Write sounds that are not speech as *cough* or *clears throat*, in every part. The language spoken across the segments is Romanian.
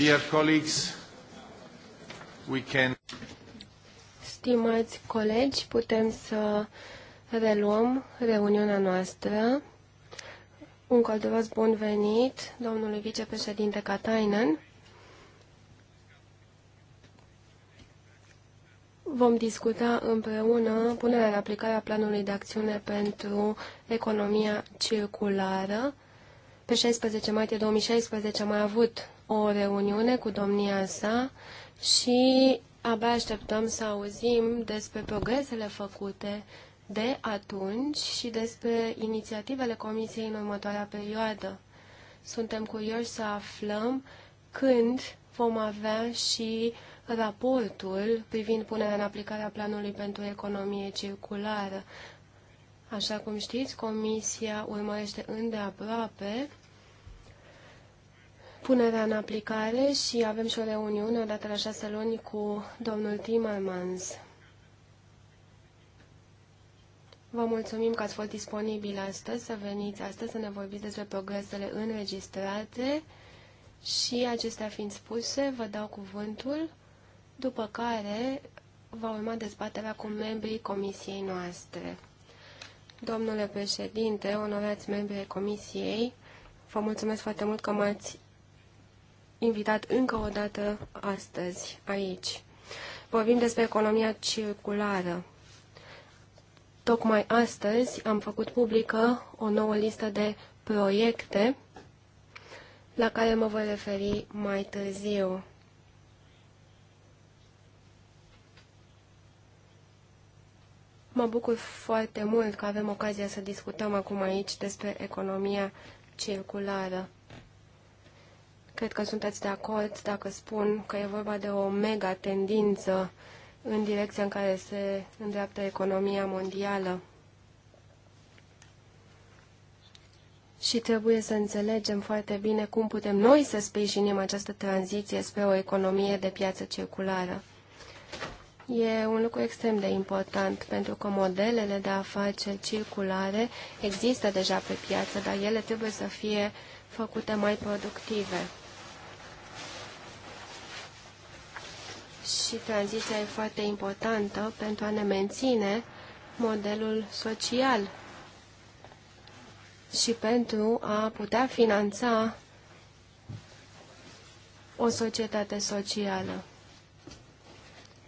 Dear colleagues, we can... Stimați colegi, putem să reluăm reuniunea noastră. Un călduros bun venit domnului vicepreședinte Katainen. Vom discuta împreună punerea în aplicare a planului de acțiune pentru economia circulară. Pe 16 martie 2016 am mai avut o reuniune cu domnia sa și abia așteptăm să auzim despre progresele făcute de atunci și despre inițiativele Comisiei în următoarea perioadă. Suntem curioși să aflăm când vom avea și raportul privind punerea în aplicare a planului pentru economie circulară. Așa cum știți, Comisia urmărește îndeaproape punerea în aplicare și avem și o reuniune odată la șase luni cu domnul Timmermans. Vă mulțumim că ați fost disponibil astăzi să veniți astăzi să ne vorbiți despre progresele înregistrate și acestea fiind spuse, vă dau cuvântul, după care va urma dezbaterea cu membrii comisiei noastre. Domnule președinte, onorați membrii comisiei, vă mulțumesc foarte mult că m-ați invitat încă o dată astăzi aici. Vorbim despre economia circulară. Tocmai astăzi am făcut publică o nouă listă de proiecte la care mă voi referi mai târziu. Mă bucur foarte mult că avem ocazia să discutăm acum aici despre economia circulară. Cred că sunteți de acord dacă spun că e vorba de o mega tendință în direcția în care se îndreaptă economia mondială. Și trebuie să înțelegem foarte bine cum putem noi să sprijinim această tranziție spre o economie de piață circulară. E un lucru extrem de important, pentru că modelele de afaceri circulare există deja pe piață, dar ele trebuie să fie făcute mai productive. și tranziția e foarte importantă pentru a ne menține modelul social și pentru a putea finanța o societate socială.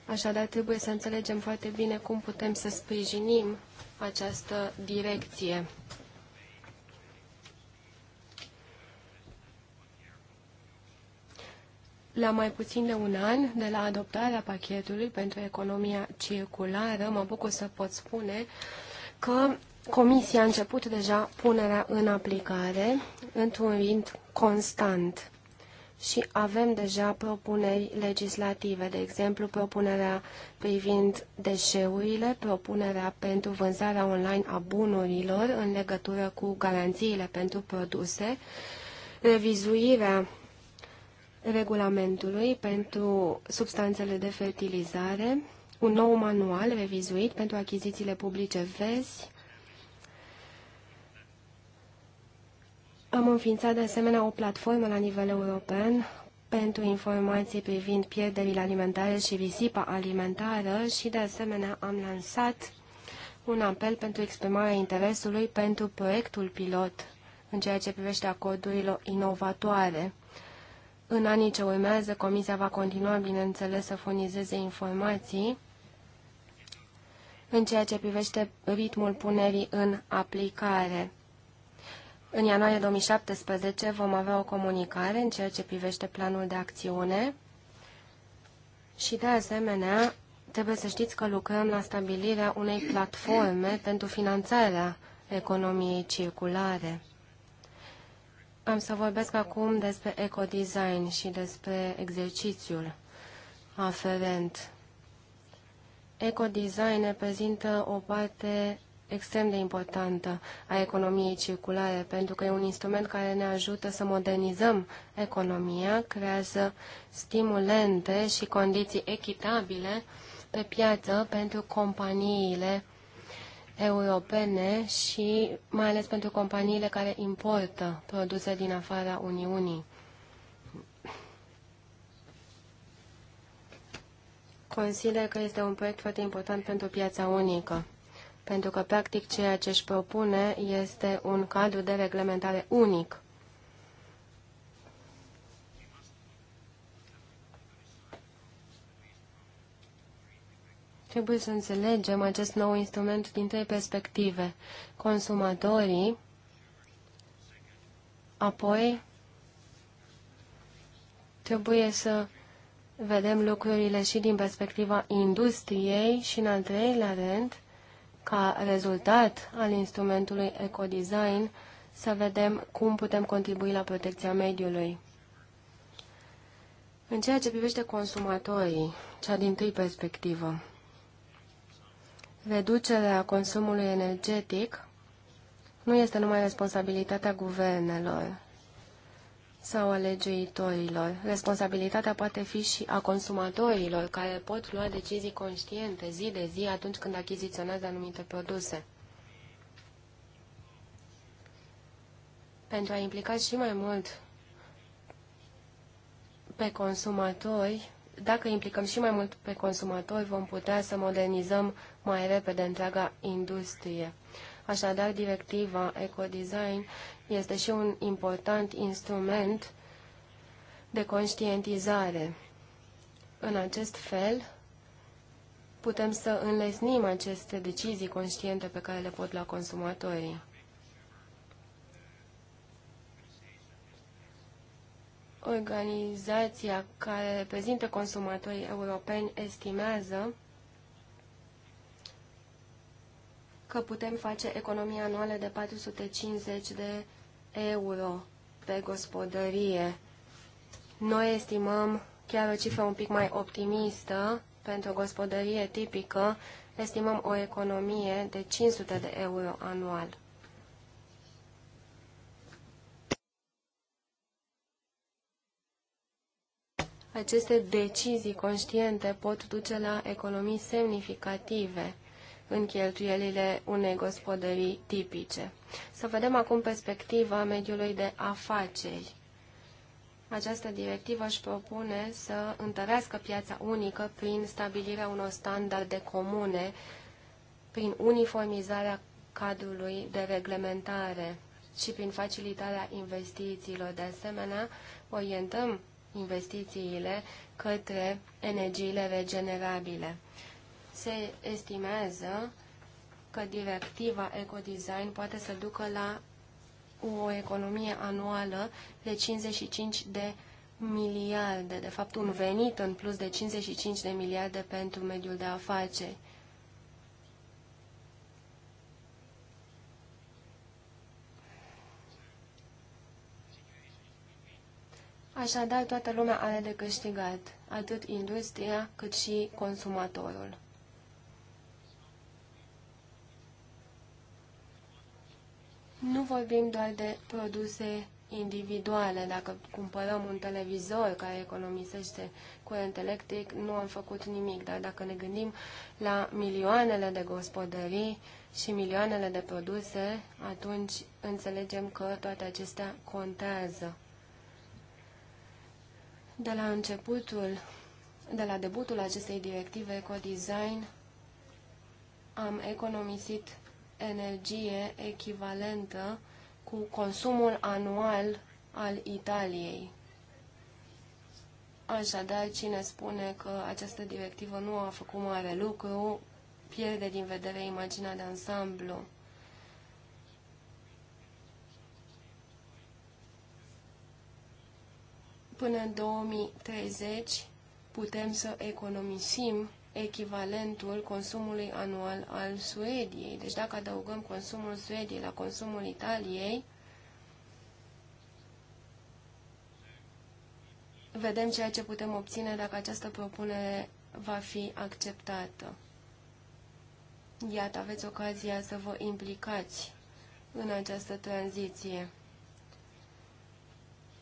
Așadar, trebuie să înțelegem foarte bine cum putem să sprijinim această direcție. La mai puțin de un an de la adoptarea pachetului pentru economia circulară, mă bucur să pot spune că Comisia a început deja punerea în aplicare într-un rind constant și avem deja propuneri legislative, de exemplu propunerea privind deșeurile, propunerea pentru vânzarea online a bunurilor în legătură cu garanțiile pentru produse, revizuirea regulamentului pentru substanțele de fertilizare, un nou manual revizuit pentru achizițiile publice vezi. Am înființat de asemenea o platformă la nivel european pentru informații privind pierderile alimentare și risipa alimentară și de asemenea am lansat un apel pentru exprimarea interesului pentru proiectul pilot în ceea ce privește acordurile inovatoare. În anii ce urmează, Comisia va continua, bineînțeles, să furnizeze informații în ceea ce privește ritmul punerii în aplicare. În ianuarie 2017 vom avea o comunicare în ceea ce privește planul de acțiune și, de asemenea, trebuie să știți că lucrăm la stabilirea unei platforme pentru finanțarea economiei circulare. Am să vorbesc acum despre ecodesign și despre exercițiul aferent. Ecodesign reprezintă o parte extrem de importantă a economiei circulare, pentru că e un instrument care ne ajută să modernizăm economia, creează stimulente și condiții echitabile pe piață pentru companiile europene și mai ales pentru companiile care importă produse din afara Uniunii. Consider că este un proiect foarte important pentru piața unică, pentru că, practic, ceea ce își propune este un cadru de reglementare unic. Trebuie să înțelegem acest nou instrument din trei perspective. Consumatorii, apoi trebuie să vedem lucrurile și din perspectiva industriei și, în al treilea rând, ca rezultat al instrumentului ecodesign, să vedem cum putem contribui la protecția mediului. În ceea ce privește consumatorii, cea din tâi perspectivă, Reducerea consumului energetic nu este numai responsabilitatea guvernelor sau a legiuitorilor. Responsabilitatea poate fi și a consumatorilor, care pot lua decizii conștiente zi de zi atunci când achiziționează anumite produse. Pentru a implica și mai mult pe consumatori, dacă implicăm și mai mult pe consumatori, vom putea să modernizăm mai repede întreaga industrie. Așadar, directiva Ecodesign este și un important instrument de conștientizare. În acest fel, putem să înlesnim aceste decizii conștiente pe care le pot lua consumatorii. Organizația care reprezintă consumatorii europeni estimează că putem face economii anuale de 450 de euro pe gospodărie. Noi estimăm chiar o cifră un pic mai optimistă pentru o gospodărie tipică, estimăm o economie de 500 de euro anual. Aceste decizii conștiente pot duce la economii semnificative în cheltuielile unei gospodării tipice. Să vedem acum perspectiva mediului de afaceri. Această directivă își propune să întărească piața unică prin stabilirea unor standarde comune, prin uniformizarea cadrului de reglementare și prin facilitarea investițiilor. De asemenea, orientăm investițiile către energiile regenerabile se estimează că directiva ecodesign poate să ducă la o economie anuală de 55 de miliarde, de fapt un venit în plus de 55 de miliarde pentru mediul de afaceri. Așadar, toată lumea are de câștigat, atât industria cât și consumatorul. Nu vorbim doar de produse individuale. Dacă cumpărăm un televizor care economisește curent electric, nu am făcut nimic. Dar dacă ne gândim la milioanele de gospodării și milioanele de produse, atunci înțelegem că toate acestea contează. De la începutul, de la debutul acestei directive ecodesign, am economisit energie echivalentă cu consumul anual al Italiei. Așadar, cine spune că această directivă nu a făcut mare lucru, pierde din vedere imaginea de ansamblu. Până în 2030 putem să economisim echivalentul consumului anual al Suediei. Deci dacă adăugăm consumul Suediei la consumul Italiei, vedem ceea ce putem obține dacă această propunere va fi acceptată. Iată, aveți ocazia să vă implicați în această tranziție.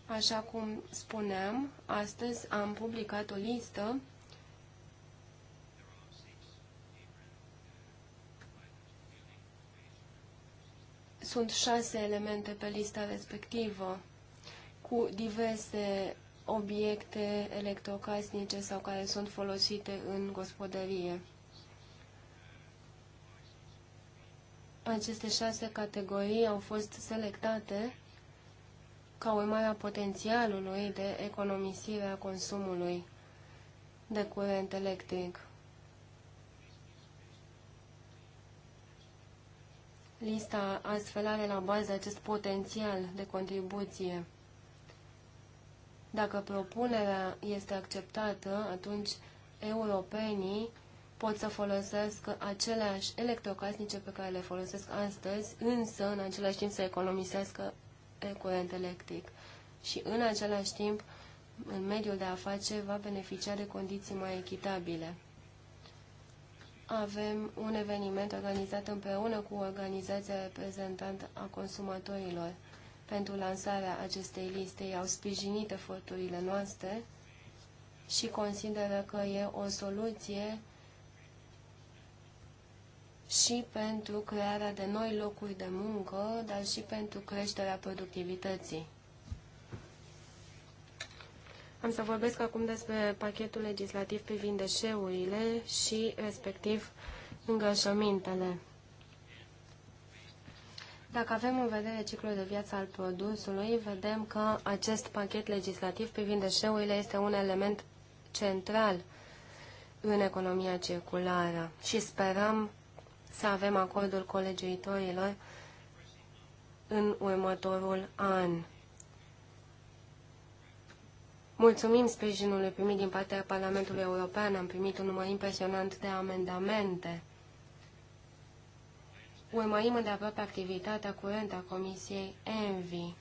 Așa cum spuneam, astăzi am publicat o listă Sunt șase elemente pe lista respectivă cu diverse obiecte electrocasnice sau care sunt folosite în gospodărie. Aceste șase categorii au fost selectate ca urmare a potențialului de economisire a consumului de curent electric. Lista astfel are la bază acest potențial de contribuție. Dacă propunerea este acceptată, atunci europenii pot să folosească aceleași electrocasnice pe care le folosesc astăzi, însă în același timp să economisească curent electric. Și în același timp, în mediul de afaceri va beneficia de condiții mai echitabile avem un eveniment organizat împreună cu organizația reprezentantă a consumatorilor. Pentru lansarea acestei liste i-au sprijinit eforturile noastre și consideră că e o soluție și pentru crearea de noi locuri de muncă, dar și pentru creșterea productivității. Am să vorbesc acum despre pachetul legislativ privind deșeurile și, respectiv, îngășămintele. Dacă avem în vedere ciclul de viață al produsului, vedem că acest pachet legislativ privind deșeurile este un element central în economia circulară și sperăm să avem acordul colegiuitorilor în următorul an. Mulțumim sprijinului primit din partea Parlamentului European. Am primit un număr impresionant de amendamente. Urmărim îndeaproape activitatea curentă a Comisiei ENVI.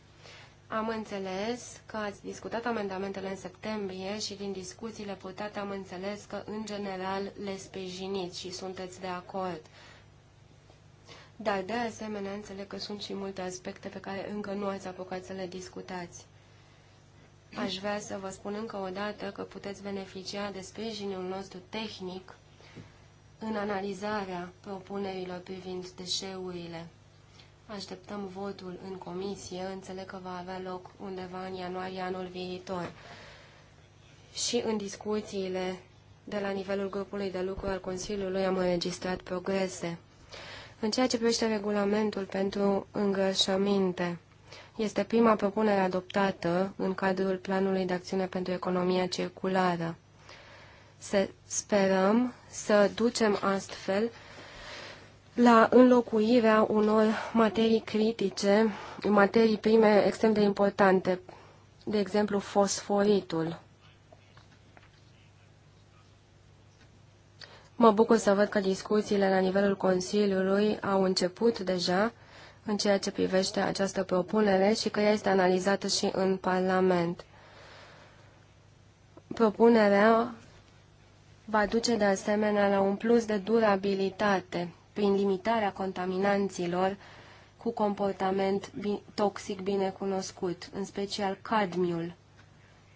Am înțeles că ați discutat amendamentele în septembrie și din discuțiile purtate am înțeles că, în general, le sprijiniți și sunteți de acord. Dar, de asemenea, înțeleg că sunt și multe aspecte pe care încă nu ați apucat să le discutați. Aș vrea să vă spun încă o dată că puteți beneficia de sprijinul nostru tehnic în analizarea propunerilor privind deșeurile. Așteptăm votul în comisie, înțeleg că va avea loc undeva în ianuarie anul viitor. Și în discuțiile de la nivelul grupului de lucru al Consiliului am înregistrat progrese. În ceea ce privește regulamentul pentru îngrășăminte, este prima propunere adoptată în cadrul Planului de Acțiune pentru Economia Circulară. Se sperăm să ducem astfel la înlocuirea unor materii critice, materii prime extrem de importante, de exemplu fosforitul. Mă bucur să văd că discuțiile la nivelul Consiliului au început deja în ceea ce privește această propunere și că ea este analizată și în Parlament. Propunerea va duce de asemenea la un plus de durabilitate prin limitarea contaminanților cu comportament toxic binecunoscut, în special cadmiul.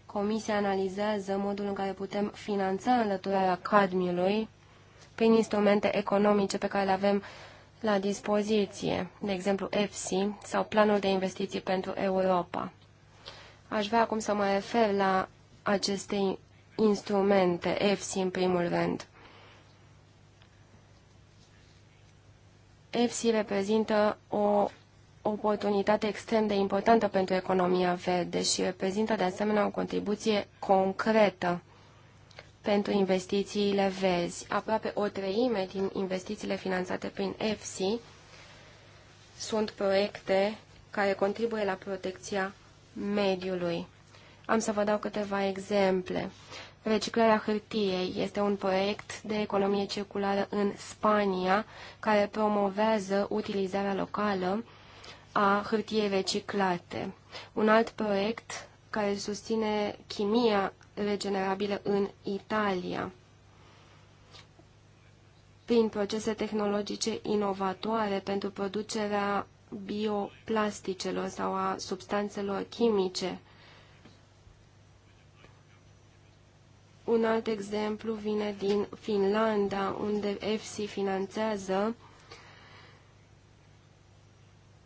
Comisia analizează modul în care putem finanța înlăturarea cadmiului prin instrumente economice pe care le avem la dispoziție, de exemplu EFSI sau Planul de Investiții pentru Europa. Aș vrea acum să mă refer la aceste instrumente, EFSI în primul rând. EFSI reprezintă o oportunitate extrem de importantă pentru economia verde și reprezintă de asemenea o contribuție concretă pentru investițiile verzi. Aproape o treime din investițiile finanțate prin EFSI sunt proiecte care contribuie la protecția mediului. Am să vă dau câteva exemple. Reciclarea hârtiei este un proiect de economie circulară în Spania care promovează utilizarea locală a hârtiei reciclate. Un alt proiect care susține chimia regenerabile în Italia. Prin procese tehnologice inovatoare pentru producerea bioplasticelor sau a substanțelor chimice. Un alt exemplu vine din Finlanda, unde EFSI finanțează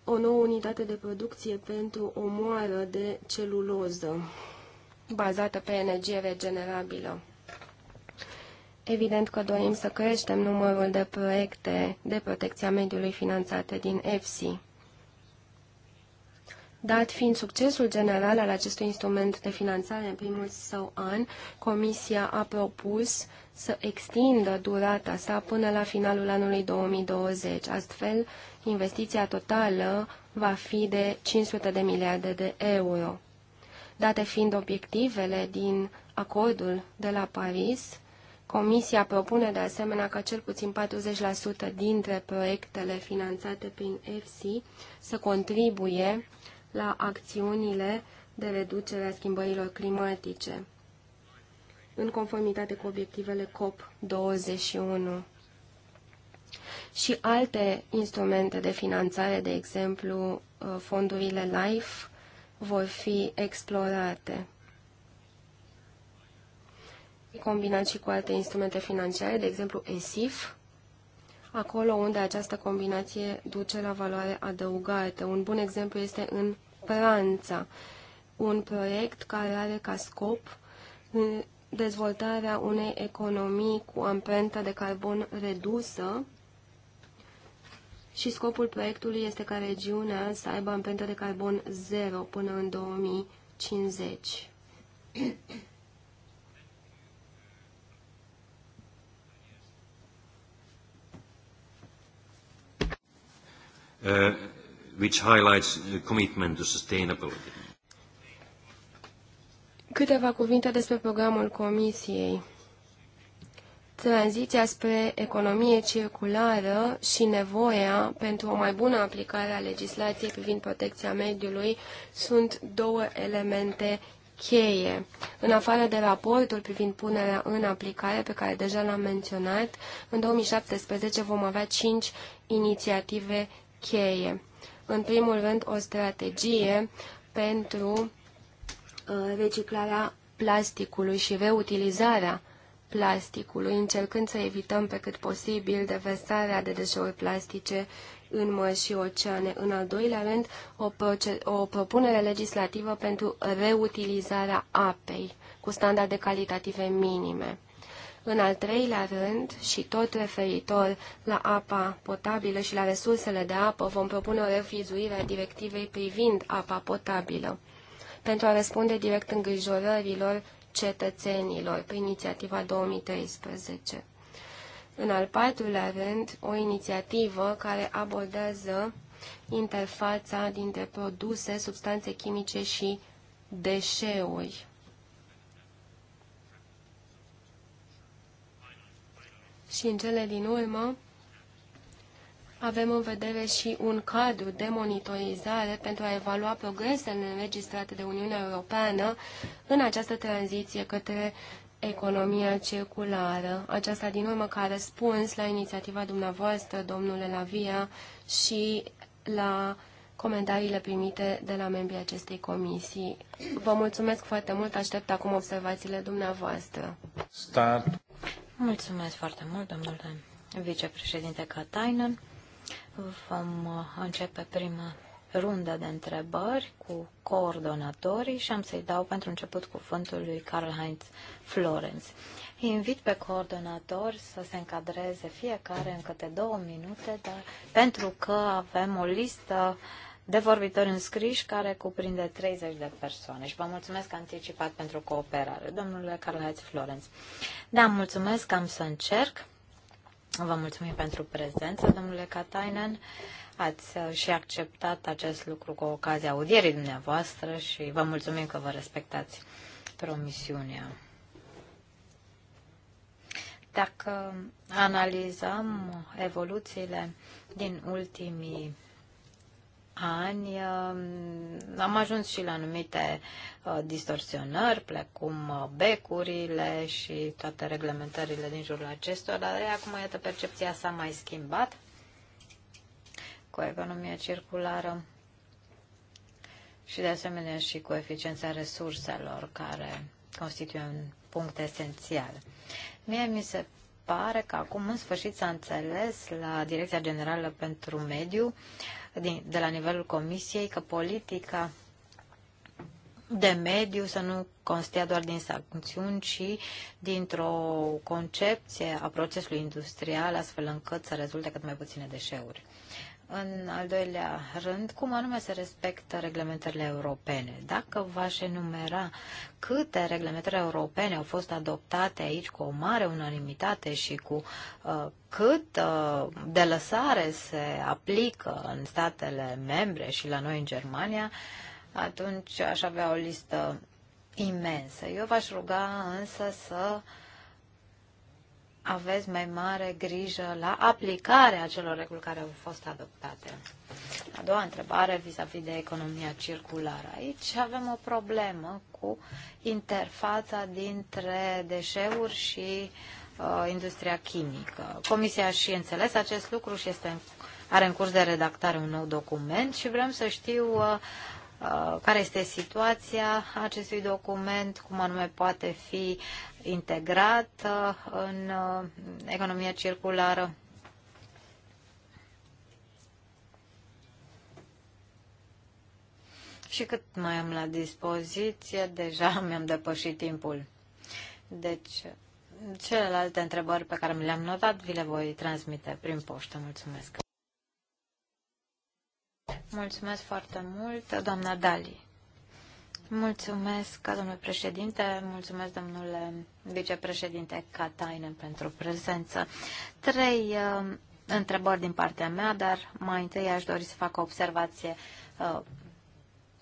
o nouă unitate de producție pentru o moară de celuloză bazată pe energie regenerabilă. Evident că dorim să creștem numărul de proiecte de protecția mediului finanțate din EFSI. Dat fiind succesul general al acestui instrument de finanțare în primul său an, Comisia a propus să extindă durata sa până la finalul anului 2020. Astfel, investiția totală va fi de 500 de miliarde de euro. Date fiind obiectivele din acordul de la Paris, Comisia propune de asemenea ca cel puțin 40% dintre proiectele finanțate prin EFSI să contribuie la acțiunile de reducere a schimbărilor climatice, în conformitate cu obiectivele COP21 și alte instrumente de finanțare, de exemplu uh, fondurile LIFE, vor fi explorate combinat și cu alte instrumente financiare, de exemplu ESIF, acolo unde această combinație duce la valoare adăugată. Un bun exemplu este în Franța, un proiect care are ca scop dezvoltarea unei economii cu amprenta de carbon redusă și scopul proiectului este ca regiunea să aibă amprentă de carbon zero până în 2050. Uh, which highlights commitment to sustainability. Câteva cuvinte despre programul Comisiei tranziția spre economie circulară și nevoia pentru o mai bună aplicare a legislației privind protecția mediului sunt două elemente cheie. În afară de raportul privind punerea în aplicare, pe care deja l-am menționat, în 2017 vom avea cinci inițiative cheie. În primul rând, o strategie pentru uh, reciclarea plasticului și reutilizarea plasticului, încercând să evităm pe cât posibil deversarea de deșeuri plastice în mări și oceane. În al doilea rând, o, o propunere legislativă pentru reutilizarea apei, cu standarde calitative minime. În al treilea rând, și tot referitor la apa potabilă și la resursele de apă, vom propune o refizuire a directivei privind apa potabilă pentru a răspunde direct îngrijorărilor cetățenilor pe inițiativa 2013. În al patrulea rând, o inițiativă care abordează interfața dintre produse, substanțe chimice și deșeuri. Și în cele din urmă, avem în vedere și un cadru de monitorizare pentru a evalua progresele înregistrate de Uniunea Europeană în această tranziție către economia circulară, aceasta din urmă ca răspuns la inițiativa dumneavoastră, domnule Lavia, și la comentariile primite de la membrii acestei comisii. Vă mulțumesc foarte mult, aștept acum observațiile dumneavoastră. Start. Mulțumesc foarte mult, domnule vicepreședinte Katainen vom uh, începe prima rundă de întrebări cu coordonatorii și am să-i dau pentru început cuvântul lui Karl-Heinz Florenz. Îi invit pe coordonator să se încadreze fiecare în câte două minute, dar pentru că avem o listă de vorbitori înscriși care cuprinde 30 de persoane și vă mulțumesc anticipat pentru cooperare. Domnule Carlaiț Florenț. Florenz. Da, mulțumesc, am să încerc. Vă mulțumim pentru prezență, domnule Katainen. Ați uh, și acceptat acest lucru cu ocazia audierii dumneavoastră și vă mulțumim că vă respectați promisiunea. Dacă analizăm evoluțiile din ultimii ani um, am ajuns și la anumite uh, distorsionări, precum uh, becurile și toate reglementările din jurul acestor, dar acum, iată, percepția s-a mai schimbat cu economia circulară și, de asemenea, și cu eficiența resurselor, care constituie un punct esențial. Mie mi se pare că acum, în sfârșit, s-a înțeles la Direcția Generală pentru Mediu uh, din, de la nivelul Comisiei că politica de mediu să nu constea doar din sancțiuni, ci dintr-o concepție a procesului industrial, astfel încât să rezulte cât mai puține deșeuri. În al doilea rând, cum anume se respectă reglementările europene? Dacă v-aș enumera câte reglementări europene au fost adoptate aici cu o mare unanimitate și cu uh, cât uh, de lăsare se aplică în statele membre și la noi în Germania, atunci aș avea o listă imensă. Eu v-aș ruga însă să uh, aveți mai mare grijă la aplicarea acelor reguli care au fost adoptate. A doua întrebare vis-a-vis -vis de economia circulară. Aici avem o problemă cu interfața dintre deșeuri și uh, industria chimică. Comisia și înțeles acest lucru și este, are în curs de redactare un nou document și vrem să știu uh, uh care este situația acestui document, cum anume poate fi integrat în uh, economia circulară. Și cât mai am la dispoziție, deja *laughs* mi-am depășit timpul. Deci, celelalte întrebări pe care mi le-am notat, vi le voi transmite prin poștă. Mulțumesc! Mulțumesc foarte mult, doamna Dali. Mulțumesc, domnule președinte, mulțumesc, domnule vicepreședinte Katainen, pentru prezență. Trei uh, întrebări din partea mea, dar mai întâi aș dori să fac o observație uh,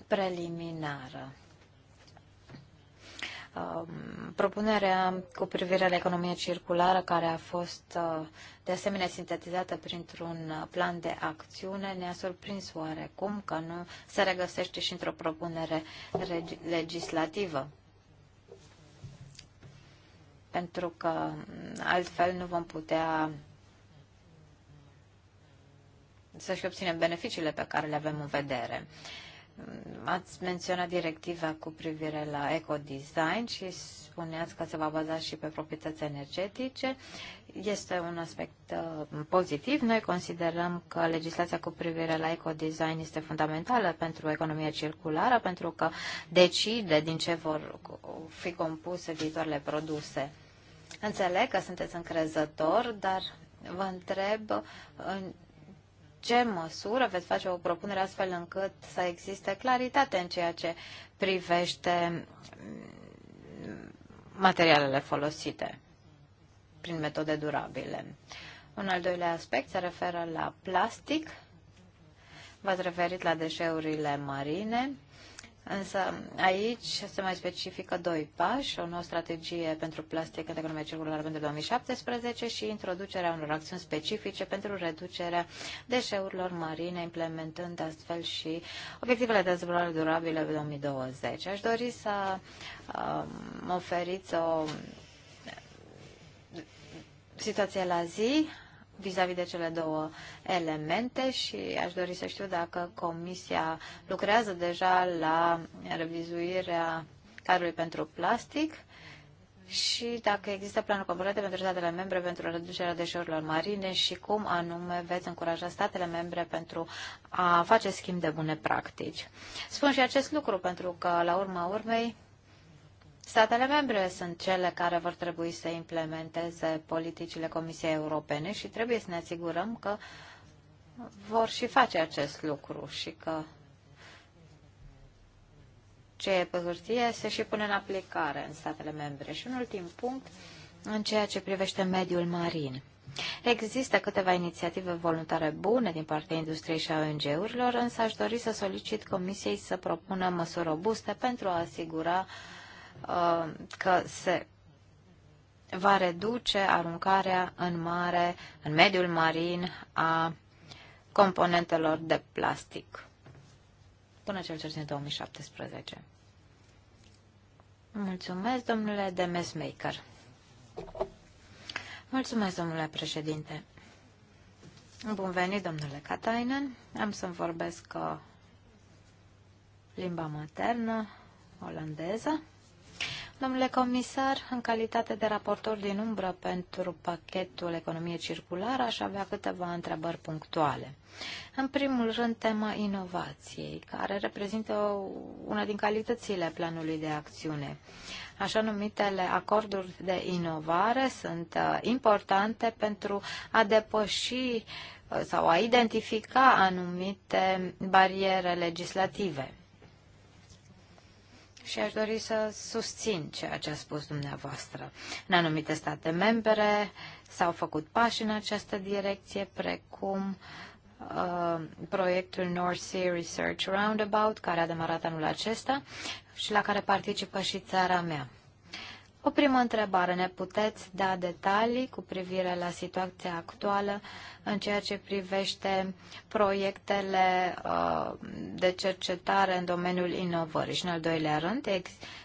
preliminară. Um, propunerea cu privire la economia circulară, care a fost uh, de asemenea sintetizată printr-un uh, plan de acțiune, ne-a surprins oarecum că nu se regăsește și într-o propunere legislativă. Pentru că um, altfel nu vom putea să-și obținem beneficiile pe care le avem în vedere. Uh, Ați menționat directiva cu privire la ecodesign și spuneați că se va baza și pe proprietăți energetice. Este un aspect uh, pozitiv. Noi considerăm că legislația cu privire la ecodesign este fundamentală pentru economia circulară, pentru că decide din ce vor fi compuse viitoarele produse. Înțeleg că sunteți încrezător, dar vă întreb ce măsură veți face o propunere astfel încât să existe claritate în ceea ce privește mm, materialele folosite prin metode durabile. Un al doilea aspect se referă la plastic. V-ați referit la deșeurile marine. Însă aici se mai specifică doi pași, o nouă strategie pentru plastic în economia circulară pentru 2017 și introducerea unor acțiuni specifice pentru reducerea deșeurilor marine, implementând astfel și obiectivele de dezvoltare durabilă 2020. Aș dori să um, oferiți o situație la zi vis-a-vis -vis de cele două elemente și aș dori să știu dacă Comisia lucrează deja la revizuirea cadrului pentru plastic și dacă există planuri concrete pentru statele membre pentru reducerea deșeurilor marine și cum anume veți încuraja statele membre pentru a face schimb de bune practici. Spun și acest lucru pentru că, la urma urmei, Statele membre sunt cele care vor trebui să implementeze politicile Comisiei Europene și trebuie să ne asigurăm că vor și face acest lucru și că ce e pe hârtie se și pune în aplicare în statele membre. Și un ultim punct în ceea ce privește mediul marin. Există câteva inițiative voluntare bune din partea industriei și a ONG-urilor, însă aș dori să solicit Comisiei să propună măsuri robuste pentru a asigura uh, Uh, că se va reduce aruncarea în mare, în mediul marin, a componentelor de plastic până cel puțin 2017. Mulțumesc, domnule Demesmaker. Mulțumesc, domnule președinte. Bun venit, domnule Katainen. Am să-mi vorbesc uh, limba maternă, olandeză. Domnule comisar, în calitate de raportor din umbră pentru pachetul economie circulară, aș avea câteva întrebări punctuale. În primul rând, tema inovației, care reprezintă una din calitățile planului de acțiune. Așa numitele acorduri de inovare sunt uh, importante pentru a depăși uh, sau a identifica anumite bariere legislative și aș dori să susțin ceea ce a spus dumneavoastră. În anumite state membre s-au făcut pași în această direcție, precum uh, proiectul North Sea Research Roundabout, care a demarat anul acesta și la care participă și țara mea. O primă întrebare. Ne puteți da detalii cu privire la situația actuală în ceea ce privește proiectele uh, de cercetare în domeniul inovării. Și în al doilea rând,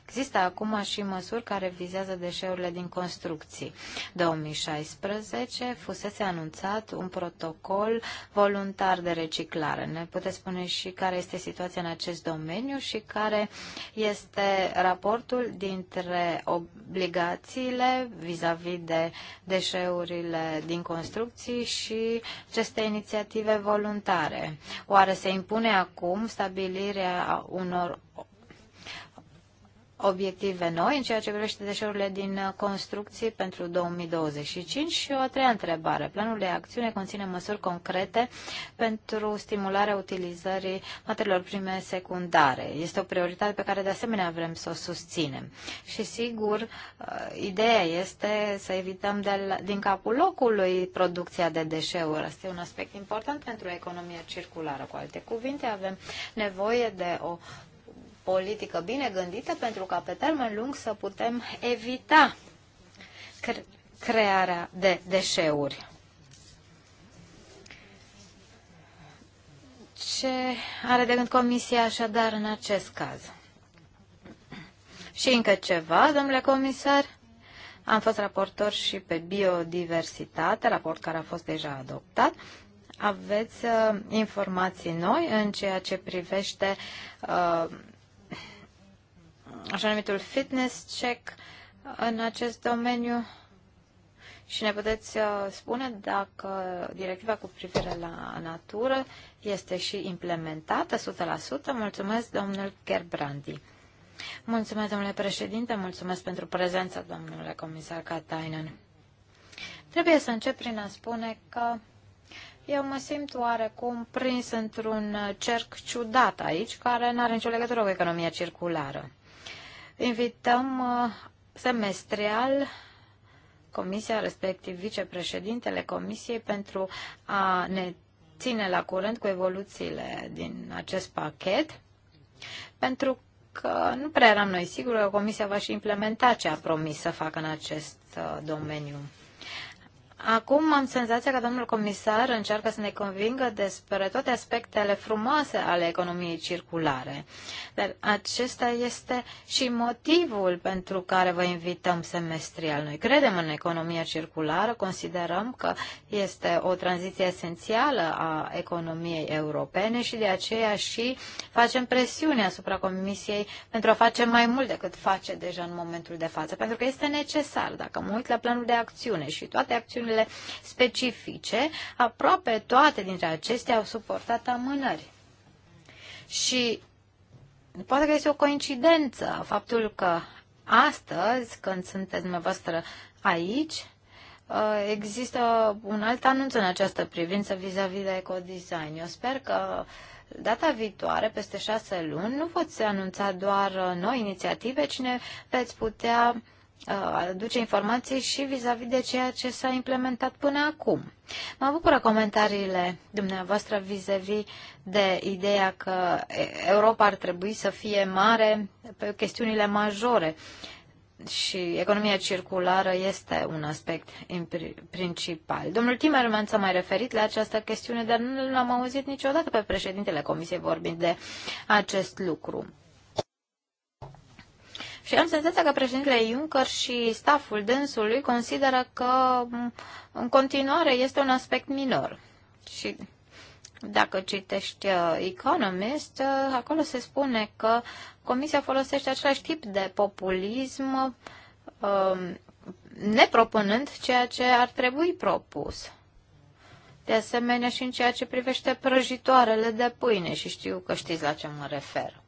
există acum și măsuri care vizează deșeurile din construcții. 2016 fusese anunțat un protocol voluntar de reciclare. Ne puteți spune și care este situația în acest domeniu și care este raportul dintre obligațiile vis-a-vis -vis de deșeurile din construcții și aceste inițiative voluntare. Oare se impune acum stabilirea unor obiective noi în ceea ce privește deșeurile din construcții pentru 2025 și o a treia întrebare. Planul de acțiune conține măsuri concrete pentru stimularea utilizării materiilor prime secundare. Este o prioritate pe care de asemenea vrem să o susținem. Și sigur, uh, ideea este să evităm de la, din capul locului producția de deșeuri. Asta e un aspect important pentru economia circulară. Cu alte cuvinte, avem nevoie de o politică bine gândită pentru ca pe termen lung să putem evita crearea de deșeuri. Ce are de gând Comisia așadar în acest caz? Și încă ceva, domnule comisar, am fost raportor și pe biodiversitate, raport care a fost deja adoptat. Aveți uh, informații noi în ceea ce privește uh, așa numitul fitness check în acest domeniu și ne puteți uh, spune dacă directiva cu privire la natură este și implementată 100%. Mulțumesc, domnul Gerbrandi. Mulțumesc, domnule președinte, mulțumesc pentru prezența, domnule comisar Katainen. Trebuie să încep prin a spune că eu mă simt oarecum prins într-un cerc ciudat aici, care nu are nicio legătură cu economia circulară invităm uh, semestrial Comisia, respectiv vicepreședintele Comisiei, pentru a ne ține la curent cu evoluțiile din acest pachet, pentru că nu prea eram noi siguri că Comisia va și implementa ce a promis să facă în acest uh, domeniu. Acum am senzația că domnul comisar încearcă să ne convingă despre toate aspectele frumoase ale economiei circulare. Dar acesta este și motivul pentru care vă invităm semestrial. Noi credem în economia circulară, considerăm că este o tranziție esențială a economiei europene și de aceea și facem presiune asupra Comisiei pentru a face mai mult decât face deja în momentul de față, pentru că este necesar. Dacă mă uit la planul de acțiune și toate acțiunile problemele specifice, aproape toate dintre acestea au suportat amânări. Și poate că este o coincidență faptul că astăzi, când sunteți dumneavoastră aici, uh, există un alt anunț în această privință vis-a-vis -vis de ecodesign. Eu sper că data viitoare, peste șase luni, nu voți anunța doar noi inițiative, ci ne veți putea Uh, aduce informații și vis-a-vis -vis de ceea ce s-a implementat până acum. Mă bucură comentariile dumneavoastră vis-a-vis -vis de ideea că Europa ar trebui să fie mare pe chestiunile majore și economia circulară este un aspect principal. Domnul Timerman s-a mai referit la această chestiune, dar nu l-am auzit niciodată pe președintele Comisiei vorbind de acest lucru. Și am senzația că președintele Juncker și staful dânsului consideră că în continuare este un aspect minor. Și dacă citești uh, Economist, uh, acolo se spune că Comisia folosește același tip de populism um, nepropunând ceea ce ar trebui propus. De asemenea și în ceea ce privește prăjitoarele de pâine și știu că știți la ce mă refer.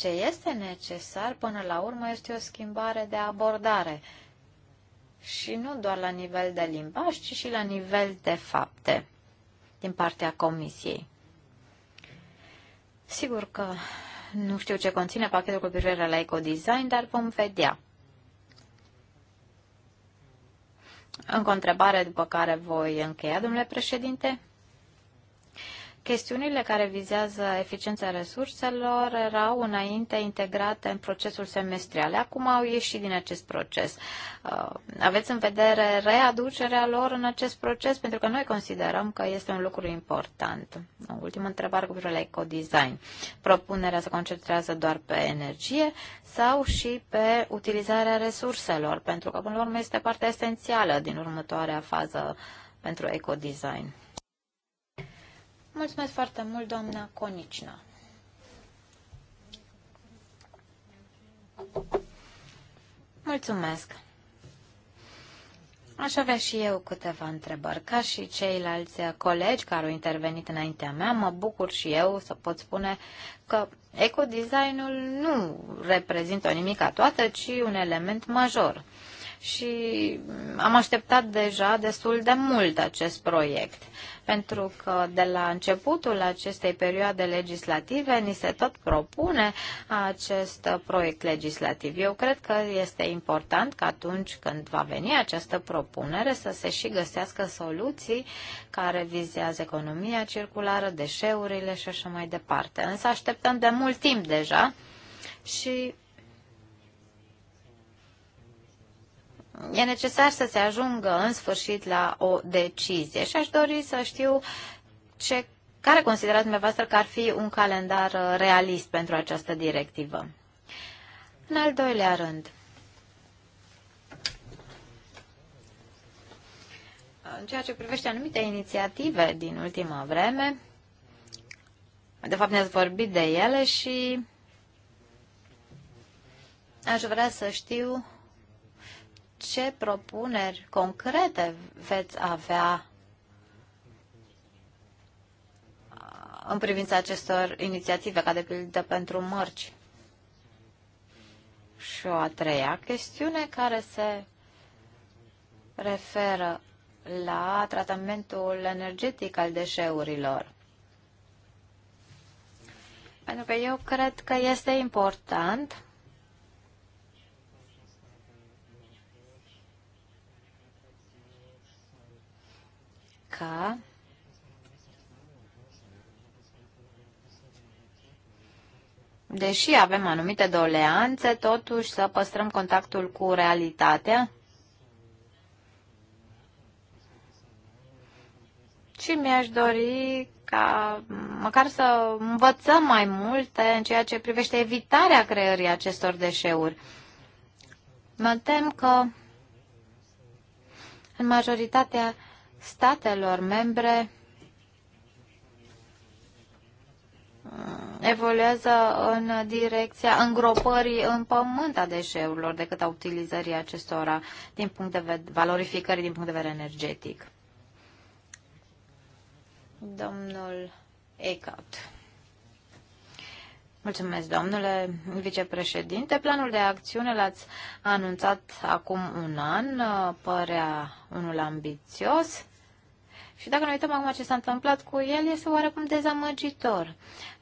Ce este necesar până la urmă este o schimbare de abordare și nu doar la nivel de limbaj, ci și la nivel de fapte din partea Comisiei. Sigur că nu știu ce conține pachetul cu privire la ecodesign, dar vom vedea. Încă o întrebare după care voi încheia, domnule președinte. Chestiunile care vizează eficiența resurselor erau înainte integrate în procesul semestrial. Acum au ieșit din acest proces. Uh, aveți în vedere readucerea lor în acest proces? Pentru că noi considerăm că este un lucru important. O ultimă întrebare cu privire la ecodesign. Propunerea se concentrează doar pe energie sau și pe utilizarea resurselor? Pentru că, până la urmă, este partea esențială din următoarea fază pentru ecodesign. Mulțumesc foarte mult, doamna Conicina. Mulțumesc. Aș avea și eu câteva întrebări. Ca și ceilalți colegi care au intervenit înaintea mea, mă bucur și eu să pot spune că ecodesignul nu reprezintă o nimica toată, ci un element major. Și am așteptat deja destul de mult acest proiect pentru că de la începutul acestei perioade legislative ni se tot propune acest proiect legislativ. Eu cred că este important că atunci când va veni această propunere să se și găsească soluții care vizează economia circulară, deșeurile și așa mai departe. Însă așteptăm de mult timp deja și e necesar să se ajungă în sfârșit la o decizie și aș dori să știu ce, care considerați dumneavoastră că ar fi un calendar uh, realist pentru această directivă. În al doilea rând, în ceea ce privește anumite inițiative din ultima vreme, de fapt ne-ați vorbit de ele și aș vrea să știu ce propuneri concrete veți avea în privința acestor inițiative, ca de pildă pentru mărci? Și o a treia chestiune care se referă la tratamentul energetic al deșeurilor. Pentru că eu cred că este important ca deși avem anumite doleanțe, totuși să păstrăm contactul cu realitatea și mi-aș dori ca măcar să învățăm mai multe în ceea ce privește evitarea creării acestor deșeuri. Mă tem că în majoritatea statelor membre uh, evoluează în direcția îngropării în pământ a deșeurilor decât a utilizării acestora din punct de vedere, valorificării din punct de vedere energetic. Domnul Eckhout. Mulțumesc, domnule vicepreședinte. Planul de acțiune l-ați anunțat acum un an, uh, părea unul ambițios. Și dacă ne uităm acum ce s-a întâmplat cu el, este oarecum dezamăgitor.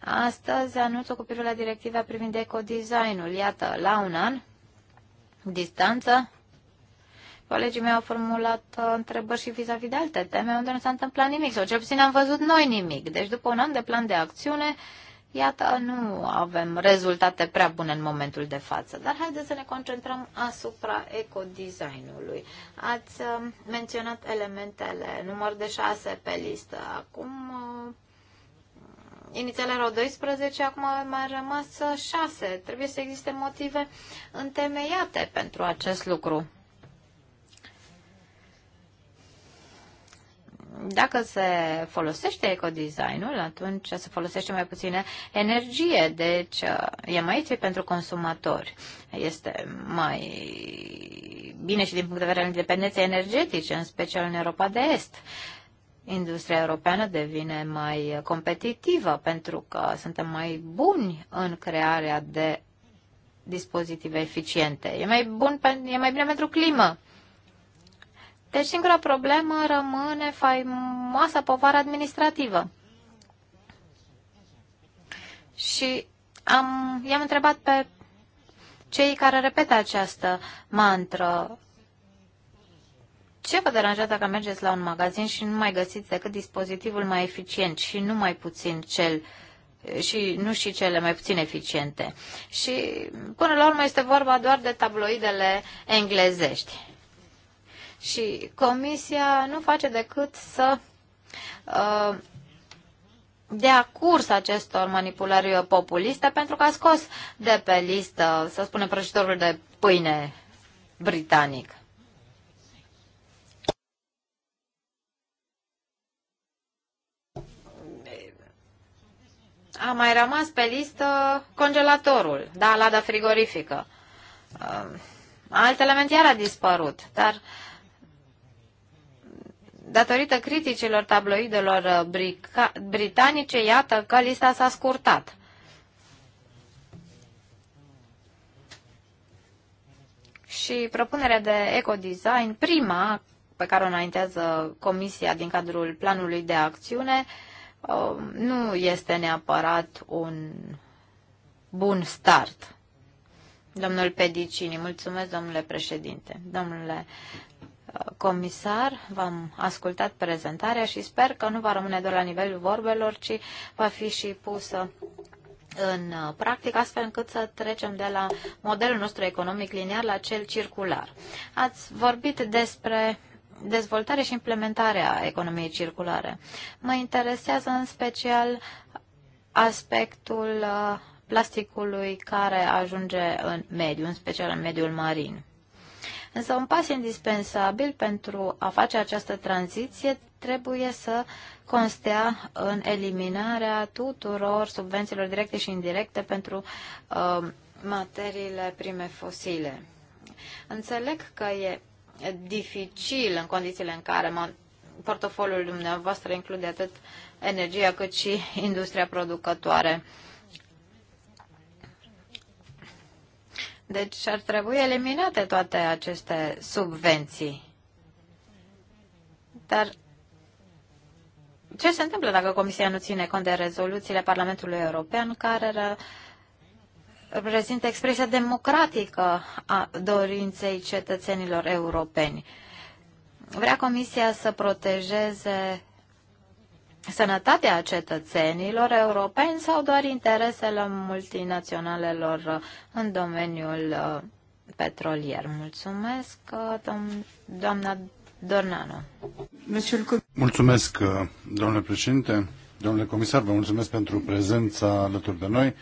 Astăzi anunță copilul la directiva privind ecodesign-ul. Iată, la un an, distanță, colegii mei au formulat uh, întrebări și vis-a-vis -vis de alte teme unde nu s-a întâmplat nimic, sau cel puțin am văzut noi nimic. Deci după un an de plan de acțiune, uh, Iată, nu avem rezultate prea bune în momentul de față, dar haideți să ne concentrăm asupra ecodesignului. Ați uh, menționat elementele, număr de 6 pe listă. Acum, uh, inițial erau 12, acum au mai rămas 6. Uh, Trebuie să existe motive întemeiate pentru acest lucru. dacă se folosește ecodesignul, atunci se folosește mai puțină energie, deci uh, e mai ieftin pentru consumatori. Este mai bine și din punct de vedere al independenței energetice, în special în Europa de Est. Industria europeană devine mai competitivă pentru că suntem mai buni în crearea de dispozitive eficiente. E mai, bun, e mai bine pentru climă. Deci singura problemă rămâne faimoasa povară administrativă. Și am, i-am întrebat pe cei care repetă această mantră. Ce vă deranjează dacă mergeți la un magazin și nu mai găsiți decât dispozitivul mai eficient și nu mai puțin cel și nu și cele mai puțin eficiente. Și până la urmă este vorba doar de tabloidele englezești. Și Comisia nu face decât să uh, dea curs acestor manipulări populiste pentru că a scos de pe listă, să spunem, prăjitorul de pâine britanic. A mai rămas pe listă congelatorul, da, lada frigorifică. Uh, alt element iar a dispărut, dar uh, datorită criticilor tabloidelor uh, britanice, iată că lista s-a scurtat. Și propunerea de ecodesign, prima pe care o înaintează Comisia din cadrul planului de acțiune, uh, nu este neapărat un bun start. Domnul Pedicini, mulțumesc, domnule președinte. Domnule comisar, v-am ascultat prezentarea și sper că nu va rămâne doar la nivelul vorbelor, ci va fi și pusă în uh, practic, astfel încât să trecem de la modelul nostru economic linear la cel circular. Ați vorbit despre dezvoltare și implementarea economiei circulare. Mă interesează în special aspectul uh, plasticului care ajunge în mediu, în special în mediul marin. Însă un pas indispensabil pentru a face această tranziție trebuie să constea în eliminarea tuturor subvențiilor directe și indirecte pentru uh, materiile prime fosile. Înțeleg că e dificil în condițiile în care portofoliul dumneavoastră include atât energia cât și industria producătoare Deci ar trebui eliminate toate aceste subvenții. Dar ce se întâmplă dacă Comisia nu ține cont de rezoluțiile Parlamentului European care reprezintă expresia democratică a dorinței cetățenilor europeni? Vrea Comisia să protejeze sănătatea cetățenilor europeni sau doar interesele multinaționalelor în domeniul uh, petrolier. Mulțumesc, uh, doamna Dornano. Mulțumesc, uh, domnule președinte. Domnule comisar, vă mulțumesc pentru prezența alături de noi.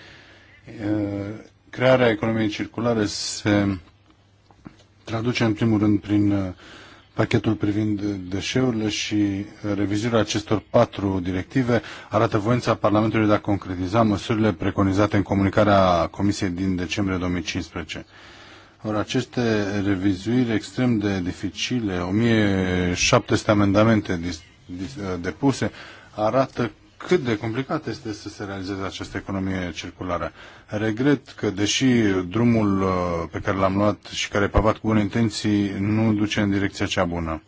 Crearea economiei circulare se traduce în primul rând prin pachetul privind deșeurile și revizuirea acestor patru directive arată voința Parlamentului de a concretiza măsurile preconizate în comunicarea Comisiei din decembrie 2015. Ori aceste revizuiri extrem de dificile, 1700 amendamente uh, depuse, arată cât de complicat este să se realizeze această economie circulară. Regret că, deși drumul uh, pe care l-am luat și care e pavat cu bune intenții, nu duce în direcția cea bună.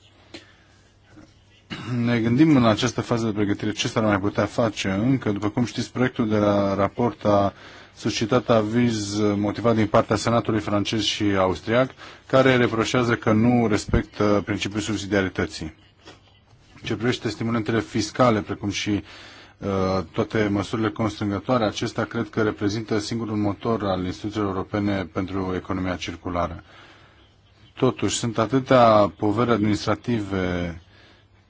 Ne gândim în această fază de pregătire ce s-ar mai putea face încă. După cum știți, proiectul de la raport a suscitat aviz motivat din partea Senatului francez și austriac, care reproșează că nu respectă principiul subsidiarității. Ce privește stimulentele fiscale, precum și Uh, toate măsurile constrângătoare, acesta cred că reprezintă singurul motor al instituțiilor europene pentru economia circulară. Totuși, sunt atâtea poveri administrative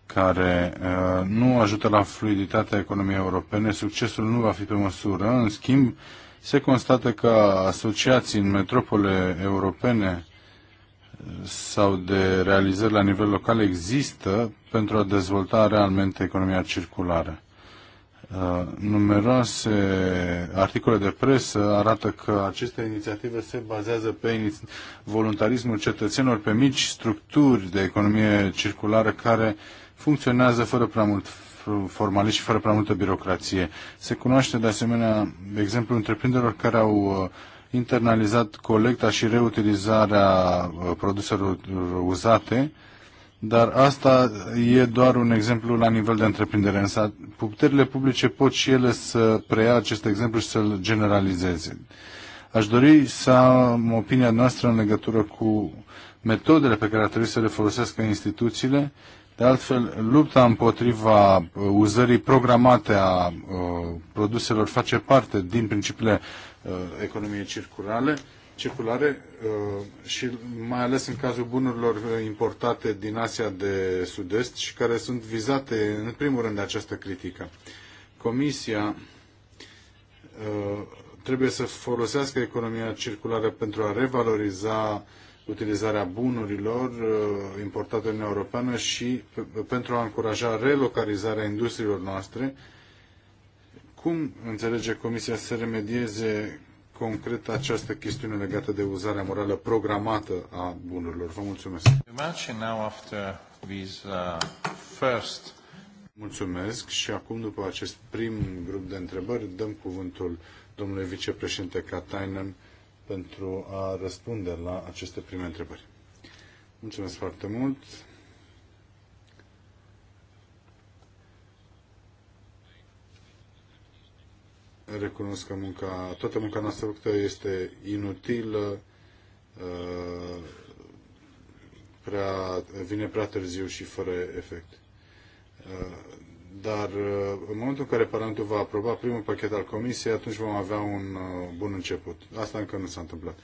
care uh, nu ajută la fluiditatea economiei europene, succesul nu va fi pe măsură. În schimb, se constată că asociații în metropole europene uh, sau de realizări la nivel local există pentru a dezvolta realmente economia circulară. Uh, numeroase articole de presă arată că aceste inițiative se bazează pe voluntarismul cetățenilor, pe mici structuri de economie circulară care funcționează fără prea mult formalist și fără prea multă birocrație. Se cunoaște de asemenea exemplul întreprinderilor care au uh, internalizat colecta și reutilizarea uh, produselor uzate, dar asta e doar un exemplu la nivel de întreprindere. Însă puterile publice pot și ele să preia acest exemplu și să-l generalizeze. Aș dori să am opinia noastră în legătură cu metodele pe care ar trebui să le folosească instituțiile. De altfel, lupta împotriva uh, uzării programate a uh, produselor face parte din principiile uh, economiei circulare circulare uh, și mai ales în cazul bunurilor importate din Asia de Sud-Est și care sunt vizate în primul rând de această critică. Comisia uh, trebuie să folosească economia circulară pentru a revaloriza utilizarea bunurilor uh, importate în Europeană și pentru a încuraja relocalizarea industriilor noastre. Cum înțelege Comisia să remedieze concret această chestiune legată de uzarea morală programată a bunurilor. Vă mulțumesc. Uh, mulțumesc și acum după acest prim grup de întrebări dăm cuvântul domnului vicepreședinte Katainen pentru a răspunde la aceste prime întrebări. Mulțumesc foarte mult. recunosc că munca, toată munca noastră făcută este inutilă, uh, prea, vine prea târziu și fără efect. Uh, dar uh, în momentul în care Parlamentul va aproba primul pachet al Comisiei, atunci vom avea un bun început. Asta încă nu s-a întâmplat.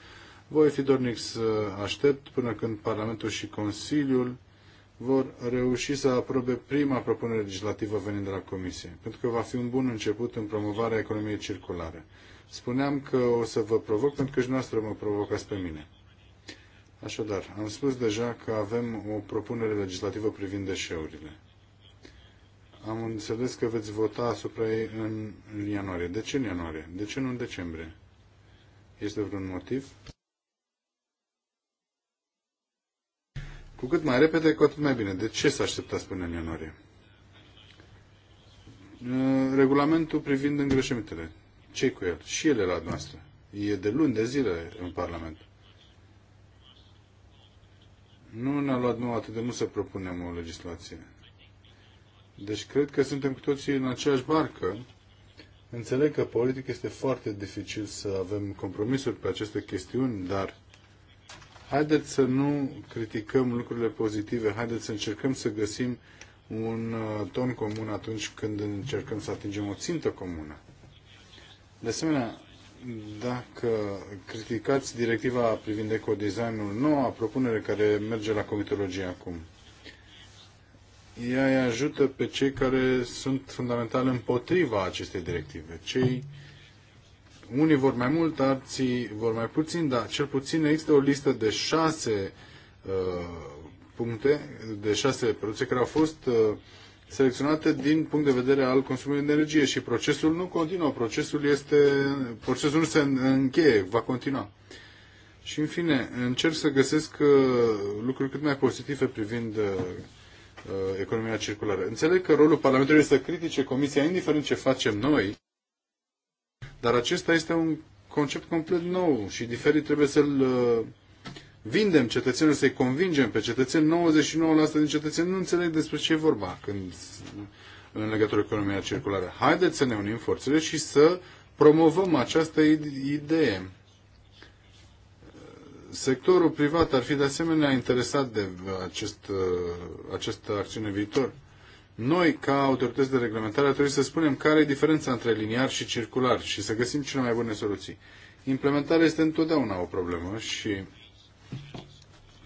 Voi fi dornic să aștept până când Parlamentul și Consiliul vor reuși să aprobe prima propunere legislativă venind de la Comisie, pentru că va fi un bun început în promovarea economiei circulare. Spuneam că o să vă provoc pentru că și noastră mă provocați pe mine. Așadar, am spus deja că avem o propunere legislativă privind deșeurile. Am înțeles că veți vota asupra ei în ianuarie. De ce în ianuarie? De ce nu în decembrie? Este vreun motiv? cu cât mai repede, cu atât mai bine. De ce să așteptați până în ianuarie? Regulamentul privind îngrășămintele. ce cu el? Și ele la noastră. E de luni de zile în Parlament. Nu ne-a luat nouă atât de mult să propunem o legislație. Deci cred că suntem cu toții în aceeași barcă. Înțeleg că politic este foarte dificil să avem compromisuri pe aceste chestiuni, dar haideți să nu criticăm lucrurile pozitive, haideți să încercăm să găsim un uh, ton comun atunci când încercăm să atingem o țintă comună. De asemenea, dacă criticați directiva privind ecodesignul noua propunere care merge la comitologie acum, ea îi ajută pe cei care sunt fundamental împotriva acestei directive, cei unii vor mai mult, alții vor mai puțin, dar cel puțin există o listă de șase uh, puncte, de șase produse care au fost uh, selecționate din punct de vedere al consumului de energie și procesul nu continuă, procesul, este, procesul nu se încheie, va continua. Și în fine, încerc să găsesc uh, lucruri cât mai pozitive privind uh, uh economia circulară. Înțeleg că rolul Parlamentului este să critique Comisia, indiferent ce facem noi, dar acesta este un concept complet nou și diferit. Trebuie să-l uh, vindem cetățenilor, să-i convingem pe cetățeni. 99% din cetățeni nu înțeleg despre ce e vorba când, în legătură cu economia circulară. Haideți să ne unim forțele și să promovăm această idee. Sectorul privat ar fi de asemenea interesat de uh, acest, uh, această acțiune viitor. Noi, ca autorități de reglementare, trebuie să spunem care e diferența între liniar și circular și să găsim cele mai bune soluții. Implementarea este întotdeauna o problemă și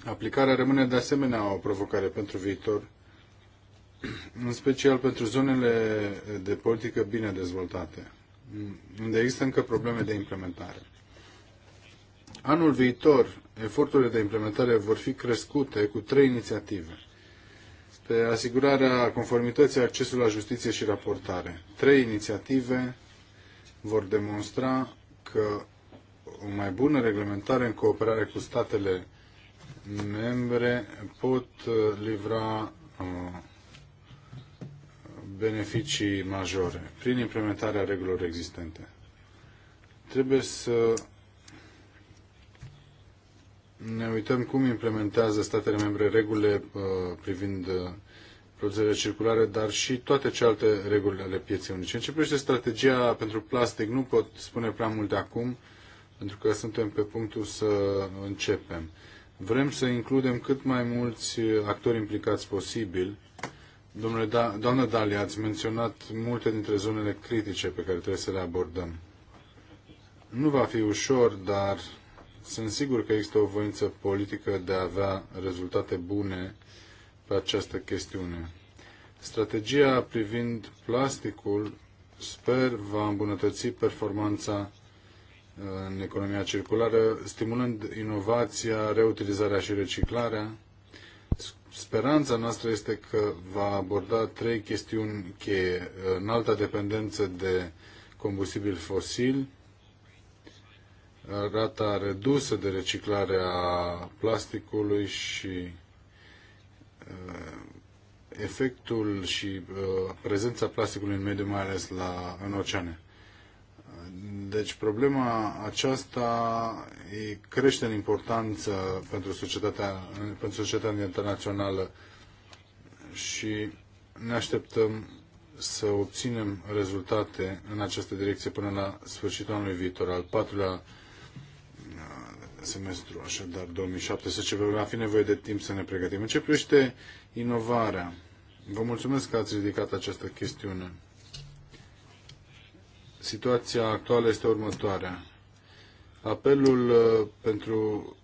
aplicarea rămâne de asemenea o provocare pentru viitor, *clears throat* în special pentru zonele de politică bine dezvoltate, unde există încă probleme de implementare. Anul viitor, eforturile de implementare vor fi crescute cu trei inițiative – pe asigurarea conformității accesului la justiție și raportare. Trei inițiative vor demonstra că o mai bună reglementare în cooperare cu statele membre pot uh, livra uh, beneficii majore prin implementarea regulilor existente. Trebuie să ne uităm cum implementează statele membre regulile uh, privind uh, produsele circulare, dar și toate celelalte reguli ale pieței unice. În ce privește strategia pentru plastic, nu pot spune prea mult de acum, pentru că suntem pe punctul să începem. Vrem să includem cât mai mulți actori implicați posibil. Domnule da- Doamnă Dalia, ați menționat multe dintre zonele critice pe care trebuie să le abordăm. Nu va fi ușor, dar sunt sigur că există o voință politică de a avea rezultate bune pe această chestiune. Strategia privind plasticul, sper, va îmbunătăți performanța în economia circulară, stimulând inovația, reutilizarea și reciclarea. Speranța noastră este că va aborda trei chestiuni cheie. Înalta dependență de combustibil fosil rata redusă de reciclare a plasticului și uh, efectul și uh, prezența plasticului în mediu, mai ales la, în oceane. Deci problema aceasta crește în importanță pentru societatea, pentru societatea internațională și ne așteptăm să obținem rezultate în această direcție până la sfârșitul anului viitor, al patrulea semestru, așadar 2017 va fi nevoie de timp să ne pregătim. În ce privește inovarea? Vă mulțumesc că ați ridicat această chestiune. Situația actuală este următoarea. Apelul uh, pentru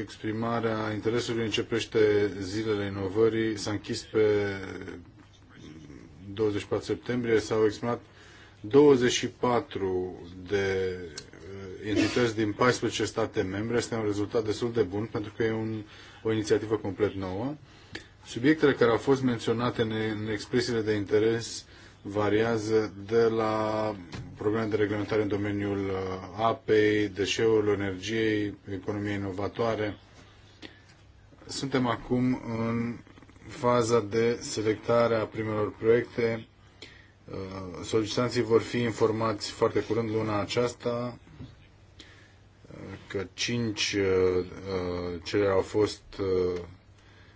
exprimarea interesului începește zilele inovării. S-a închis pe 24 septembrie. S-au exprimat 24 de entități din 14 state membre. Este un rezultat destul de bun pentru că e un, o inițiativă complet nouă. Subiectele care au fost menționate în, în expresiile de interes variază de la programe de reglementare în domeniul uh, apei, deșeurilor, energiei, economiei inovatoare. Suntem acum în faza de selectare a primelor proiecte. Uh, solicitanții vor fi informați foarte curând luna aceasta că cinci uh, uh, cereri au fost uh,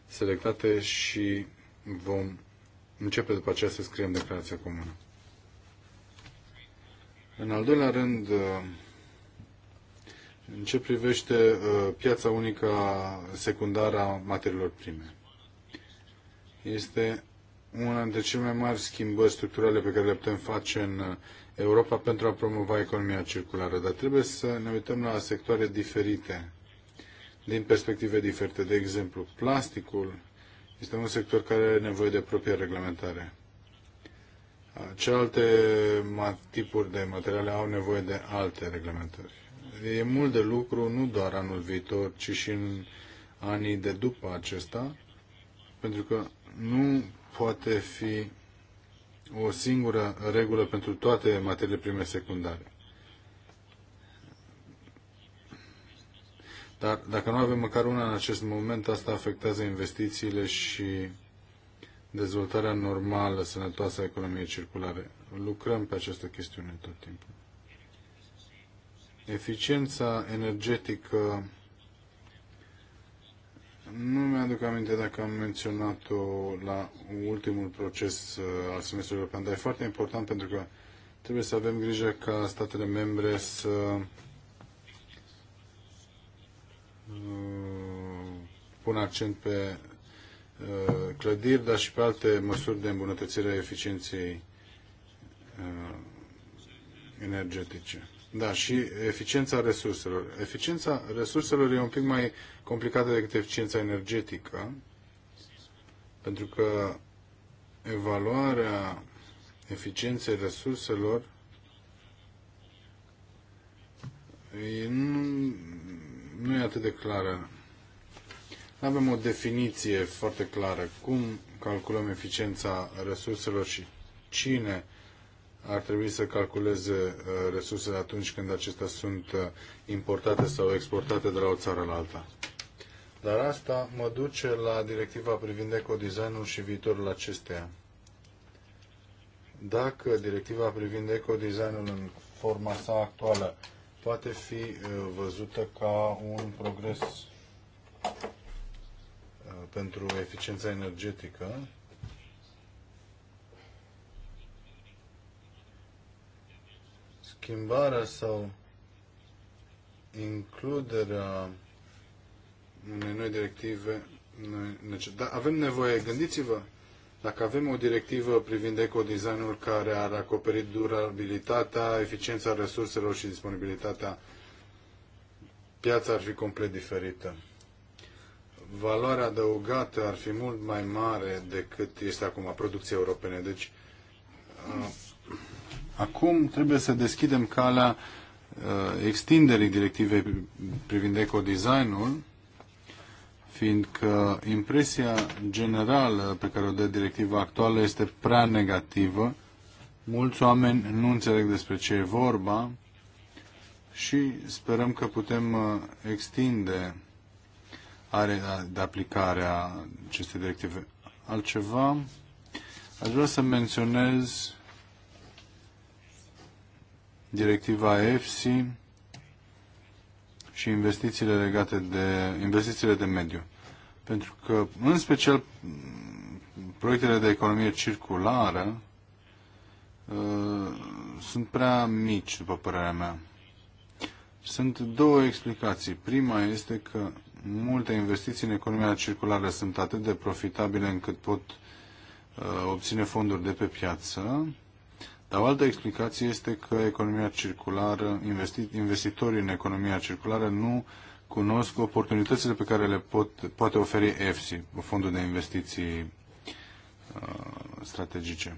selectate și vom începe după aceea să scriem declarația comună. În al doilea rând, în ce privește piața unică secundară a materiilor prime, este una dintre cele mai mari schimbări structurale pe care le putem face în Europa pentru a promova economia circulară, dar trebuie să ne uităm la sectoare diferite, din perspective diferite. De exemplu, plasticul este un sector care are nevoie de propria reglementare. Celelalte tipuri de materiale au nevoie de alte reglementări. E mult de lucru, nu doar anul viitor, ci și în anii de după acesta, pentru că nu poate fi o singură regulă pentru toate materiile prime secundare. Dar dacă nu avem măcar una în acest moment, asta afectează investițiile și dezvoltarea normală, sănătoasă a economiei circulare. Lucrăm pe această chestiune tot timpul. Eficiența energetică nu mi-aduc aminte dacă am menționat-o la ultimul proces uh, al semestrului european, dar e foarte important pentru că trebuie să avem grijă ca statele membre să uh, pun accent pe uh, clădiri, dar și pe alte măsuri de îmbunătățire a eficienței energetice. Da, și eficiența resurselor. Eficiența resurselor e un pic mai complicată decât eficiența energetică, pentru că evaluarea eficienței resurselor e, nu, nu e atât de clară. Nu avem o definiție foarte clară cum calculăm eficiența resurselor și cine ar trebui să calculeze uh, resursele atunci când acestea sunt uh, importate sau exportate de la o țară la alta. Dar asta mă duce la directiva privind ecodesignul și viitorul acesteia. Dacă directiva privind ecodesignul în forma sa actuală poate fi uh, văzută ca un progres pentru eficiența energetică, schimbarea sau includerea unei noi directive. da, avem nevoie, gândiți-vă, dacă avem o directivă privind ecodesignul care ar acoperi durabilitatea, eficiența resurselor și disponibilitatea, piața ar fi complet diferită. Valoarea adăugată ar fi mult mai mare decât este acum a producției europene. Deci, Acum trebuie să deschidem calea uh, extinderii directivei privind ecodesignul, fiindcă impresia generală pe care o dă directiva actuală este prea negativă. Mulți oameni nu înțeleg despre ce e vorba și sperăm că putem uh, extinde area de aplicare a acestei directive. Altceva, aș vrea să menționez directiva EFSI și investițiile legate de investițiile de mediu. Pentru că, în special, proiectele de economie circulară uh, sunt prea mici, după părerea mea. Sunt două explicații. Prima este că multe investiții în economia circulară sunt atât de profitabile încât pot uh, obține fonduri de pe piață o altă explicație este că economia circulară, investi, investitorii în economia circulară nu cunosc oportunitățile pe care le pot, poate oferi EFSI, Fondul de Investiții uh, Strategice.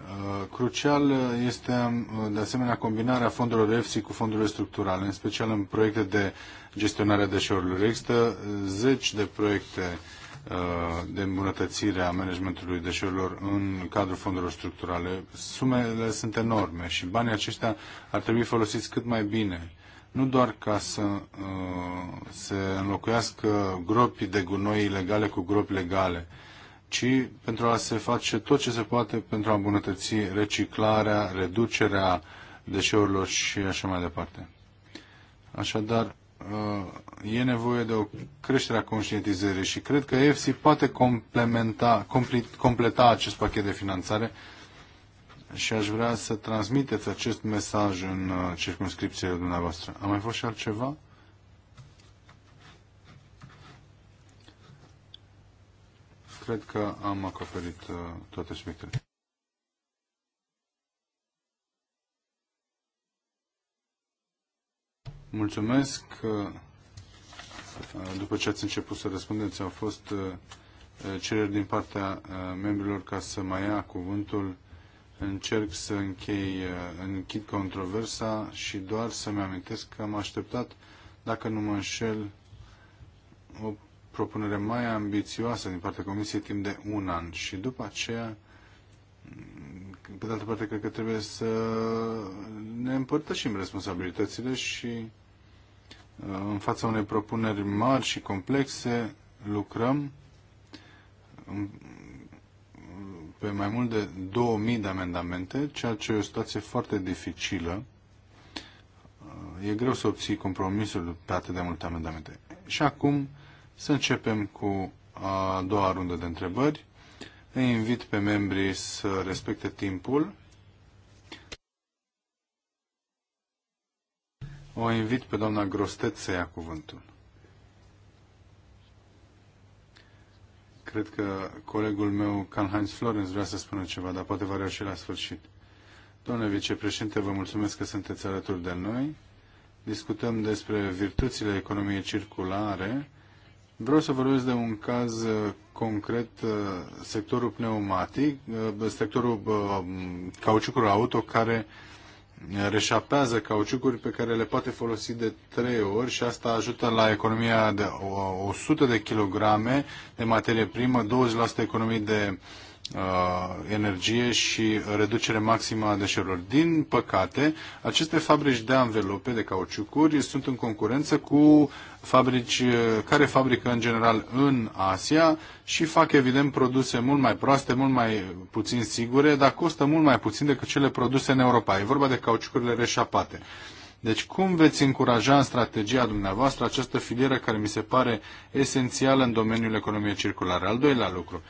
Uh, crucial este uh, de asemenea combinarea fondurilor EFSI cu fondurile structurale, în special în proiecte de gestionare a deșeurilor. Există zeci de proiecte uh, Uh, de îmbunătățire a managementului deșeurilor în cadrul fondurilor structurale. Sumele sunt enorme și banii aceștia ar trebui folosiți cât mai bine. Nu doar ca să uh, se înlocuiască gropi de gunoi ilegale cu gropi legale, ci pentru a se face tot ce se poate pentru a îmbunătăți reciclarea, reducerea deșeurilor și așa mai departe. Așadar, Uh, e nevoie de o creștere a conștientizării și cred că EFSI poate complementa, completa acest pachet de finanțare și aș vrea să transmiteți acest mesaj în uh, circunscripțiile dumneavoastră. A mai fost și altceva? Cred că am acoperit uh, toate subiectele. Mulțumesc. Uh, după ce ați început să răspundeți, au fost uh, uh, cereri din partea membrilor ca să mai ia cuvântul. Încerc să închei, închid controversa și doar să-mi amintesc că am așteptat, dacă nu mă înșel, o propunere mai ambițioasă din partea Comisiei timp de un an și după aceea pe de altă parte, cred că trebuie să ne împărtășim responsabilitățile și Uh, în fața unei propuneri mari și complexe lucrăm um, pe mai mult de 2000 de amendamente, ceea ce e o situație foarte dificilă. Uh, e greu să obții compromisul pe atât de multe amendamente. Și acum să începem cu a doua rundă de întrebări. Îi invit pe membrii să respecte timpul O invit pe doamna Grostet să ia cuvântul. Cred că colegul meu, Karl-Heinz Florenz, vrea să spună ceva, dar poate va reuși la sfârșit. Domnule vicepreședinte, vă mulțumesc că sunteți alături de noi. Discutăm despre virtuțile economiei circulare. Vreau să vorbesc de un caz uh, concret, uh, sectorul pneumatic, uh, sectorul cauciucului auto, care reșapează cauciucuri pe care le poate folosi de trei ori și asta ajută la economia de 100 de kilograme de materie primă, 20% economii de Uh, energie și reducere maximă a deșeurilor. Din păcate, aceste fabrici de anvelope, de cauciucuri, sunt în concurență cu fabrici uh, care fabrică în general în Asia și fac evident produse mult mai proaste, mult mai puțin sigure, dar costă mult mai puțin decât cele produse în Europa. E vorba de cauciucurile reșapate. Deci cum veți încuraja în strategia dumneavoastră această filieră care mi se pare esențială în domeniul economiei circulare? Al doilea lucru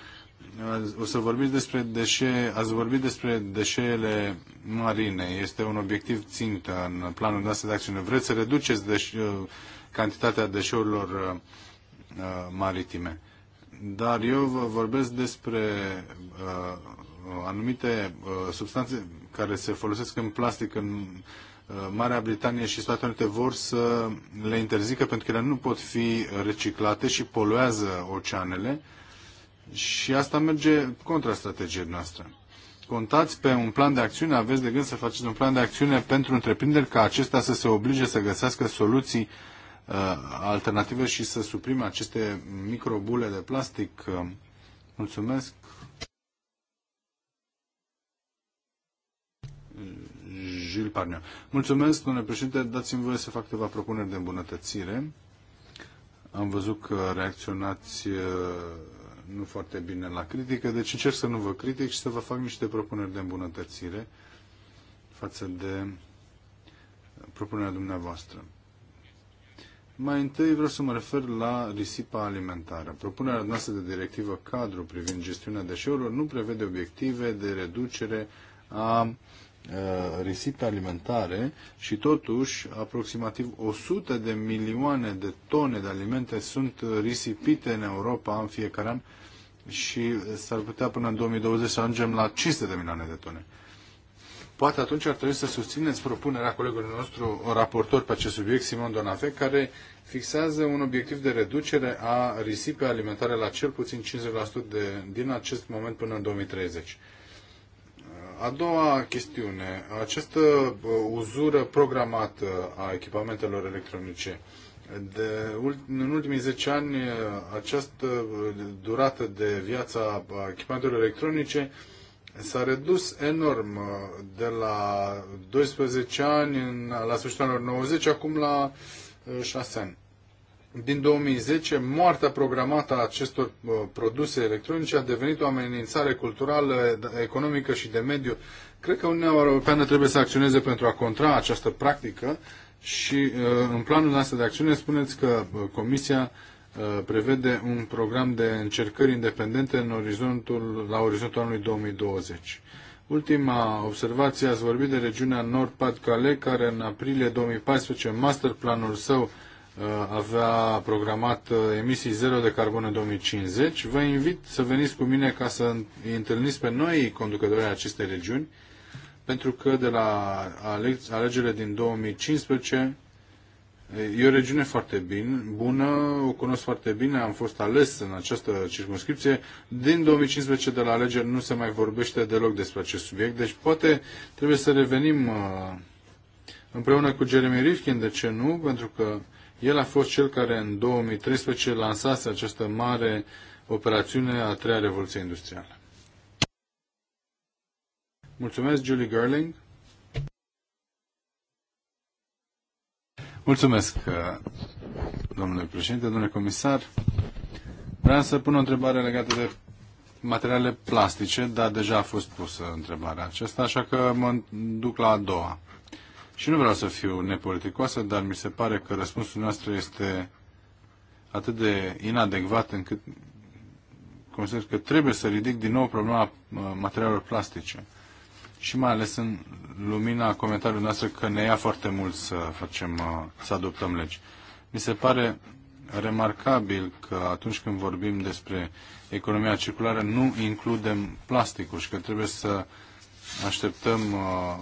o să vorbiți despre deșe, ați vorbit despre deșeele marine. Este un obiectiv țintă în planul noastră de acțiune. Vreți să reduceți deș- uh, cantitatea deșeurilor uh, uh, maritime. Dar eu vă vorbesc despre uh, anumite uh, substanțe care se folosesc în plastic în uh, Marea Britanie și Statele Unite vor să le interzică pentru că ele nu pot fi reciclate și poluează oceanele. Uh, și asta merge contra strategiei noastre. Contați pe un plan de acțiune, aveți de gând să faceți un plan de acțiune pentru întreprinderi ca acesta să se oblige să găsească soluții uh, alternative și să suprime aceste microbule de plastic. mulțumesc. Gilles Parnia. Mulțumesc, domnule președinte. Dați-mi voie să fac câteva propuneri de îmbunătățire. Am văzut că reacționați uh, nu foarte bine la critică, deci încerc să nu vă critic și să vă fac niște propuneri de îmbunătățire față de propunerea dumneavoastră. Mai întâi vreau să mă refer la risipa alimentară. Propunerea noastră de directivă cadru privind gestiunea deșeurilor nu prevede obiective de reducere a Uh, risipe alimentare și totuși aproximativ 100 de milioane de tone de alimente sunt risipite în Europa în fiecare an și s-ar putea până în 2020 să ajungem la 500 de milioane de tone. Poate atunci ar trebui să susțineți propunerea colegului nostru raportor pe acest subiect, Simon Donafe, care fixează un obiectiv de reducere a risipei alimentare la cel puțin 50% de, din acest moment până în 2030. A doua chestiune, această uzură programată a echipamentelor electronice. De, în ultimii 10 ani, această durată de viață a echipamentelor electronice s-a redus enorm de la 12 ani la sfârșitul anilor 90, acum la 6 ani din 2010, moartea programată a acestor uh, produse electronice a devenit o amenințare culturală, economică și de mediu. Cred că Uniunea Europeană trebuie să acționeze pentru a contra această practică și uh, în planul noastră de acțiune spuneți că uh, Comisia prevede un program de încercări independente în orizontul, la orizontul anului 2020. Ultima observație, ați vorbit de regiunea Nord-Pas-de-Calais, care în aprilie 2014, în masterplanul său, Uh, avea programat uh, emisii zero de carbon în 2050. Vă invit să veniți cu mine ca să îi întâlniți pe noi conducătorii acestei regiuni, pentru că de la alegerile din 2015 e o regiune foarte bine, bună, o cunosc foarte bine, am fost ales în această circunscripție. Din 2015 de la alegeri nu se mai vorbește deloc despre acest subiect, deci poate trebuie să revenim uh, împreună cu Jeremy Rifkin, de ce nu, pentru că el a fost cel care în 2013 lansase această mare operațiune a treia revoluție industrială. Mulțumesc, Julie Gerling. Mulțumesc, uh, domnule președinte, domnule comisar. Vreau să pun o întrebare legată de materiale plastice, dar deja a fost pusă întrebarea aceasta, așa că mă duc la a doua. Și nu vreau să fiu nepoliticoasă, dar mi se pare că răspunsul nostru este atât de inadecvat încât consider că trebuie să ridic din nou problema uh, materialelor plastice. Și mai ales în lumina comentariului noastră că ne ia foarte mult să facem, uh, să adoptăm legi. Mi se pare remarcabil că atunci când vorbim despre economia circulară nu includem plasticul și că trebuie să așteptăm uh,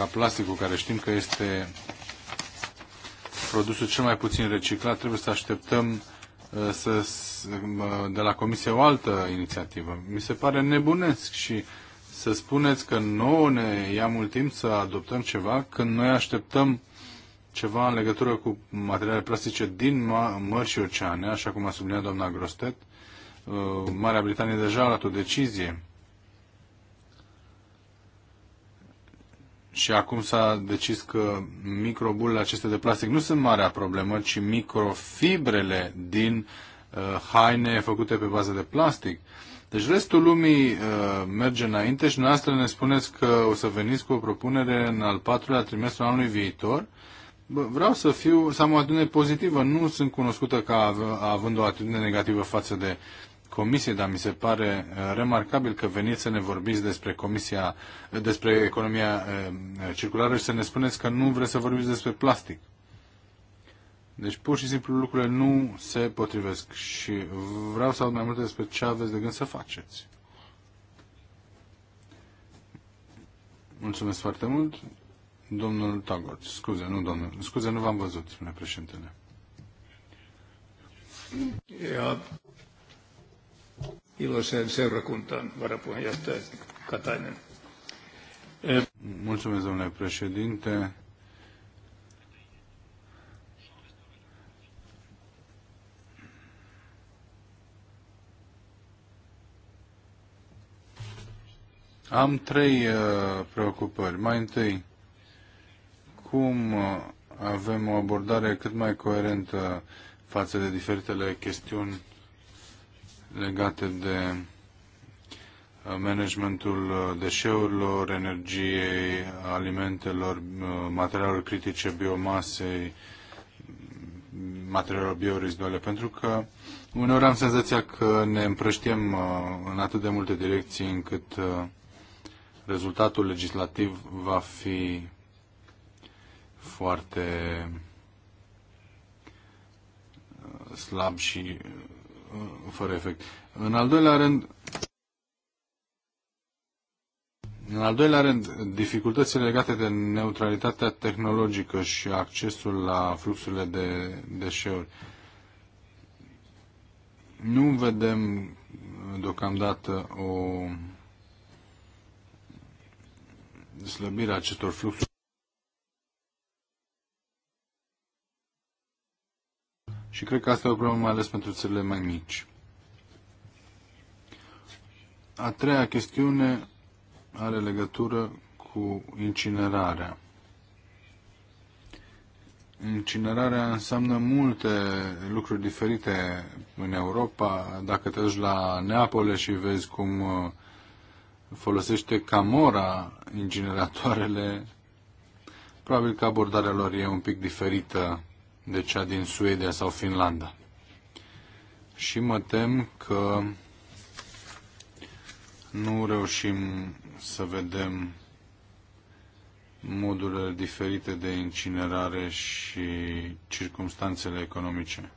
ca plasticul, care știm că este produsul cel mai puțin reciclat, trebuie să așteptăm uh, să, uh, de la Comisie o altă inițiativă. Mi se pare nebunesc și să spuneți că nouă ne ia mult timp să adoptăm ceva când noi așteptăm ceva în legătură cu materiale plastice din mări și oceane, așa cum a subliniat doamna Grostet. Uh, Marea Britanie deja a luat o decizie și acum s-a decis că microbulele acestea de plastic nu sunt marea problemă, ci microfibrele din uh, haine făcute pe bază de plastic. Deci restul lumii uh, merge înainte și noastră ne spuneți că o să veniți cu o propunere în al patrulea trimestru anului viitor. Bă, vreau să fiu, să am o atitudine pozitivă. Nu sunt cunoscută ca av având o atitudine negativă față de comisie, dar mi se pare uh, remarcabil că veniți să ne vorbiți despre, comisia, uh, despre economia uh, circulară și să ne spuneți că nu vreți să vorbiți despre plastic. Deci pur și simplu lucrurile nu se potrivesc și vreau să aud mai multe despre ce aveți de gând să faceți. Mulțumesc foarte mult. Domnul Tagot, scuze, nu domnul, scuze, nu v-am văzut, spune președintele iloiseen seurakuntaan, varapuheenjohtaja Katainen. Eh. Mulțumesc, domnule președinte. Am trei uh, preocupări. Mai întâi, cum eh, avem o abordare cât mai coerentă față de diferitele chestiuni legate de uh, managementul uh, deșeurilor, energiei, alimentelor, uh, materialelor critice, biomasei, materialelor biorizdoale, pentru că uneori am senzația că ne împrăștiem în atât de multe direcții încât rezultatul legislativ va fi foarte slab și Uh, fără efect. În al doilea rând, în al doilea rând, dificultățile legate de neutralitatea tehnologică și accesul la fluxurile de deșeuri. Nu vedem deocamdată o slăbire a acestor fluxuri. Și cred că asta e o problemă mai ales pentru țările mai mici. A treia chestiune are legătură cu incinerarea. Incinerarea înseamnă multe lucruri diferite în Europa. Dacă te duci la Neapole și vezi cum uh, folosește Camora incineratoarele, probabil că abordarea lor e un pic diferită de cea din Suedia sau Finlanda. Și mă tem că nu reușim să vedem modurile diferite de incinerare și circumstanțele economice.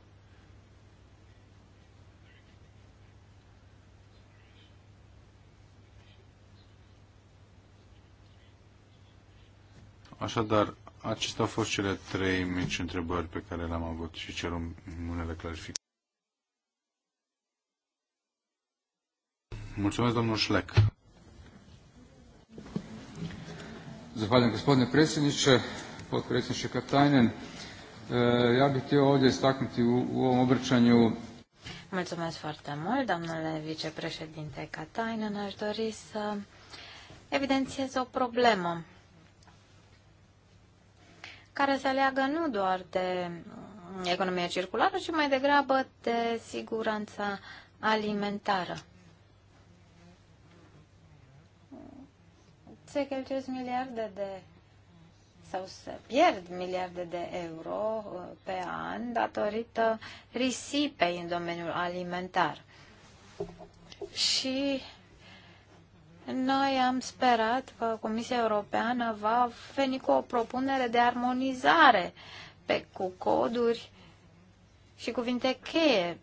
Așadar, Acestea au fost cele trei mici întrebări pe care le-am avut și cerem unele clarificări. Mulțumesc, domnul Șlec. Zahvaljujem gospodine predsjedniče, potpredsjedniče Katajnen. Ja bih htio ovdje istaknuti u, ovom obraćanju Mulțumesc foarte mult, domnule vicepreședinte Katajnen. Aș dori să evidențiez o problemă care se leagă nu doar de mm, economia circulară, ci mai degrabă de siguranța alimentară. Se cheltuiesc miliarde de sau se pierd miliarde de euro uh, pe an datorită risipei în domeniul alimentar. Și noi am sperat că Comisia Europeană va veni cu o propunere de armonizare pe, cu coduri și cuvinte cheie.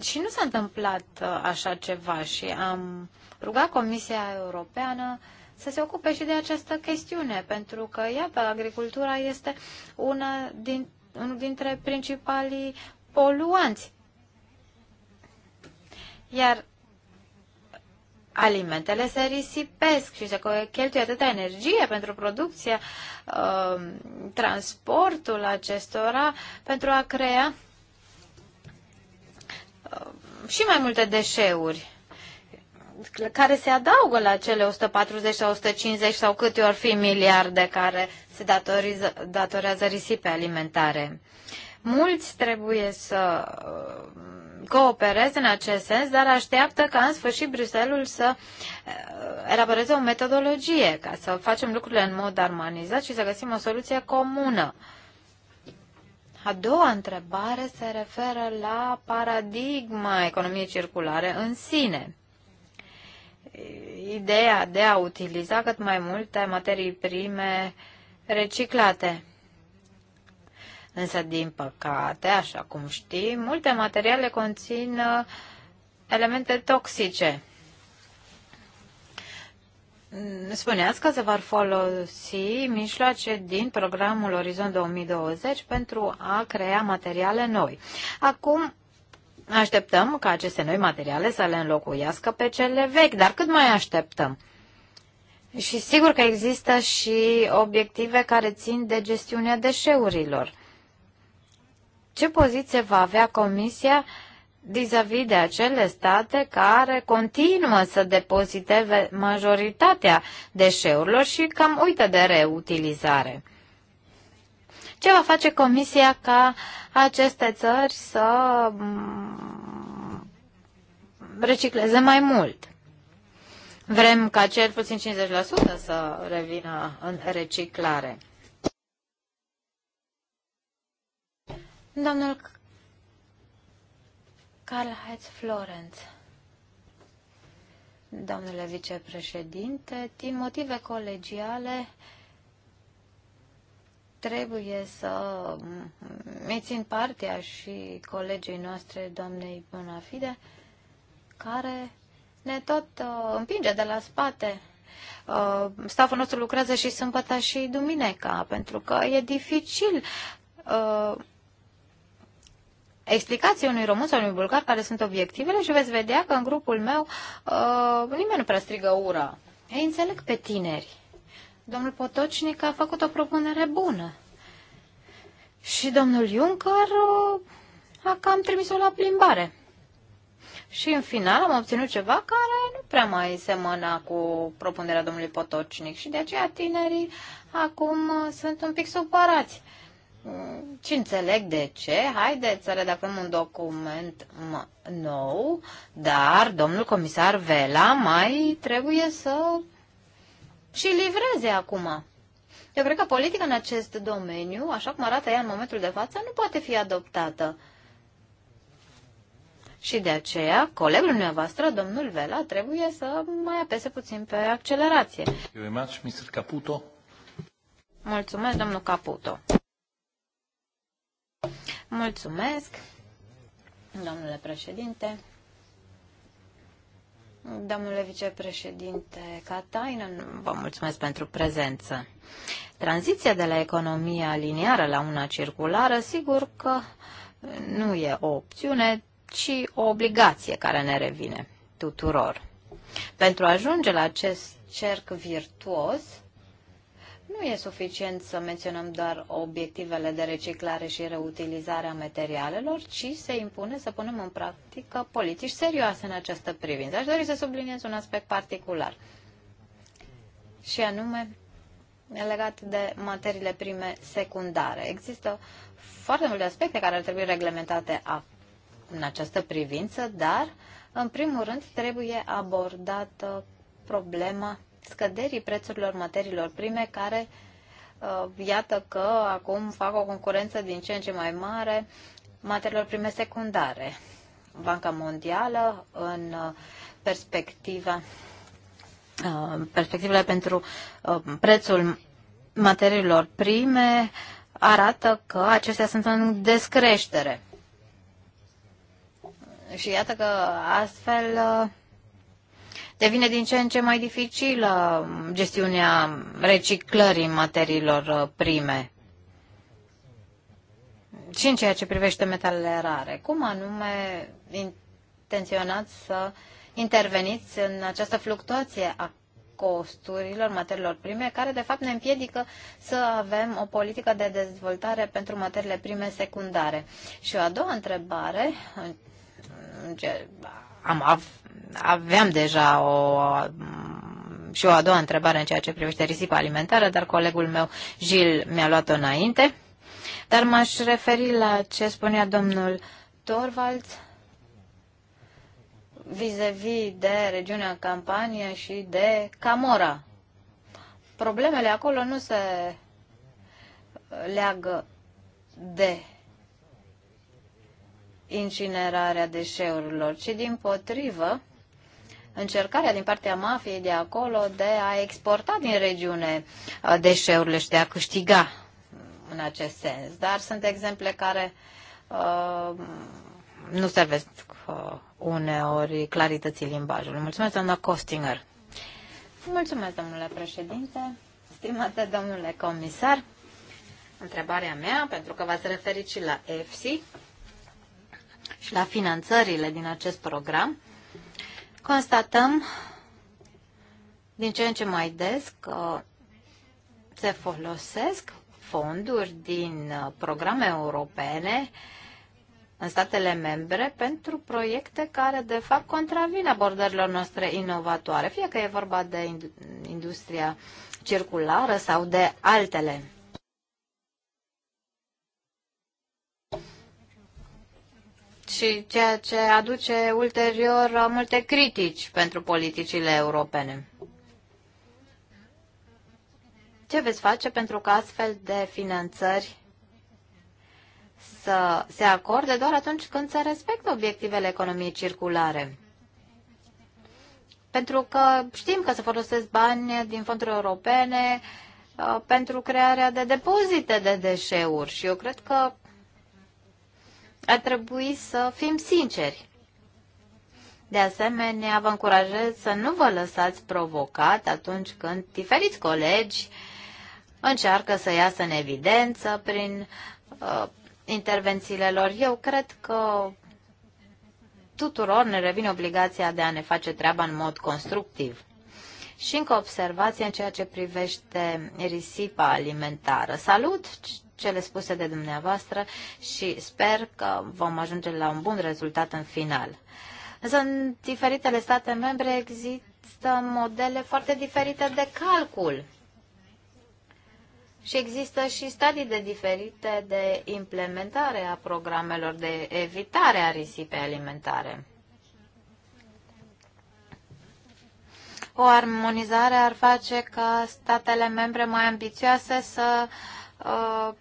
Și nu s-a întâmplat uh, așa ceva și am rugat Comisia Europeană să se ocupe și de această chestiune, pentru că, iată, agricultura este una din, unul dintre principalii poluanți. Iar alimentele se risipesc și se cheltuie atâta energie pentru producția, uh, transportul acestora, pentru a crea uh, și mai multe deșeuri care se adaugă la cele 140 sau 150 sau câte ori fi miliarde care se datoriză, datorează risipe alimentare. Mulți trebuie să uh, coopereze în acest sens, dar așteaptă ca în sfârșit Bruselul să eh, elaboreze o metodologie ca să facem lucrurile în mod armonizat și să găsim o soluție comună. A doua întrebare se referă la paradigma economiei circulare în sine. Ideea de a utiliza cât mai multe materii prime reciclate. Însă, din păcate, așa cum știi, multe materiale conțin uh, elemente toxice. Spuneați că se vor folosi mijloace din programul Orizont 2020 pentru a crea materiale noi. Acum așteptăm ca aceste noi materiale să le înlocuiască pe cele vechi, dar cât mai așteptăm? Și sigur că există și obiective care țin de gestiunea deșeurilor ce poziție va avea Comisia vis-a-vis -vis de acele state care continuă să depoziteze majoritatea deșeurilor și cam uită de reutilizare? Ce va face Comisia ca aceste țări să mm, recicleze mai mult? Vrem ca cel puțin 50% să revină în reciclare. Domnul Carl Heitz Florenz. Domnule vicepreședinte, din motive colegiale trebuie să îi țin partea și colegii noastre, doamnei Bonafide, care ne tot uh, împinge de la spate. Uh, staful nostru lucrează și sâmbătă și duminica, pentru că e dificil uh, Explicații unui român sau unui bulgar care sunt obiectivele și veți vedea că în grupul meu uh, nimeni nu prea strigă ura. Ei înțeleg pe tineri. Domnul Potocnic a făcut o propunere bună. Și domnul Juncker uh, a cam trimis-o la plimbare. Și în final am obținut ceva care nu prea mai semăna cu propunerea domnului Potocnic și de aceea tinerii acum uh, sunt un pic supărați. Uh, și înțeleg de ce. Haideți să redactăm un document nou, dar domnul comisar Vela mai trebuie să și livreze acum. Eu cred că politica în acest domeniu, așa cum arată ea în momentul de față, nu poate fi adoptată. Și de aceea, colegul dumneavoastră, domnul Vela, trebuie să mai apese puțin pe accelerație. Mulțumesc, domnul Caputo. Mulțumesc, domnule președinte. Domnule vicepreședinte Katainen, vă mulțumesc pentru prezență. Tranziția de la economia liniară la una circulară, sigur că nu e o opțiune, ci o obligație care ne revine tuturor. Pentru a ajunge la acest cerc virtuos, nu e suficient să menționăm doar obiectivele de reciclare și reutilizare a materialelor, ci se impune să punem în practică politici serioase în această privință. Aș dori să subliniez un aspect particular, și anume legat de materiile prime secundare. Există foarte multe aspecte care ar trebui reglementate în această privință, dar, în primul rând, trebuie abordată problema scăderii prețurilor materiilor prime care uh, iată că acum fac o concurență din ce în ce mai mare materiilor prime secundare. Banca Mondială în uh, perspectiva uh, perspectivele pentru prețul materiilor prime arată că acestea sunt în descreștere. Și iată că astfel devine din ce în ce mai dificilă gestiunea reciclării materiilor uh, prime. Și în ceea ce privește metalele rare, cum anume intenționați să interveniți în această fluctuație a costurilor materiilor prime, care de fapt ne împiedică să avem o politică de dezvoltare pentru materiile prime secundare. Și o a doua întrebare, am, aveam deja o, și o a doua întrebare în ceea ce privește risipa alimentară, dar colegul meu, Gil, mi-a luat-o înainte. Dar m-aș referi la ce spunea domnul Torvalds vis-a-vis -vis de regiunea Campania și de Camora. Problemele acolo nu se leagă de incinerarea deșeurilor, ci din potrivă încercarea din partea mafiei de acolo de a exporta din regiune uh, deșeurile și de a câștiga în acest sens. Dar sunt exemple care uh, nu servesc uh, uneori clarității limbajului. Mulțumesc, doamna Costinger. Mulțumesc, domnule președinte, stimate domnule comisar. Întrebarea mea, pentru că v-ați referit și la EFSI, și la finanțările din acest program, constatăm din ce în ce mai des că se folosesc fonduri din uh, programe europene în statele membre pentru proiecte care, de fapt, contravin abordărilor noastre inovatoare, fie că e vorba de industria circulară sau de altele. și ceea ce aduce ulterior multe critici pentru politicile europene. Ce veți face pentru ca astfel de finanțări să se acorde doar atunci când se respectă obiectivele economiei circulare? Pentru că știm că se folosesc bani din fonduri europene uh, pentru crearea de depozite de deșeuri și eu cred că ar trebui să fim sinceri. De asemenea, vă încurajez să nu vă lăsați provocat atunci când diferiți colegi încearcă să iasă în evidență prin uh, intervențiile lor. Eu cred că tuturor ne revine obligația de a ne face treaba în mod constructiv. Și încă observație în ceea ce privește risipa alimentară. Salut cele spuse de dumneavoastră și sper că vom ajunge la un bun rezultat în final. Însă în diferitele state membre există modele foarte diferite de calcul și există și stadii de diferite de implementare a programelor de evitare a risipei alimentare. O armonizare ar face ca statele membre mai ambițioase să uh,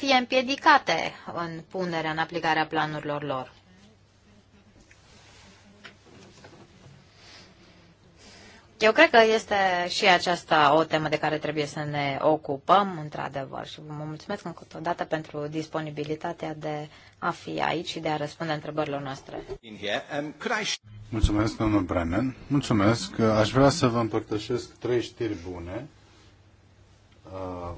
fie împiedicate în punerea în aplicarea planurilor lor. Eu cred că este și aceasta o temă de care trebuie să ne ocupăm, într-adevăr, și vă mulțumesc încă o dată pentru disponibilitatea de a fi aici și de a răspunde întrebărilor noastre. Um, mulțumesc, domnul Brennan. Mulțumesc. Aș vrea să vă împărtășesc trei știri bune. Uh,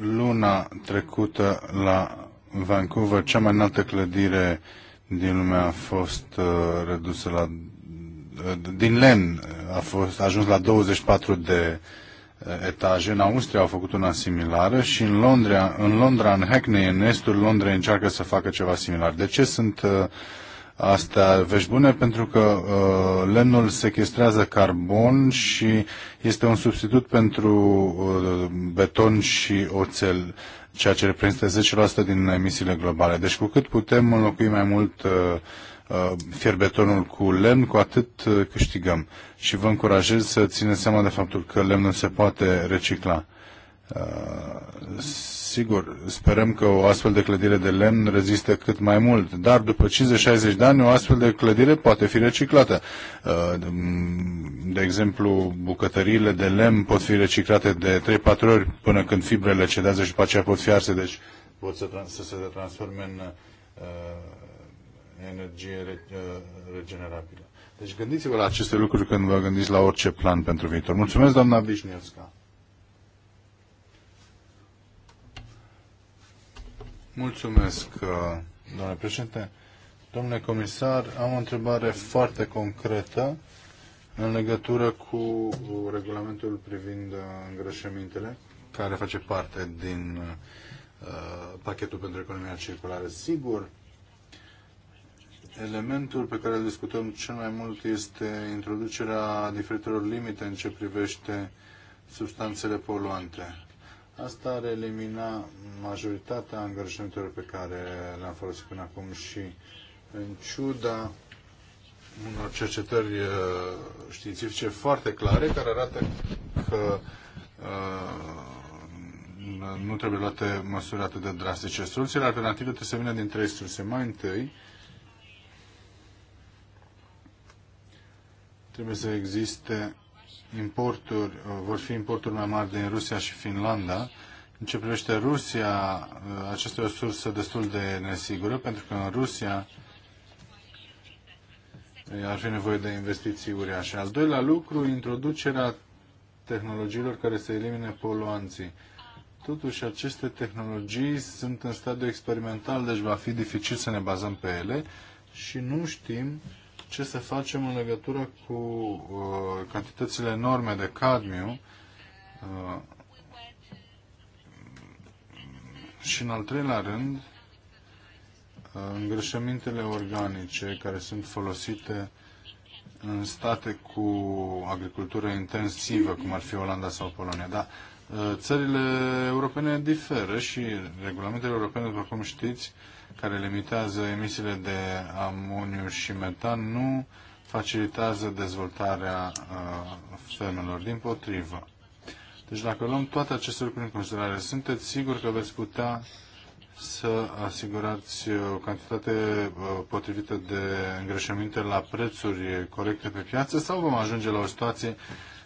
luna trecută la Vancouver, cea mai înaltă clădire din lume a fost uh, redusă la uh, din lemn uh, a fost a ajuns la 24 de uh, etaje. În Austria au făcut una similară și în Londra, în Londra, în Hackney, în estul Londrei încearcă să facă ceva similar. De ce sunt uh, Asta vești bune pentru că uh, lemnul sequestrează carbon și este un substitut pentru uh, beton și oțel, ceea ce reprezintă 10% din emisiile globale. Deci cu cât putem înlocui mai mult uh, uh fierbetonul cu lemn, cu atât uh, câștigăm. Și vă încurajez să țineți seama de faptul că lemnul se poate recicla. Uh, Sigur, sperăm că o astfel de clădire de lemn rezistă cât mai mult, dar după 50-60 de ani o astfel de clădire poate fi reciclată. Uh, mm, de exemplu, bucătăriile de lemn pot fi reciclate de 3-4 ori până când fibrele cedează și după aceea pot fi arse, deci pot să, să se transforme în uh, energie uh, regenerabilă. Deci gândiți-vă la aceste lucruri când vă gândiți la orice plan pentru viitor. Mulțumesc, doamna Vișnievska. Mulțumesc, uh, domnule președinte. Domnule comisar, am o întrebare foarte concretă în legătură cu regulamentul privind uh, îngrășămintele, care face parte din uh, pachetul pentru economia circulară. Sigur, elementul pe care îl discutăm cel mai mult este introducerea diferitelor limite în ce privește substanțele poluante. Asta ar elimina majoritatea angajamentelor pe care le-am folosit până acum și în ciuda unor cercetări uh, științifice foarte clare care arată că uh, nu trebuie luate măsuri atât de drastice. Soluțiile alternative trebuie să vină din trei surse. Mai întâi, trebuie să existe importuri, uh, vor fi importuri mai mari din Rusia și Finlanda. În ce privește Rusia, uh, aceasta e o sursă destul de nesigură, pentru că în Rusia uh, ar fi nevoie de investiții uriașe. Al doilea lucru, introducerea tehnologiilor care să elimine poluanții. Totuși, aceste tehnologii sunt în stadiu experimental, deci va fi dificil să ne bazăm pe ele și nu știm uh, ce să facem în legătură cu uh, cantitățile enorme de cadmiu uh, și în al treilea rând uh, îngrășămintele organice care sunt folosite în state cu agricultură intensivă, cum ar fi Olanda sau Polonia. Dar uh, țările europene diferă și regulamentele europene, după cum știți, uh, care limitează emisiile de amoniu și metan nu facilitează dezvoltarea uh, femelor, din potrivă. Deci dacă luăm toate aceste lucruri în considerare, sunteți siguri că veți putea să asigurați uh, o cantitate uh, potrivită de îngreșăminte la prețuri corecte pe piață sau vom ajunge la o situație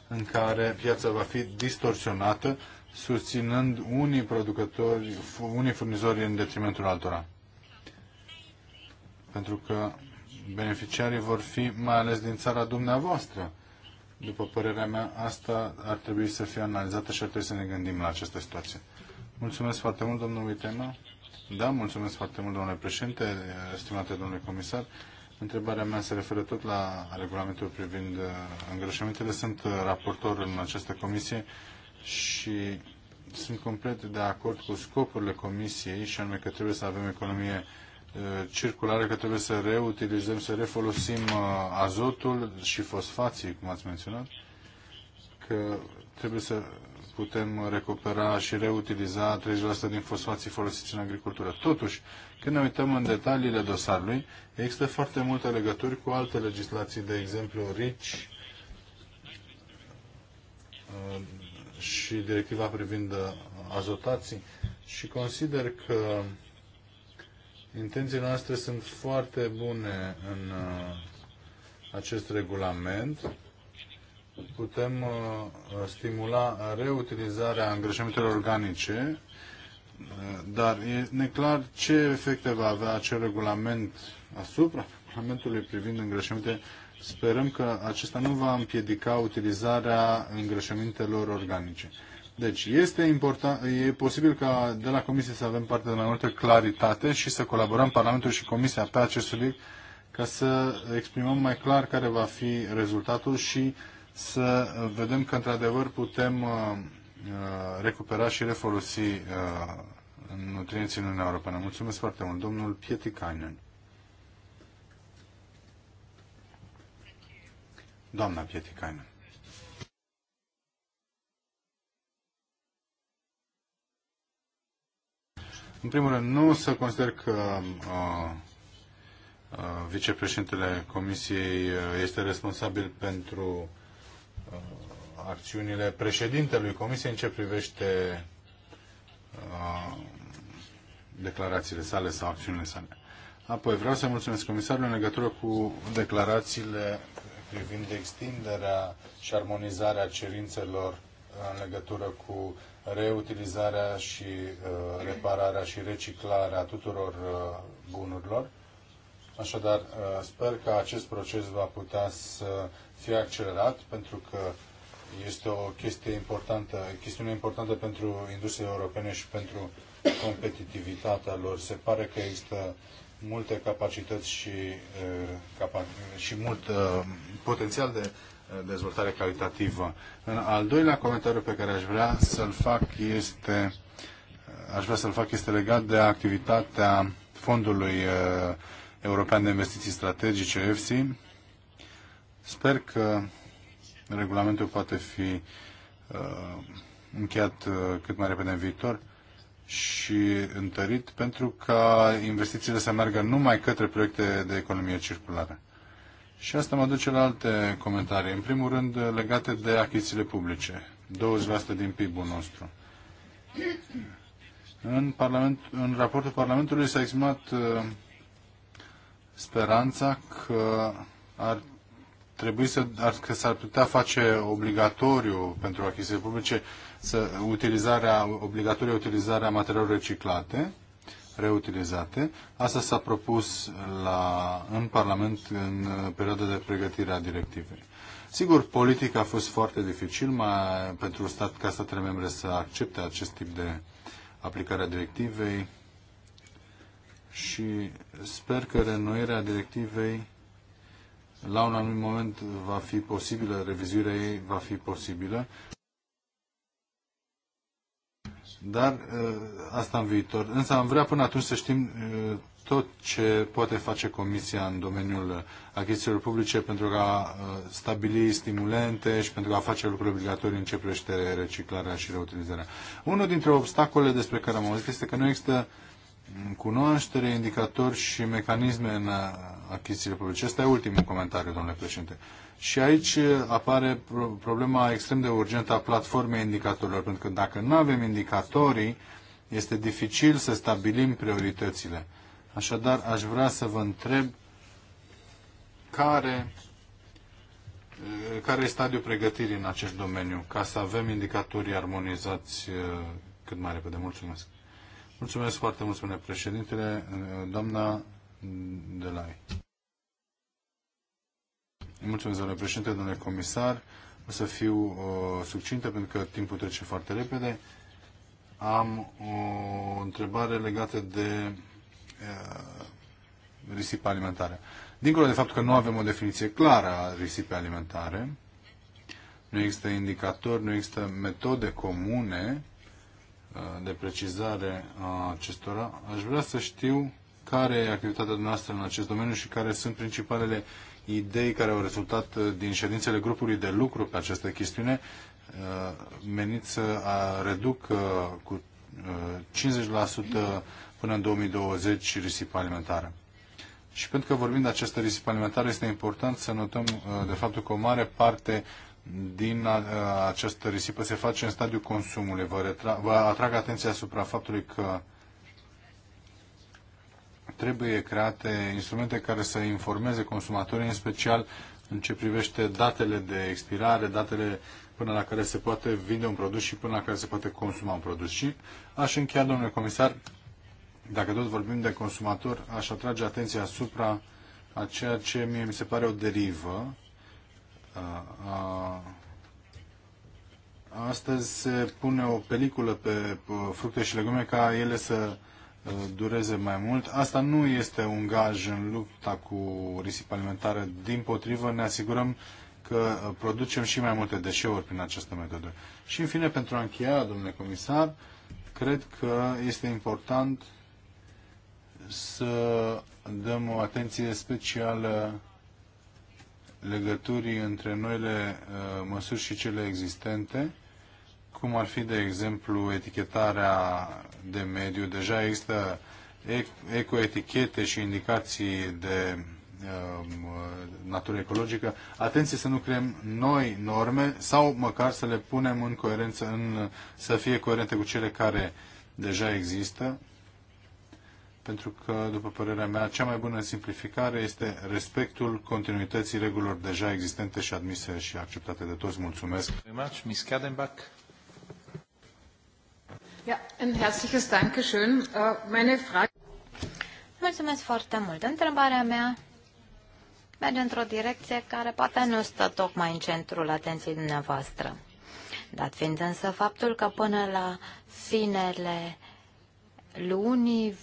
în care piața va fi distorsionată, susținând unii producători, unii furnizori în detrimentul altora? pentru că beneficiarii vor fi mai ales din țara dumneavoastră. După părerea mea, asta ar trebui să fie analizată și ar trebui să ne gândim la această situație. Mulțumesc foarte mult, domnul Uitema. Da, mulțumesc foarte mult, domnule președinte, stimate domnule comisar. Întrebarea mea se referă tot la regulamentul privind uh, îngrășămintele. Sunt uh, raportor în această comisie și sunt complet de acord cu scopurile comisiei și anume că trebuie să avem economie circulară că trebuie să reutilizăm, să refolosim uh, azotul și fosfații, cum ați menționat, că trebuie să putem recupera și reutiliza 30% din fosfații folosiți în agricultură. Totuși, când ne uităm în detaliile dosarului, există foarte multe legături cu alte legislații, de exemplu RICI uh, și directiva privind uh, azotații și consider că Intențiile noastre sunt foarte bune în uh, acest regulament. Putem uh, stimula reutilizarea îngrășămintelor organice, uh, dar e neclar ce efecte va avea acel regulament asupra regulamentului privind îngrășăminte. Sperăm că acesta nu va împiedica utilizarea îngrășămintelor organice. Deci este important, e posibil ca de la Comisie să avem parte de mai multă claritate și să colaborăm Parlamentul și Comisia pe acest subiect ca să exprimăm mai clar care va fi rezultatul și să vedem că într-adevăr putem uh, uh, recupera și refolosi uh, nutrienții în Uniunea Europeană. Mulțumesc foarte mult. Domnul Pietikainen. Doamna Pietikainen. În primul rând, nu să consider că uh, uh, vicepreședintele Comisiei uh, este responsabil pentru uh, acțiunile președintelui Comisiei în ce privește uh, declarațiile sale sau acțiunile sale. Apoi vreau să mulțumesc comisarului în legătură cu declarațiile privind extinderea și armonizarea cerințelor în legătură cu reutilizarea și uh, repararea și reciclarea tuturor uh, bunurilor. Așadar, uh, sper că acest proces va putea să fie accelerat, pentru că este o chestie importantă, chestiune importantă pentru industria europene și pentru competitivitatea lor. Se pare că există multe capacități și, și mult potențial de dezvoltare calitativă. În al doilea comentariu pe care aș vrea să-l fac este aș vrea să-l fac este legat de activitatea Fondului uh, European de Investiții Strategice, EFSI. Sper că regulamentul poate fi uh, încheiat uh, cât mai repede în viitor și întărit pentru ca investițiile să meargă numai către proiecte de economie circulară. Și asta mă duce la alte comentarii. În primul rând, legate de achizițiile publice. 20% din PIB-ul nostru. În, parlament, în raportul Parlamentului s-a exprimat uh, speranța că ar trebui să, ar, că s-ar putea face obligatoriu pentru achiziții publice să, utilizarea, obligatorie utilizarea materialelor reciclate reutilizate. Asta s-a propus la, în Parlament în perioada de pregătire a directivei. Sigur, politica a fost foarte dificil mai pentru stat, ca statele membre să accepte acest tip de aplicare a directivei și sper că renoirea directivei la un anumit moment va fi posibilă, revizuirea ei va fi posibilă dar uh, asta în viitor. Însă am vrea până atunci să știm uh, tot ce poate face Comisia în domeniul achizițiilor publice pentru a uh, stabili stimulente și pentru a face lucruri obligatorii în ce privește reciclarea și reutilizarea. Unul dintre obstacole despre care am auzit este că nu există cunoaștere, indicatori și mecanisme în achizițiile publice. Asta e ultimul comentariu, domnule președinte. Și aici eh, apare problema extrem de urgentă a platformei indicatorilor, pentru că dacă nu avem indicatorii, este dificil să stabilim prioritățile. Așadar, aș vrea să vă întreb care, eh, care e stadiul pregătirii în acest domeniu, ca să avem indicatorii armonizați eh, cât mai repede. Mulțumesc. Mulțumesc foarte mult, spune președintele, doamna Delai. Mulțumesc, domnule președinte, domnule comisar. O să fiu uh, succintă pentru că timpul trece foarte repede. Am o întrebare legată de uh, risipa alimentară. Dincolo de faptul că nu avem o definiție clară a risipei alimentare, nu există indicatori, nu există metode comune uh, de precizare a acestora. Aș vrea să știu care e activitatea noastră în acest domeniu și care sunt principalele idei care au rezultat uh, din ședințele grupului de lucru pe această chestiune, uh, menit să reduc uh, cu 50% până în 2020 risipa alimentară. Și pentru că vorbim de această risipă alimentară, este important să notăm de faptul că o mare parte din această risipă se face în stadiul consumului. Vă, retra- vă atrag atenția asupra faptului că trebuie create instrumente care să informeze consumatorii, în special în ce privește datele de expirare, datele până la care se poate vinde un produs și până la care se poate consuma un produs. Și aș încheia, domnule comisar, dacă tot vorbim de consumator, aș atrage atenția asupra a ceea ce mie mi se pare o derivă. Astăzi se pune o peliculă pe fructe și legume ca ele să dureze mai mult. Asta nu este un gaj în lupta cu risipa alimentară. Din potrivă, ne asigurăm că uh, producem și mai multe deșeuri prin această metodă. Și, în fine, pentru a încheia, domnule comisar, cred că este important să dăm o atenție specială legăturii între noile uh, măsuri și cele existente cum ar fi, de exemplu, etichetarea de mediu. Deja există ecoetichete și indicații de um, natură ecologică. Atenție să nu creăm noi norme sau măcar să le punem în coerență, în, să fie coerente cu cele care deja există. Pentru că, după părerea mea, cea mai bună simplificare este respectul continuității regulilor deja existente și admise și acceptate de toți. Mulțumesc! Miss Kadenbach. Ja, ein herzliches Dankeschön. Äh, meine Frage... Mulțumesc foarte mult. Întrebarea mea merge într-o direcție care poate nu stă tocmai în centrul atenției dumneavoastră. Dat fiind însă faptul că până la finele lunii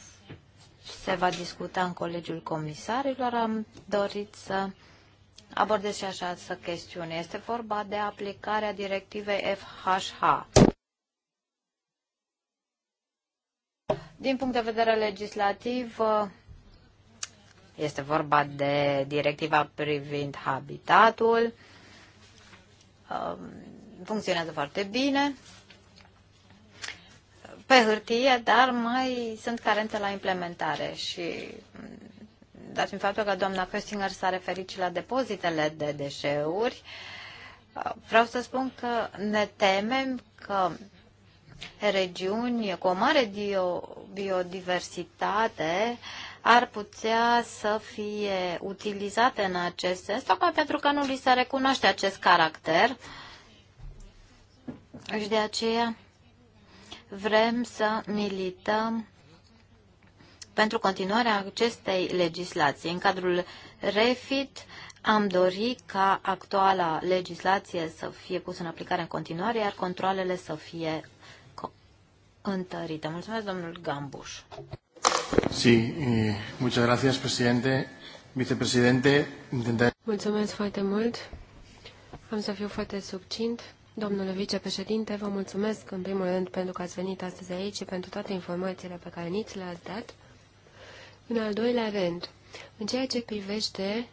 se va discuta în Colegiul Comisarilor, am dorit să abordez și așa această chestiune. Este vorba de aplicarea directivei FHH. Din punct de vedere legislativ, uh, este vorba de directiva privind habitatul. Uh, funcționează foarte bine pe hârtie, dar mai sunt carente la implementare și mm, dat fiind faptul că doamna Köstinger s-a referit și la depozitele de deșeuri, uh, vreau să spun că ne temem că regiuni cu o mare dio, biodiversitate ar putea să fie utilizate în acest sens, tocmai pentru că nu li se recunoaște acest caracter. Și de aceea vrem să milităm pentru continuarea acestei legislații. În cadrul REFIT am dorit ca actuala legislație să fie pusă în aplicare în continuare, iar controlele să fie întărită. Mulțumesc, domnul Gambuș. Sí, eh, muchas gracias, presidente. Vicepresidente, intentaré... Mulțumesc foarte mult. Am să fiu foarte succint. Domnule vicepreședinte, vă mulțumesc în primul rând pentru că ați venit astăzi aici și pentru toate informațiile pe care ni le-ați dat. În al doilea rând, în ceea ce privește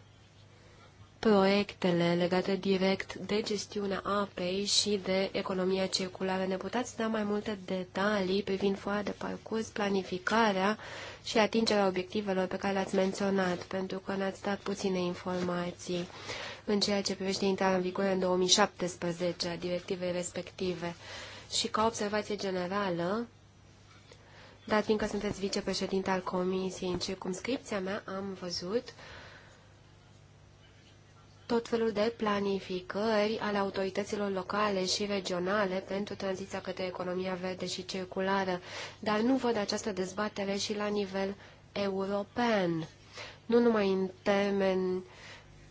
proiectele legate direct de gestiunea apei și de economia circulară. Ne puteți da mai multe detalii privind foaia de parcurs, planificarea și atingerea obiectivelor pe care le-ați menționat, pentru că ne-ați dat puține informații în ceea ce privește intrarea în vigoare în 2017 a directivei respective. Și ca observație generală, dat fiindcă sunteți vicepreședinte al Comisiei în circumscripția mea, am văzut uh, tot felul de planificări ale autorităților locale și regionale pentru tranziția către economia verde și circulară, dar nu văd această dezbatere și la nivel european, nu numai în termen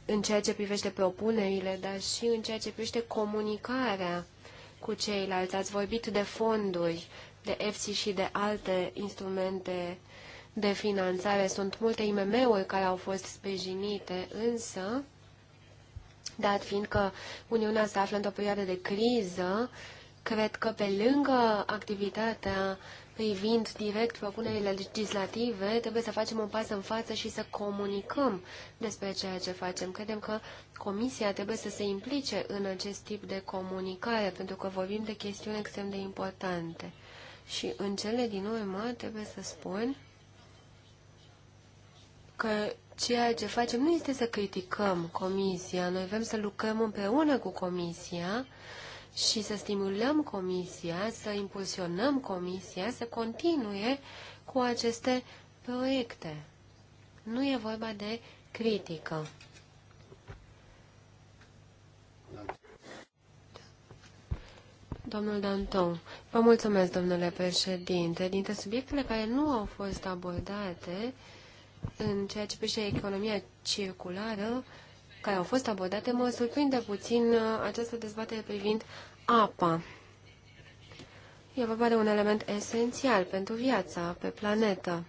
în ceea ce privește propunerile, dar și în ceea ce privește comunicarea cu ceilalți. Ați vorbit de fonduri, de EFSI și de alte instrumente de finanțare. Sunt multe IMM-uri care au fost sprijinite, însă Dat fiind că Uniunea se află într-o perioadă de criză, cred că pe lângă activitatea privind direct propunerile legislative, trebuie să facem un pas în față și să comunicăm despre ceea ce facem. Credem că Comisia trebuie să se implice în acest tip de comunicare, pentru că vorbim de chestiuni extrem de importante. Și în cele din urmă trebuie să spun că Ceea ce facem nu este să criticăm comisia, noi vrem să lucrăm împreună cu comisia și să stimulăm comisia, să impulsionăm comisia să continue cu aceste proiecte. Nu e vorba de critică. Domnul Danton, vă mulțumesc, domnule președinte. Dintre subiectele care nu au fost abordate, în ceea ce privește economia circulară, care au fost abordate, mă surprinde puțin uh, această dezbatere privind apa. E vorba de un element esențial pentru viața pe planetă.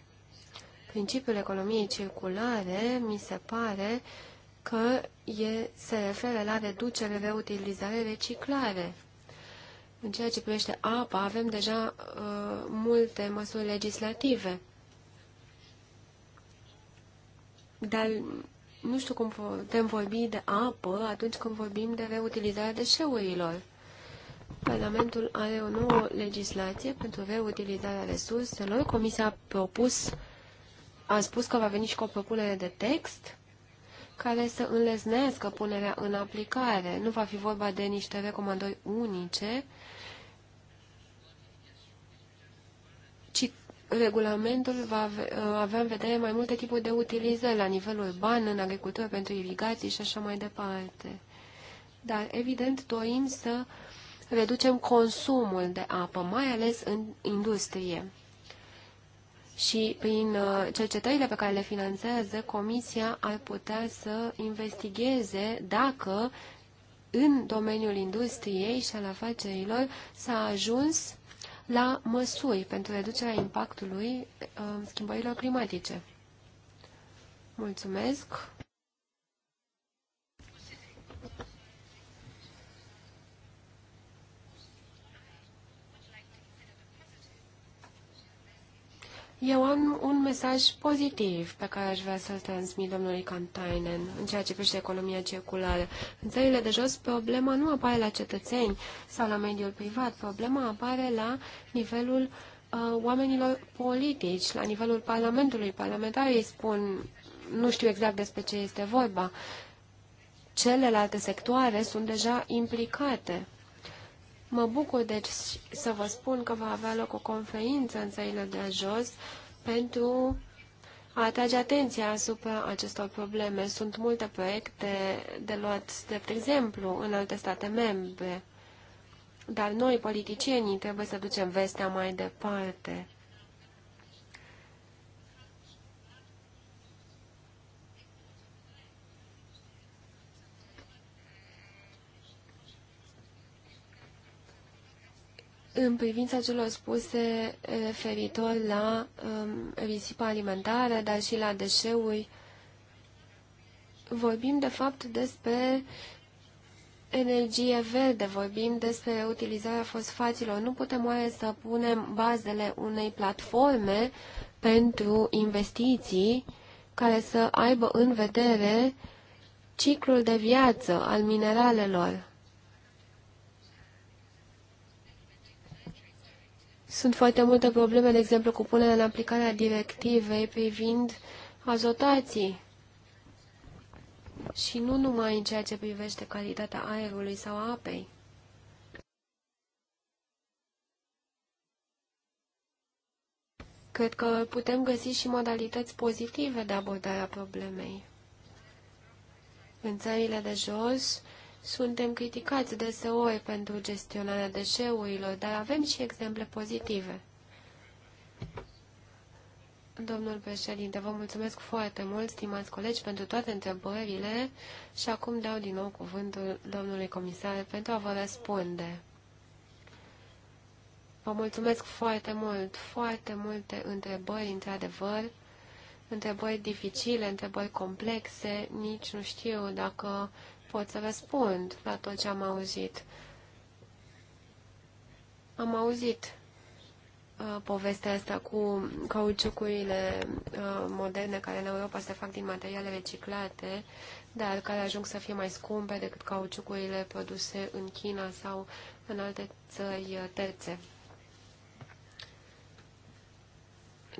Principiul economiei circulare mi se pare că e, se referă la reducere, reutilizare, reciclare. În ceea ce privește apa, avem deja uh, multe măsuri legislative. Dar nu știu cum putem vorbi de apă atunci când vorbim de reutilizarea deșeurilor. Parlamentul are o nouă legislație pentru reutilizarea resurselor. Comisia a propus, a spus că va veni și cu o propunere de text care să înlesnească punerea în aplicare. Nu va fi vorba de niște recomandări unice, regulamentul va uh, avea în vedere mai multe tipuri de utilizări la nivel urban, în agricultură, pentru irigații și așa mai departe. Dar, evident, dorim să reducem consumul de apă, mai ales în industrie. Și prin uh, cercetările pe care le finanțează, Comisia ar putea să investigheze dacă în domeniul industriei și al afacerilor s-a ajuns la măsuri pentru reducerea impactului uh, schimbărilor climatice. Mulțumesc! Eu am un mesaj pozitiv pe care aș vrea să-l transmit domnului Cantainen în ceea ce privește economia circulară. În țările de jos, problema nu apare la cetățeni sau la mediul privat, problema apare la nivelul uh, oamenilor politici, la nivelul Parlamentului. Parlamentarii spun, nu știu exact despre ce este vorba, celelalte sectoare sunt deja implicate. Mă bucur deci să vă spun că va avea loc o conferință în țările de jos pentru a atrage atenția asupra acestor probleme. Sunt multe proiecte de luat de exemplu în alte state membre, dar noi, politicienii, trebuie să ducem vestea mai departe. În privința celor spuse referitor la um, risipa alimentară, dar și la deșeuri, vorbim de fapt despre energie verde, vorbim despre utilizarea fosfaților. Nu putem oare să punem bazele unei platforme pentru investiții care să aibă în vedere ciclul de viață al mineralelor. Sunt foarte multe probleme, de exemplu, cu punerea în aplicare a directivei privind azotații. Și nu numai în ceea ce privește calitatea aerului sau apei. Cred că putem găsi și modalități pozitive de abordare a problemei. În țările de jos, suntem criticați deseori pentru gestionarea deșeurilor, dar avem și exemple pozitive. Domnul președinte, vă mulțumesc foarte mult, stimați colegi, pentru toate întrebările și acum dau din nou cuvântul domnului comisar pentru a vă răspunde. Vă mulțumesc foarte mult, foarte multe întrebări, într-adevăr, întrebări dificile, întrebări complexe, nici nu știu dacă pot să răspund la tot ce am auzit. Am auzit uh, povestea asta cu cauciucurile uh, moderne care în Europa se fac din materiale reciclate, dar care ajung să fie mai scumpe decât cauciucurile produse în China sau în alte țări uh, terțe.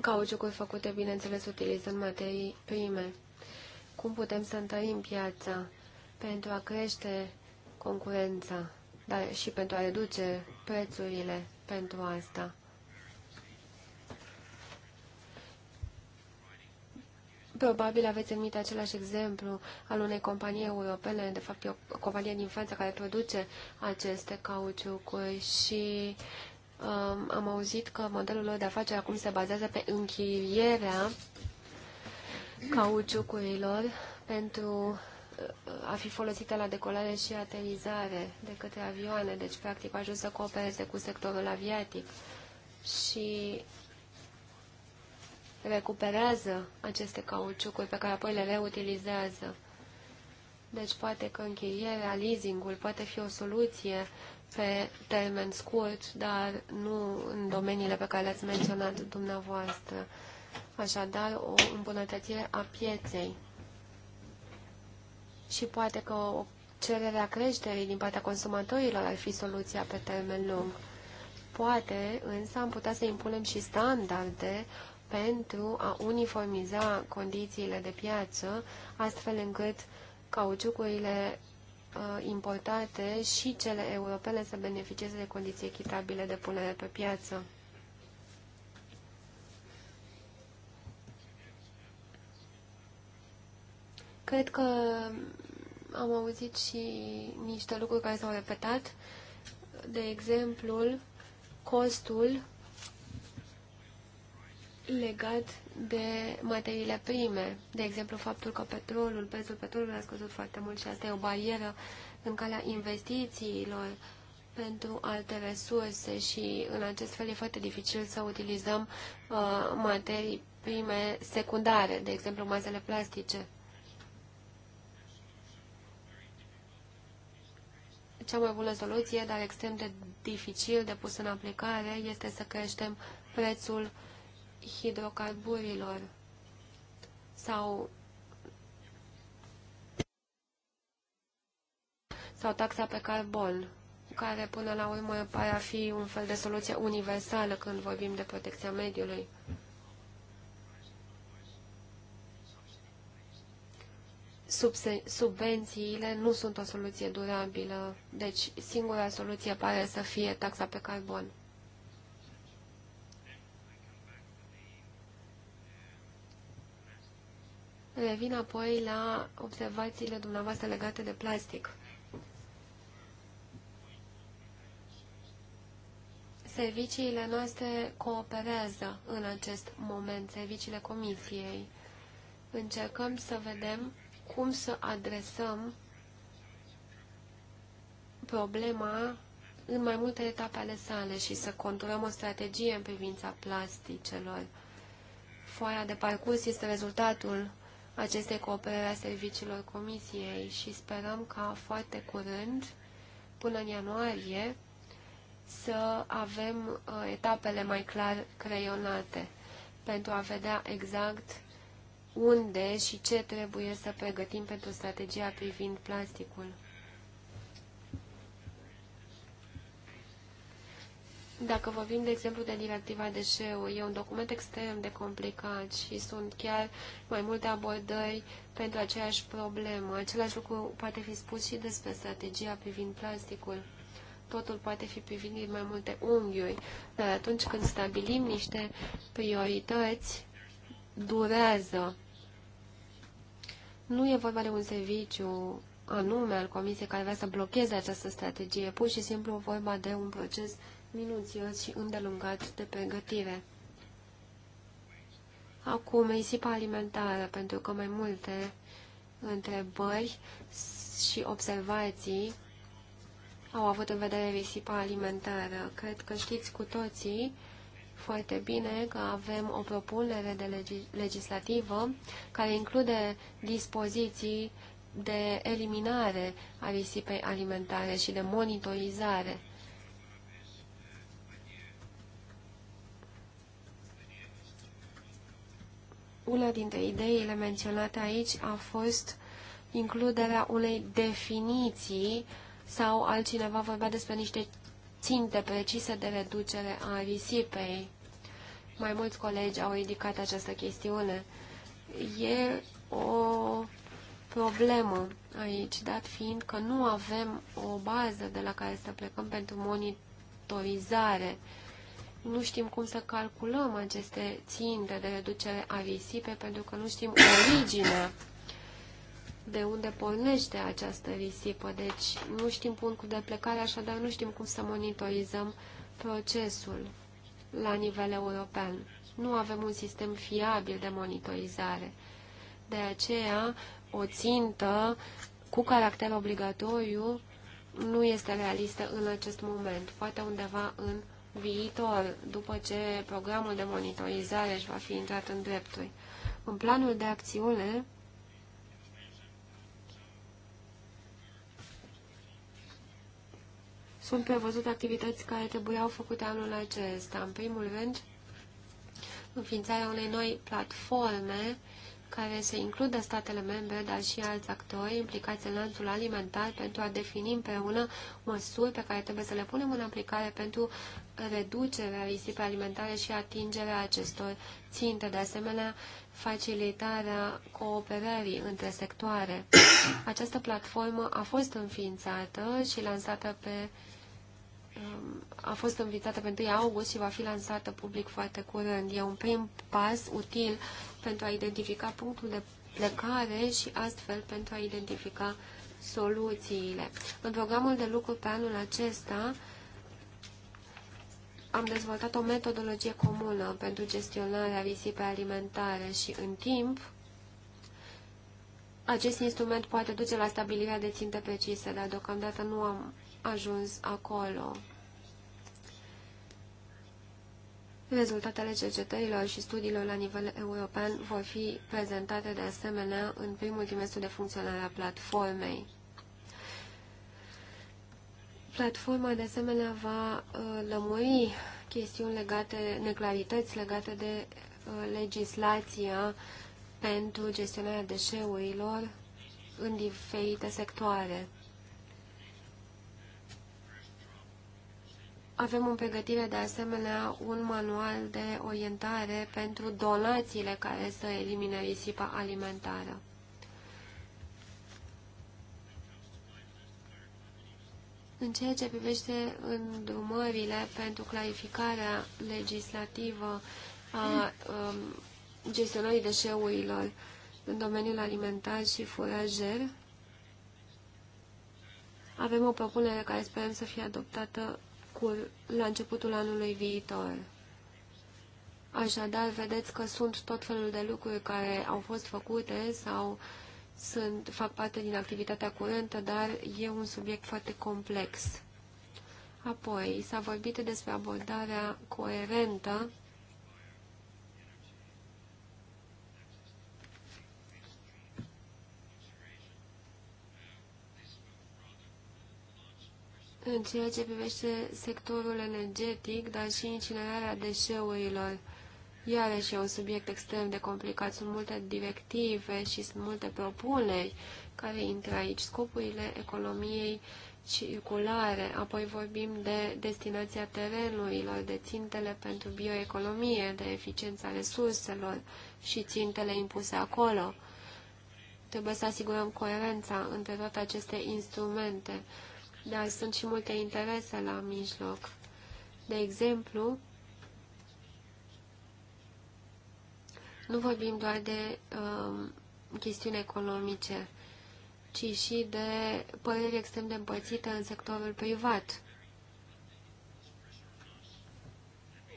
Cauciucuri făcute, bineînțeles, utilizând materii prime. Cum putem să întărim piața? pentru a crește concurența, dar și pentru a reduce prețurile pentru asta. Probabil aveți în minte același exemplu al unei companii europene, de fapt e o companie din Franța care produce aceste cauciucuri și um, am auzit că modelul lor de afaceri acum se bazează pe închirierea cauciucurilor pentru a fi folosită la decolare și aterizare de către avioane, deci practic a ajuns să coopereze cu sectorul aviatic și recuperează aceste cauciucuri pe care apoi le reutilizează. Deci poate că închirierea, leasingul poate fi o soluție pe termen scurt, dar nu în domeniile pe care le-ați menționat dumneavoastră. Așadar, o îmbunătățire a pieței și poate că o cererea creșterii din partea consumatorilor ar fi soluția pe termen lung. Poate, însă, am putea să impunem și standarde pentru a uniformiza condițiile de piață, astfel încât cauciucurile uh, importate și cele europene să beneficieze de condiții echitabile de punere pe piață. Cred că am auzit și niște lucruri care s-au repetat, de exemplu, costul legat de materiile prime. De exemplu, faptul că petrolul, prețul petrolului a scăzut foarte mult și asta e o barieră în calea investițiilor pentru alte resurse și în acest fel e foarte dificil să utilizăm uh, materii prime secundare, de exemplu, mazele plastice. cea mai bună soluție, dar extrem de dificil de pus în aplicare, este să creștem prețul hidrocarburilor sau, sau taxa pe carbon, care până la urmă pare a fi un fel de soluție universală când vorbim de protecția mediului. subvențiile nu sunt o soluție durabilă, deci singura soluție pare să fie taxa pe carbon. Revin apoi la observațiile dumneavoastră legate de plastic. Serviciile noastre cooperează în acest moment, serviciile comisiei. Încercăm să vedem cum să adresăm problema în mai multe etape ale sale și să conturăm o strategie în privința plasticelor. Foaia de parcurs este rezultatul acestei cooperări a serviciilor comisiei și sperăm ca foarte curând, până în ianuarie, să avem uh, etapele mai clar creionate pentru a vedea exact unde și ce trebuie să pregătim pentru strategia privind plasticul. Dacă vorbim, de exemplu, de directiva deșeuri, e un document extrem de complicat și sunt chiar mai multe abordări pentru aceeași problemă. Același lucru poate fi spus și despre strategia privind plasticul. Totul poate fi privit din mai multe unghiuri, dar atunci când stabilim niște priorități, durează nu e vorba de un serviciu anume al comisiei care vrea să blocheze această strategie, pur și simplu vorba de un proces minuțios și îndelungat de pregătire. Acum, risipa alimentară, pentru că mai multe întrebări și observații au avut în vedere risipa alimentară. Cred că știți cu toții foarte bine că avem o propunere de legi legislativă care include dispoziții de eliminare a risipei alimentare și de monitorizare. Una dintre ideile menționate aici a fost includerea unei definiții sau altcineva vorbea despre niște ținte precise de reducere a risipei. Mai mulți colegi au indicat această chestiune. E o problemă aici, dat fiind că nu avem o bază de la care să plecăm pentru monitorizare. Nu știm cum să calculăm aceste ținte de reducere a risipe, pentru că nu știm originea de unde pornește această risipă. Deci nu știm punctul de plecare, așadar nu știm cum să monitorizăm procesul la nivel european. Nu avem un sistem fiabil de monitorizare. De aceea, o țintă cu caracter obligatoriu nu este realistă în acest moment, poate undeva în viitor, după ce programul de monitorizare își va fi intrat în drepturi. În planul de acțiune, sunt prevăzute activități care trebuiau făcute anul acesta. În primul rând, înființarea unei noi platforme care să includă statele membre, dar și alți actori implicați în lanțul alimentar pentru a defini împreună măsuri pe care trebuie să le punem în aplicare pentru reducerea risipei alimentare și atingerea acestor ținte. De asemenea, facilitarea cooperării între sectoare. Această platformă a fost înființată și lansată pe Um, a fost invitată pentru 1 august și va fi lansată public foarte curând. E un prim pas util pentru a identifica punctul de plecare și astfel pentru a identifica soluțiile. În programul de lucru pe anul acesta am dezvoltat o metodologie comună pentru gestionarea risipei alimentare și în timp acest instrument poate duce la stabilirea de ținte precise, dar deocamdată nu am ajuns acolo. Rezultatele cercetărilor și studiilor la nivel european vor fi prezentate de asemenea în primul trimestru de funcționare a platformei. Platforma de asemenea va uh, lămuri chestiuni legate, neclarități legate de uh, legislația pentru gestionarea deșeurilor în diferite sectoare. Avem în pregătire de asemenea un manual de orientare pentru donațiile care să elimine risipa alimentară. În ceea ce privește îndrumările pentru clarificarea legislativă a um, gestionării deșeurilor în domeniul alimentar și furajer, avem o propunere care sperăm să fie adoptată riscul la începutul anului viitor. Așadar, vedeți că sunt tot felul de lucruri care au fost făcute sau sunt, fac parte din activitatea curentă, dar e un subiect foarte complex. Apoi, s-a vorbit despre abordarea coerentă în ceea ce privește sectorul energetic, dar și incinerarea deșeurilor. Iarăși e un subiect extrem de complicat. Sunt multe directive și sunt multe propuneri care intră aici. Scopurile economiei circulare, apoi vorbim de destinația terenurilor, de țintele pentru bioeconomie, de eficiența resurselor și țintele impuse acolo. Trebuie să asigurăm coerența între toate aceste instrumente dar sunt și multe interese la mijloc. De exemplu, nu vorbim doar de um, chestiuni economice, ci și de păreri extrem de împărțite în sectorul privat.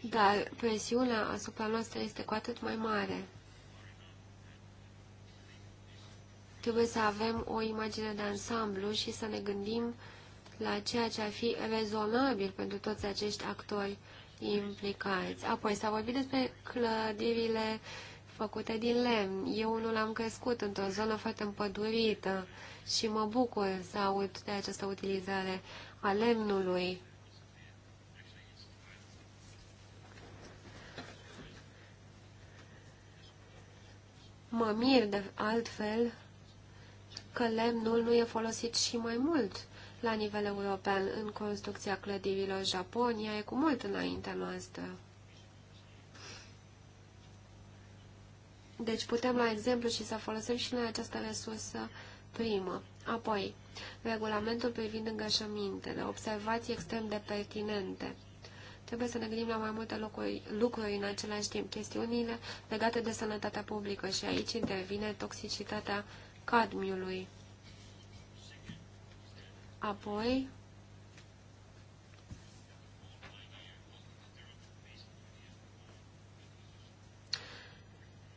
Dar presiunea asupra noastră este cu atât mai mare. Trebuie să avem o imagine de ansamblu și să ne gândim uh, la ceea ce ar fi rezonabil pentru toți acești actori implicați. Apoi s-a vorbit despre clădirile făcute din lemn. Eu unul am crescut într-o zonă foarte împădurită și mă bucur să aud de această utilizare a lemnului. Mă mir de altfel că lemnul nu e folosit și mai mult la nivel european în construcția clădirilor Japonia e cu mult înaintea noastră. Deci putem la exemplu și să folosim și noi această resursă primă. Apoi, regulamentul privind îngășămintele, observații extrem de pertinente. Trebuie să ne gândim la mai multe lucruri, lucruri în același timp, chestiunile legate de sănătatea publică și aici intervine toxicitatea cadmiului. Apoi,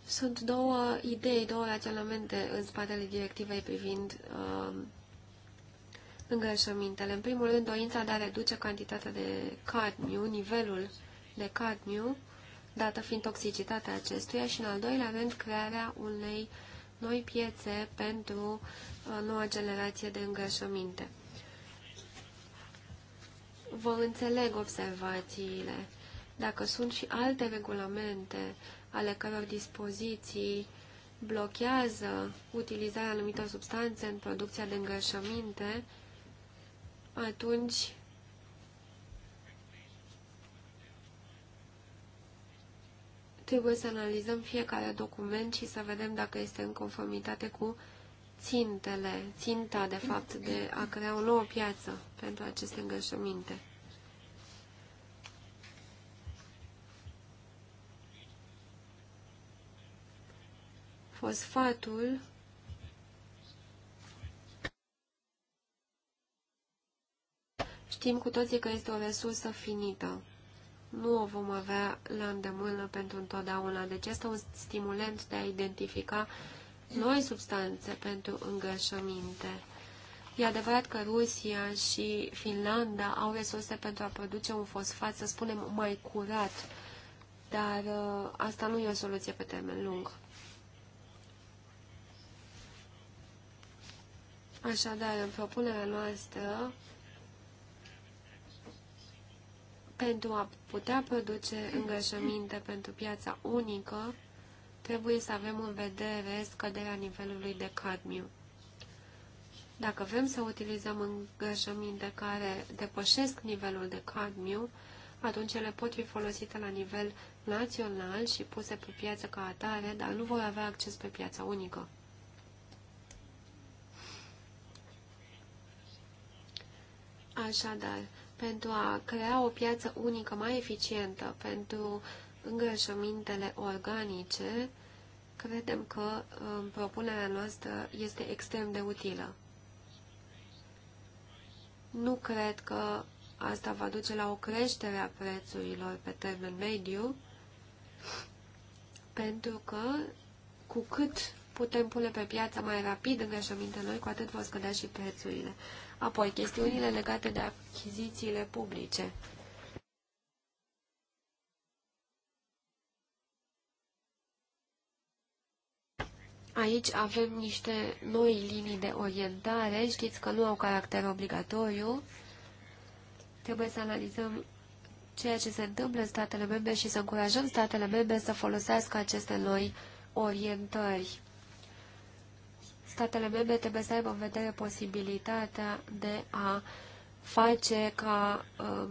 sunt două idei, două raționamente în spatele directivei privind uh, îngrășămintele. În primul rând, dorința de a reduce cantitatea de cadmiu, nivelul de cadmiu, dată fiind toxicitatea acestuia și, în al doilea rând, crearea unei noi piețe pentru uh, noua generație de îngrășăminte vă înțeleg observațiile. Dacă sunt și alte regulamente ale căror dispoziții blochează utilizarea anumitor substanțe în producția de îngrășăminte, atunci trebuie să analizăm fiecare document și să vedem dacă este în conformitate cu țintele, ținta, de fapt, de a crea o nouă piață pentru aceste îngășăminte. Fosfatul Știm cu toții că este o resursă finită. Nu o vom avea la îndemână pentru întotdeauna, deci este un stimulant de a identifica noi substanțe pentru îngrășăminte. E adevărat că Rusia și Finlanda au resurse pentru a produce un fosfat, să spunem, mai curat, dar uh, asta nu e o soluție pe termen lung. Așadar, în propunerea noastră, pentru a putea produce îngrășăminte pentru piața unică, trebuie să avem în vedere scăderea nivelului de cadmiu. Dacă vrem să utilizăm îngrășăminte care depășesc nivelul de cadmiu, atunci ele pot fi folosite la nivel național și puse pe piață ca atare, dar nu vor avea acces pe piața unică. Așadar, pentru a crea o piață unică mai eficientă, pentru uh, îngrășămintele organice, credem că um, propunerea noastră este extrem de utilă. Nu cred că asta va duce la o creștere a prețurilor pe termen mediu, pentru că cu cât putem pune pe piață mai rapid îngrășăminte noi, cu atât vor scădea și prețurile. Apoi, chestiunile legate de achizițiile publice. Aici avem niște noi linii de orientare. Știți că nu au caracter obligatoriu. Trebuie să analizăm ceea ce se întâmplă în statele membre și să încurajăm statele membre să folosească aceste noi orientări. Statele membre trebuie să aibă în vedere posibilitatea de a face ca Uh,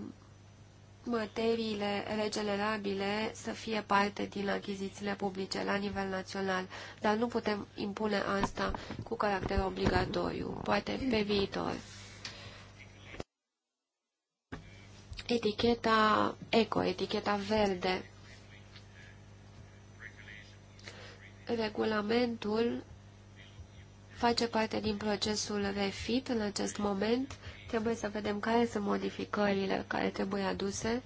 materiile regenerabile să fie parte din achizițiile publice la nivel național, dar nu putem impune asta cu caracter obligatoriu, poate pe viitor. Eticheta eco, eticheta verde. Regulamentul face parte din procesul refit în acest moment Trebuie să vedem care sunt modificările care trebuie aduse.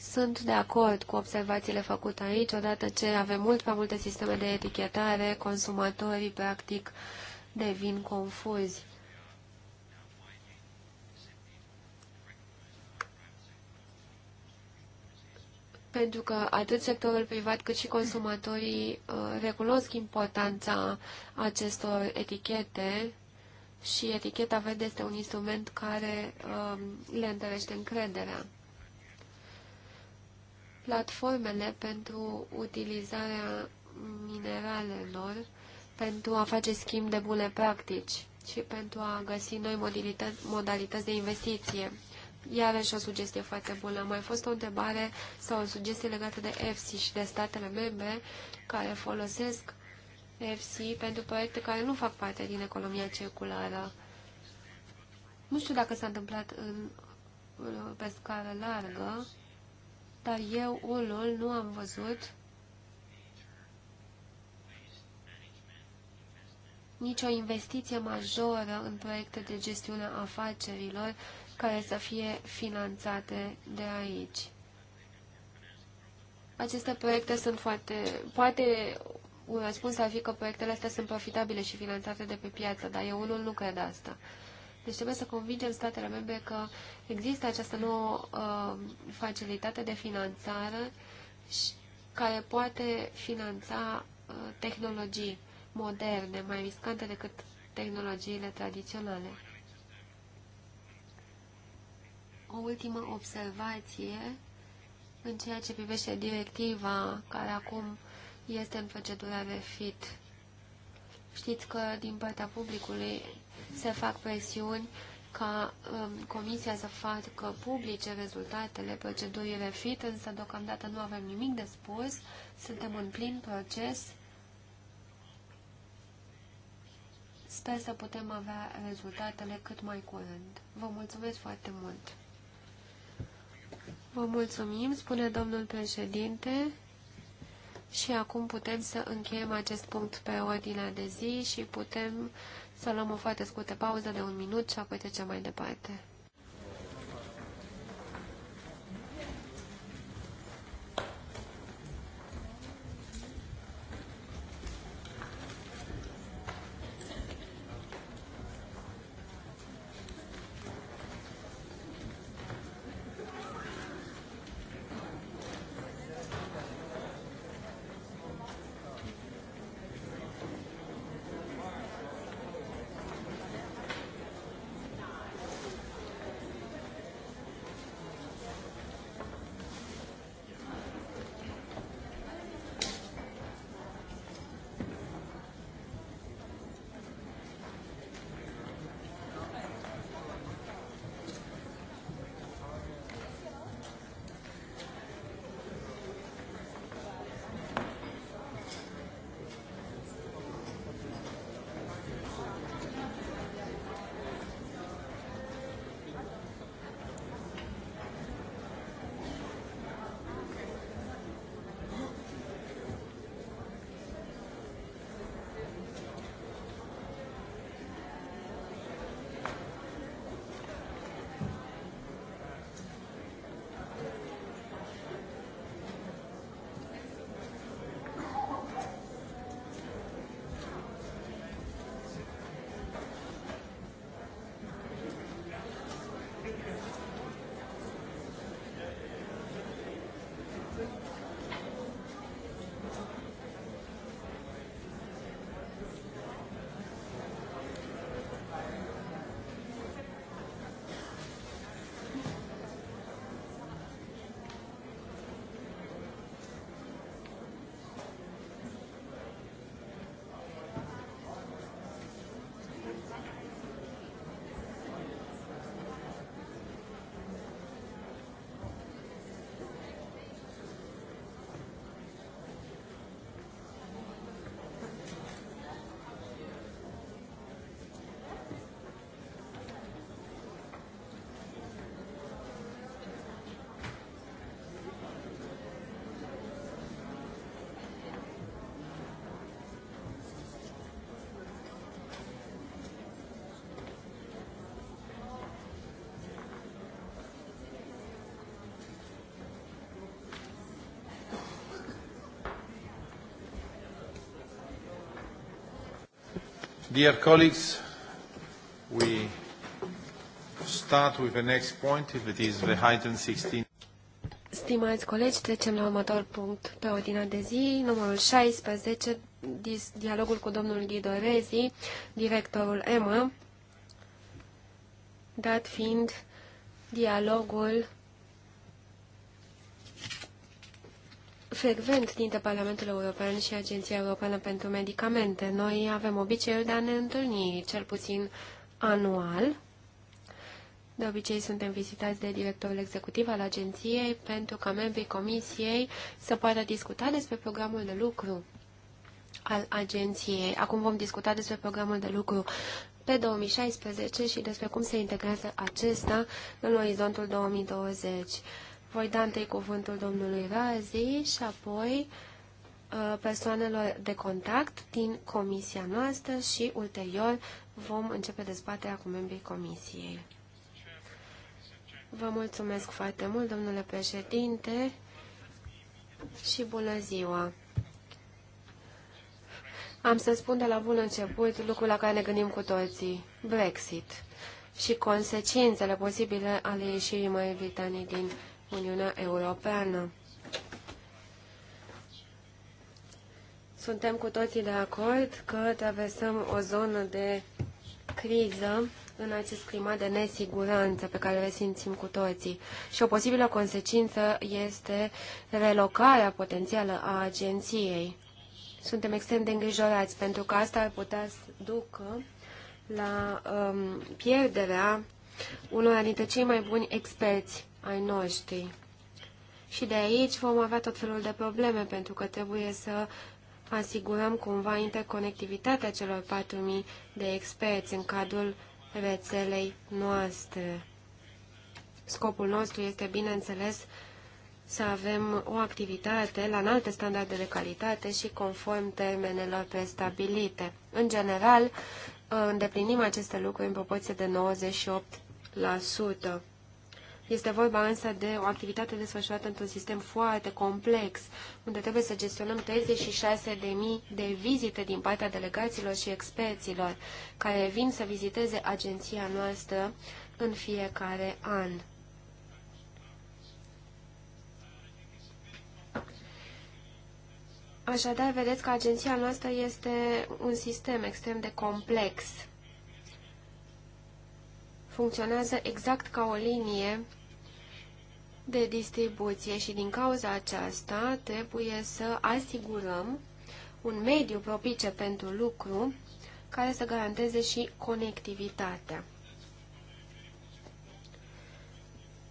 Sunt de acord cu observațiile făcute aici, odată ce avem mult prea multe sisteme de etichetare, consumatorii practic devin confuzi. pentru că atât sectorul privat cât și consumatorii uh, recunosc importanța acestor etichete și eticheta verde este un instrument care uh, le întărește încrederea. Platformele pentru utilizarea mineralelor, pentru a face schimb de bune practici și pentru a găsi noi modalități, de investiție. Iarăși o sugestie foarte bună. A mai fost o întrebare sau o sugestie legată de EFSI și de statele membre care folosesc FC pentru proiecte care nu fac parte din economia circulară. Nu știu dacă s-a întâmplat în, pe scară largă, dar eu, unul, nu am văzut nicio investiție majoră în proiecte de gestiune a afacerilor care să fie finanțate de aici. Aceste proiecte sunt foarte... Poate un răspuns ar fi că proiectele astea sunt profitabile și finanțate de pe piață, dar eu unul nu cred asta. Deci trebuie să convingem statele membre că există această nouă uh, facilitate de finanțare și care poate finanța uh, tehnologii moderne, mai riscante decât tehnologiile tradiționale. O ultimă observație în ceea ce privește directiva care acum este în procedura fit. Știți că din partea publicului se fac presiuni ca um, comisia să facă publice rezultatele procedurii refit, însă deocamdată nu avem nimic de spus, suntem în plin proces. Sper să putem avea rezultatele cât mai curând. Vă mulțumesc foarte mult! Vă mulțumim, spune domnul președinte. Și acum putem să încheiem acest punct pe ordinea de zi și putem să luăm o foarte scurtă pauză de un minut și apoi trecem mai departe. Dear colleagues, we start with the next point, it is the item 16. Stimați colegi, trecem la următorul punct pe ordinea de zi, numărul 16, dialogul cu domnul Ghido Rezi, directorul EMA, dat fiind dialogul frecvent dintre Parlamentul European și Agenția Europeană pentru Medicamente. Noi avem obiceiul de a ne întâlni cel puțin anual. De obicei suntem vizitați de directorul executiv al agenției pentru ca membrii comisiei să poată discuta despre programul de lucru al agenției. Acum vom discuta despre programul de lucru pe 2016 și despre cum se integrează acesta în orizontul 2020. Voi da întâi cuvântul domnului Razi și apoi uh, persoanelor de contact din comisia noastră și ulterior vom începe dezbaterea cu membrii comisiei. Vă mulțumesc foarte mult, domnule președinte, și bună ziua! Am să spun de la bun început lucrul la care ne gândim cu toții, Brexit și consecințele posibile ale ieșirii mai Britanii din Uniunea Europeană. Suntem cu toții de acord că traversăm o zonă de criză în acest climat de nesiguranță pe care le simțim cu toții. Și o posibilă consecință este relocarea potențială a agenției. Suntem extrem de îngrijorați pentru că asta ar putea să ducă la um, pierderea unor dintre cei mai buni experți ai noștri. Și de aici vom avea tot felul de probleme, pentru că trebuie să asigurăm cumva interconectivitatea celor 4.000 de experți în cadrul rețelei noastre. Scopul nostru este, bineînțeles, să avem o activitate la înalte standarde de calitate și conform termenelor prestabilite. În general, îndeplinim aceste lucruri în proporție de 98%. Este vorba însă de o activitate desfășurată într-un sistem foarte complex, unde trebuie să gestionăm 36.000 de vizite din partea delegaților și experților care vin să viziteze agenția noastră în fiecare an. Așadar, vedeți că agenția noastră este un sistem extrem de complex. Funcționează exact ca o linie de distribuție și din cauza aceasta trebuie să asigurăm un mediu propice pentru lucru care să garanteze și conectivitatea.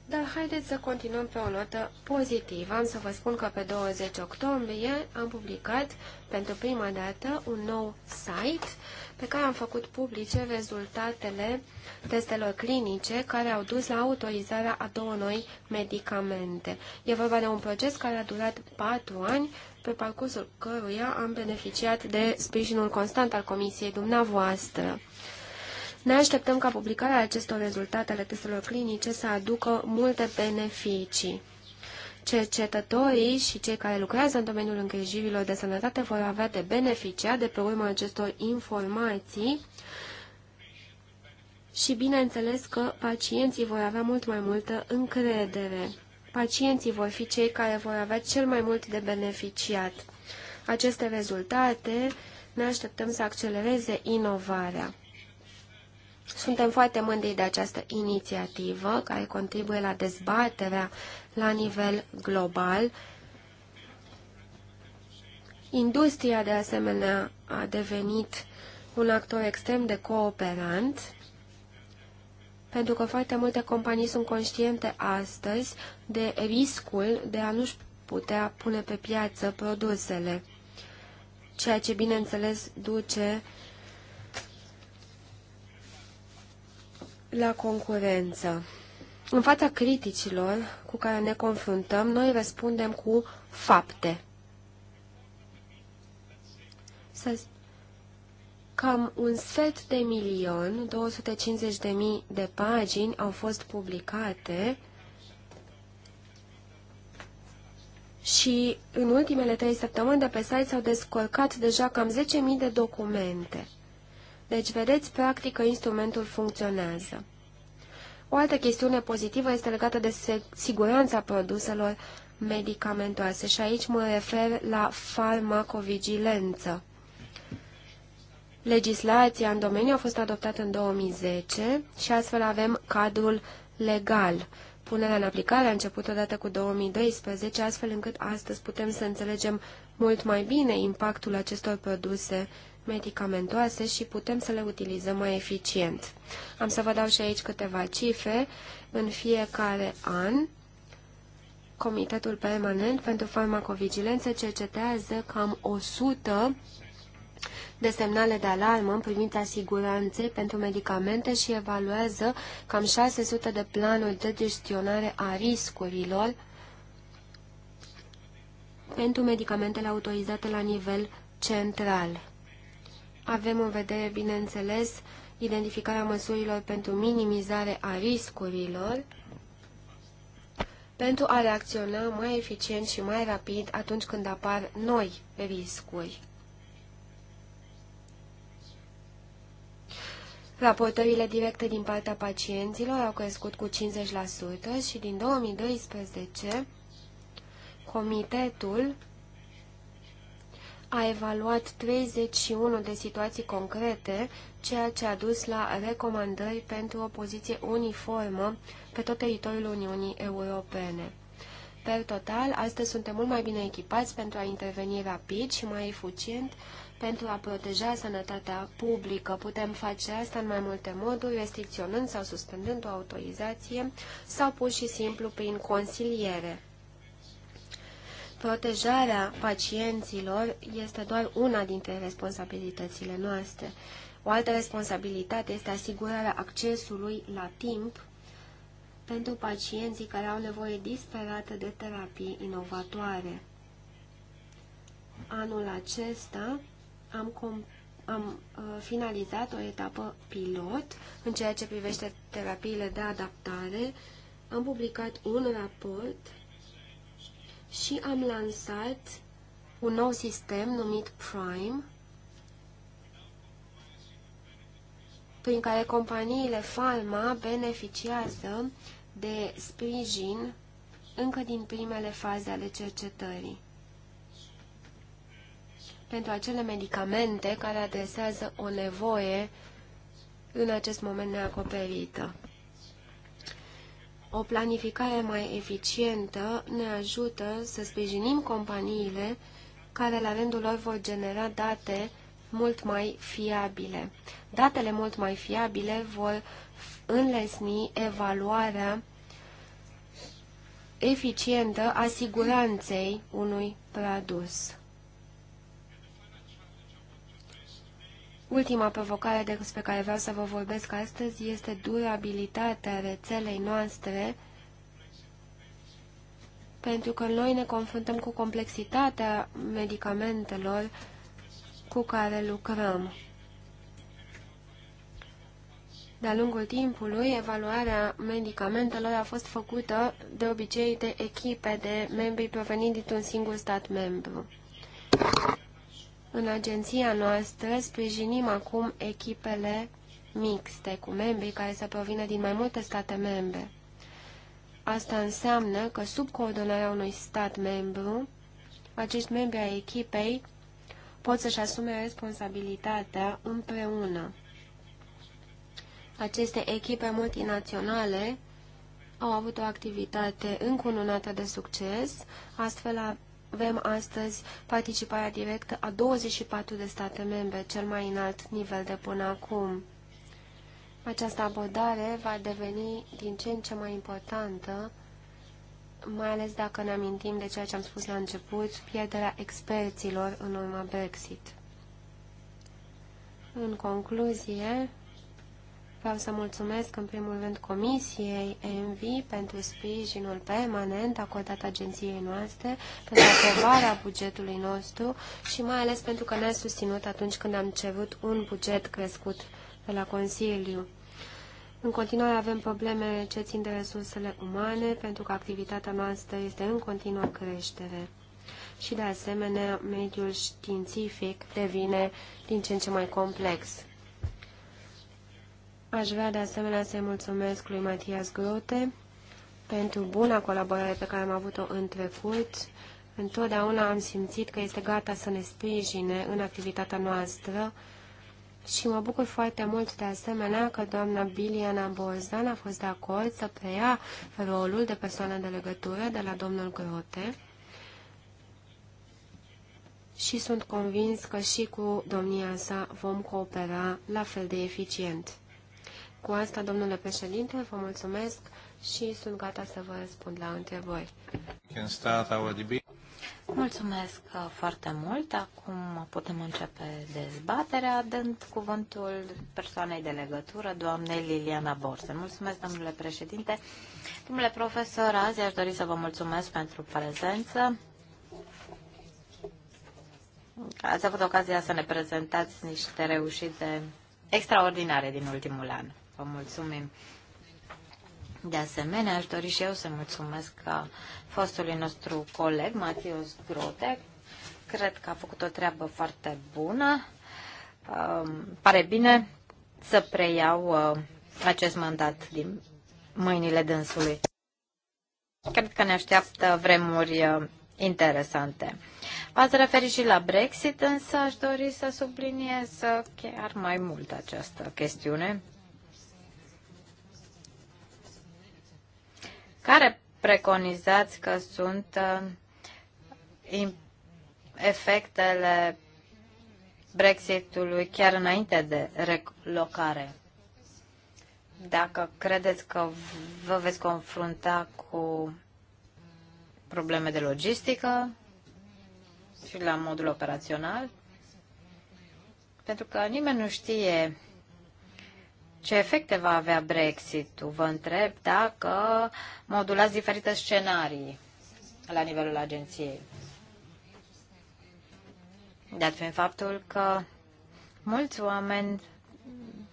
Dar haideți să continuăm pe o notă pozitivă. Am să vă spun că pe 20 octombrie am publicat pentru prima dată un nou site pe care am făcut publice rezultatele uh, testelor clinice care au dus la autorizarea a două noi medicamente. E vorba de un proces care a durat patru ani, pe parcursul căruia am beneficiat de sprijinul constant al Comisiei dumneavoastră. Ne așteptăm ca publicarea acestor rezultate ale testelor clinice să aducă multe beneficii. Cercetătorii și cei care lucrează în domeniul îngrijirilor de sănătate vor avea de beneficia de pe urma acestor informații și bineînțeles că pacienții vor avea mult mai multă încredere. Pacienții vor fi cei care vor avea cel mai mult de beneficiat. Aceste rezultate ne așteptăm să accelereze inovarea. Suntem foarte mândri de această inițiativă care contribuie la dezbaterea la nivel global. Industria, de asemenea, a devenit un actor extrem de cooperant pentru că foarte multe companii sunt conștiente astăzi de riscul de a nu-și putea pune pe piață produsele, ceea ce, bineînțeles, duce la concurență. În fața criticilor cu care ne confruntăm, noi răspundem cu fapte. Să cam un set de milion, 250 de mii de pagini au fost publicate și în ultimele trei săptămâni de pe site s-au descurcat deja cam 10.000 de documente. Deci, vedeți, practic, că instrumentul funcționează. O altă chestiune pozitivă este legată de siguranța produselor medicamentoase și aici mă refer la farmacovigilență. Legislația în domeniu a fost adoptată în 2010 și astfel avem cadrul legal. Punerea în aplicare a început odată cu 2012, astfel încât astăzi putem să înțelegem mult mai bine impactul acestor produse medicamentoase și putem să le utilizăm mai eficient. Am să vă dau și aici câteva cifre. În fiecare an, Comitetul Permanent pentru Farmacovigilență cercetează cam 100 de semnale de alarmă în privința siguranței pentru medicamente și evaluează cam 600 de planuri de gestionare a riscurilor pentru medicamentele autorizate la nivel central. Avem în vedere, bineînțeles, identificarea măsurilor pentru minimizare a riscurilor, pentru a reacționa mai eficient și mai rapid atunci când apar noi riscuri. Raportările directe din partea pacienților au crescut cu 50% și din 2012 comitetul a evaluat 31 de situații concrete, ceea ce a dus la recomandări pentru o poziție uniformă pe tot teritoriul Uniunii Europene. Per total, astăzi suntem mult mai bine echipați pentru a interveni rapid și mai eficient pentru a proteja sănătatea publică. Putem face asta în mai multe moduri, restricționând sau suspendând o autorizație sau pur și simplu prin consiliere. Protejarea pacienților este doar una dintre responsabilitățile noastre. O altă responsabilitate este asigurarea accesului la timp pentru pacienții care au nevoie disperată de terapii inovatoare. Anul acesta am, com am uh, finalizat o etapă pilot în ceea ce privește terapiile de adaptare, am publicat un raport și am lansat un nou sistem numit Prime, prin care companiile Falma beneficiază de sprijin încă din primele faze ale cercetării pentru acele medicamente care adresează o nevoie în acest moment neacoperită. O planificare mai eficientă ne ajută să sprijinim companiile care la rândul lor vor genera date mult mai fiabile. Datele mult mai fiabile vor înlesni evaluarea eficientă a siguranței unui produs. Ultima provocare despre care vreau să vă vorbesc astăzi este durabilitatea rețelei noastre, pentru că noi ne confruntăm cu complexitatea medicamentelor cu care lucrăm. De-a lungul timpului, evaluarea medicamentelor a fost făcută de obicei de echipe de membri provenind dintr-un singur stat membru. În agenția noastră sprijinim acum echipele mixte cu membrii care să provină din mai multe state membre. Asta înseamnă că sub coordonarea unui stat membru, acești membri ai echipei pot să-și asume responsabilitatea împreună. Aceste echipe multinaționale au avut o activitate încununată de succes, astfel avem astăzi participarea directă a 24 de state membre, cel mai înalt nivel de până acum. Această abordare va deveni din ce în ce mai importantă, mai ales dacă ne amintim de ceea ce am spus la început, pierderea experților în urma Brexit. În concluzie, Vreau să mulțumesc în primul rând Comisiei MV pentru sprijinul permanent acordat agenției noastre, pentru aprobarea bugetului nostru și mai ales pentru că ne-a susținut atunci când am cerut un buget crescut de la Consiliu. În continuare avem probleme ce țin de resursele umane, pentru că activitatea noastră este în continuă creștere. Și de asemenea, mediul științific devine din ce în ce mai complex. Aș vrea de asemenea să-i mulțumesc lui Matias Grote pentru buna colaborare pe care am avut-o în trecut. Întotdeauna am simțit că este gata să ne sprijine în activitatea noastră și mă bucur foarte mult de asemenea că doamna Biliana Borzan a fost de acord să preia rolul de persoană de legătură de la domnul Grote și sunt convins că și cu domnia sa vom coopera la fel de eficient. Cu asta, domnule președinte, vă mulțumesc și sunt gata să vă răspund la întrebări. Mulțumesc uh, foarte mult. Acum putem începe dezbaterea, dând cuvântul persoanei de legătură, doamnei Liliana Borsen. Mulțumesc, domnule președinte. Domnule profesor, azi aș dori să vă mulțumesc pentru prezență. Ați avut ocazia să ne prezentați niște reușite extraordinare din ultimul an. Vă mulțumim. De asemenea, aș dori și eu să mulțumesc fostului nostru coleg, Matius Grote. Cred că a făcut o treabă foarte bună. Pare bine să preiau acest mandat din mâinile dânsului. Cred că ne așteaptă vremuri interesante. V-ați referit și la Brexit, însă aș dori să subliniez chiar mai mult această chestiune. Care preconizați că sunt uh, efectele Brexitului chiar înainte de relocare? Dacă credeți că vă veți confrunta cu probleme de logistică și la modul operațional, pentru că nimeni nu știe ce efecte va avea Brexit-ul? Vă întreb dacă modulați diferite scenarii la nivelul agenției. Dat fiind faptul că mulți oameni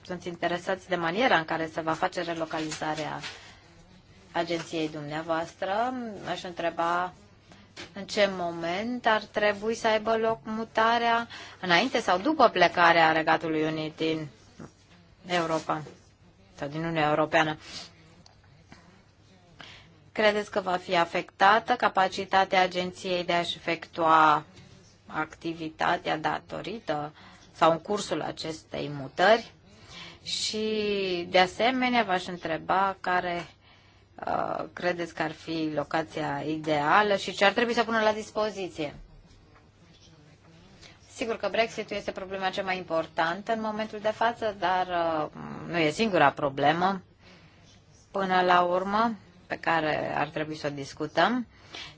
sunt interesați de maniera în care se va face relocalizarea agenției dumneavoastră, aș întreba în ce moment ar trebui să aibă loc mutarea, înainte sau după plecarea Regatului Unit din Europa sau din Uniunea Europeană. Credeți că va fi afectată capacitatea agenției de a-și efectua activitatea datorită sau în cursul acestei mutări? Și, de asemenea, v-aș întreba care uh, credeți că ar fi locația ideală și ce ar trebui să pună la dispoziție. Sigur că Brexitul este problema cea mai importantă în momentul de față, dar uh, nu e singura problemă până la urmă pe care ar trebui să o discutăm.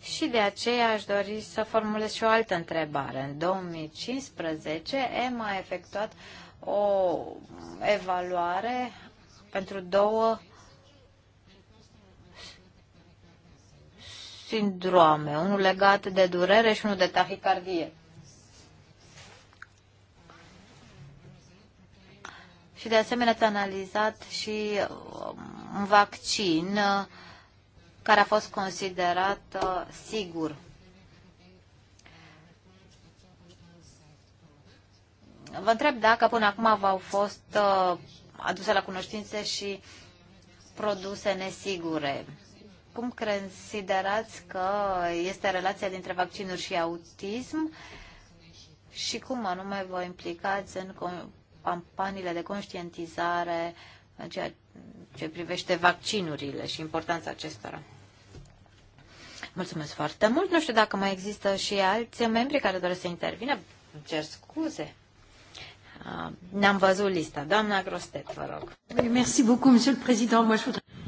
Și de aceea aș dori să formulez și o altă întrebare. În 2015, EMA a efectuat o evaluare pentru două sindrome, unul legat de durere și unul de tahicardie. și de asemenea ați analizat și um, un vaccin uh, care a fost considerat uh, sigur. Vă întreb dacă până acum v-au fost uh, aduse la cunoștințe și produse nesigure. Cum considerați că este relația dintre vaccinuri și autism și cum anume vă implicați în campaniile de conștientizare în ceea ce privește vaccinurile și importanța acestora. Mulțumesc foarte mult. Nu știu dacă mai există și alți membri care doresc să intervină. Îmi cer scuze. Ah, ne-am văzut lista. Doamna Grostet, vă rog.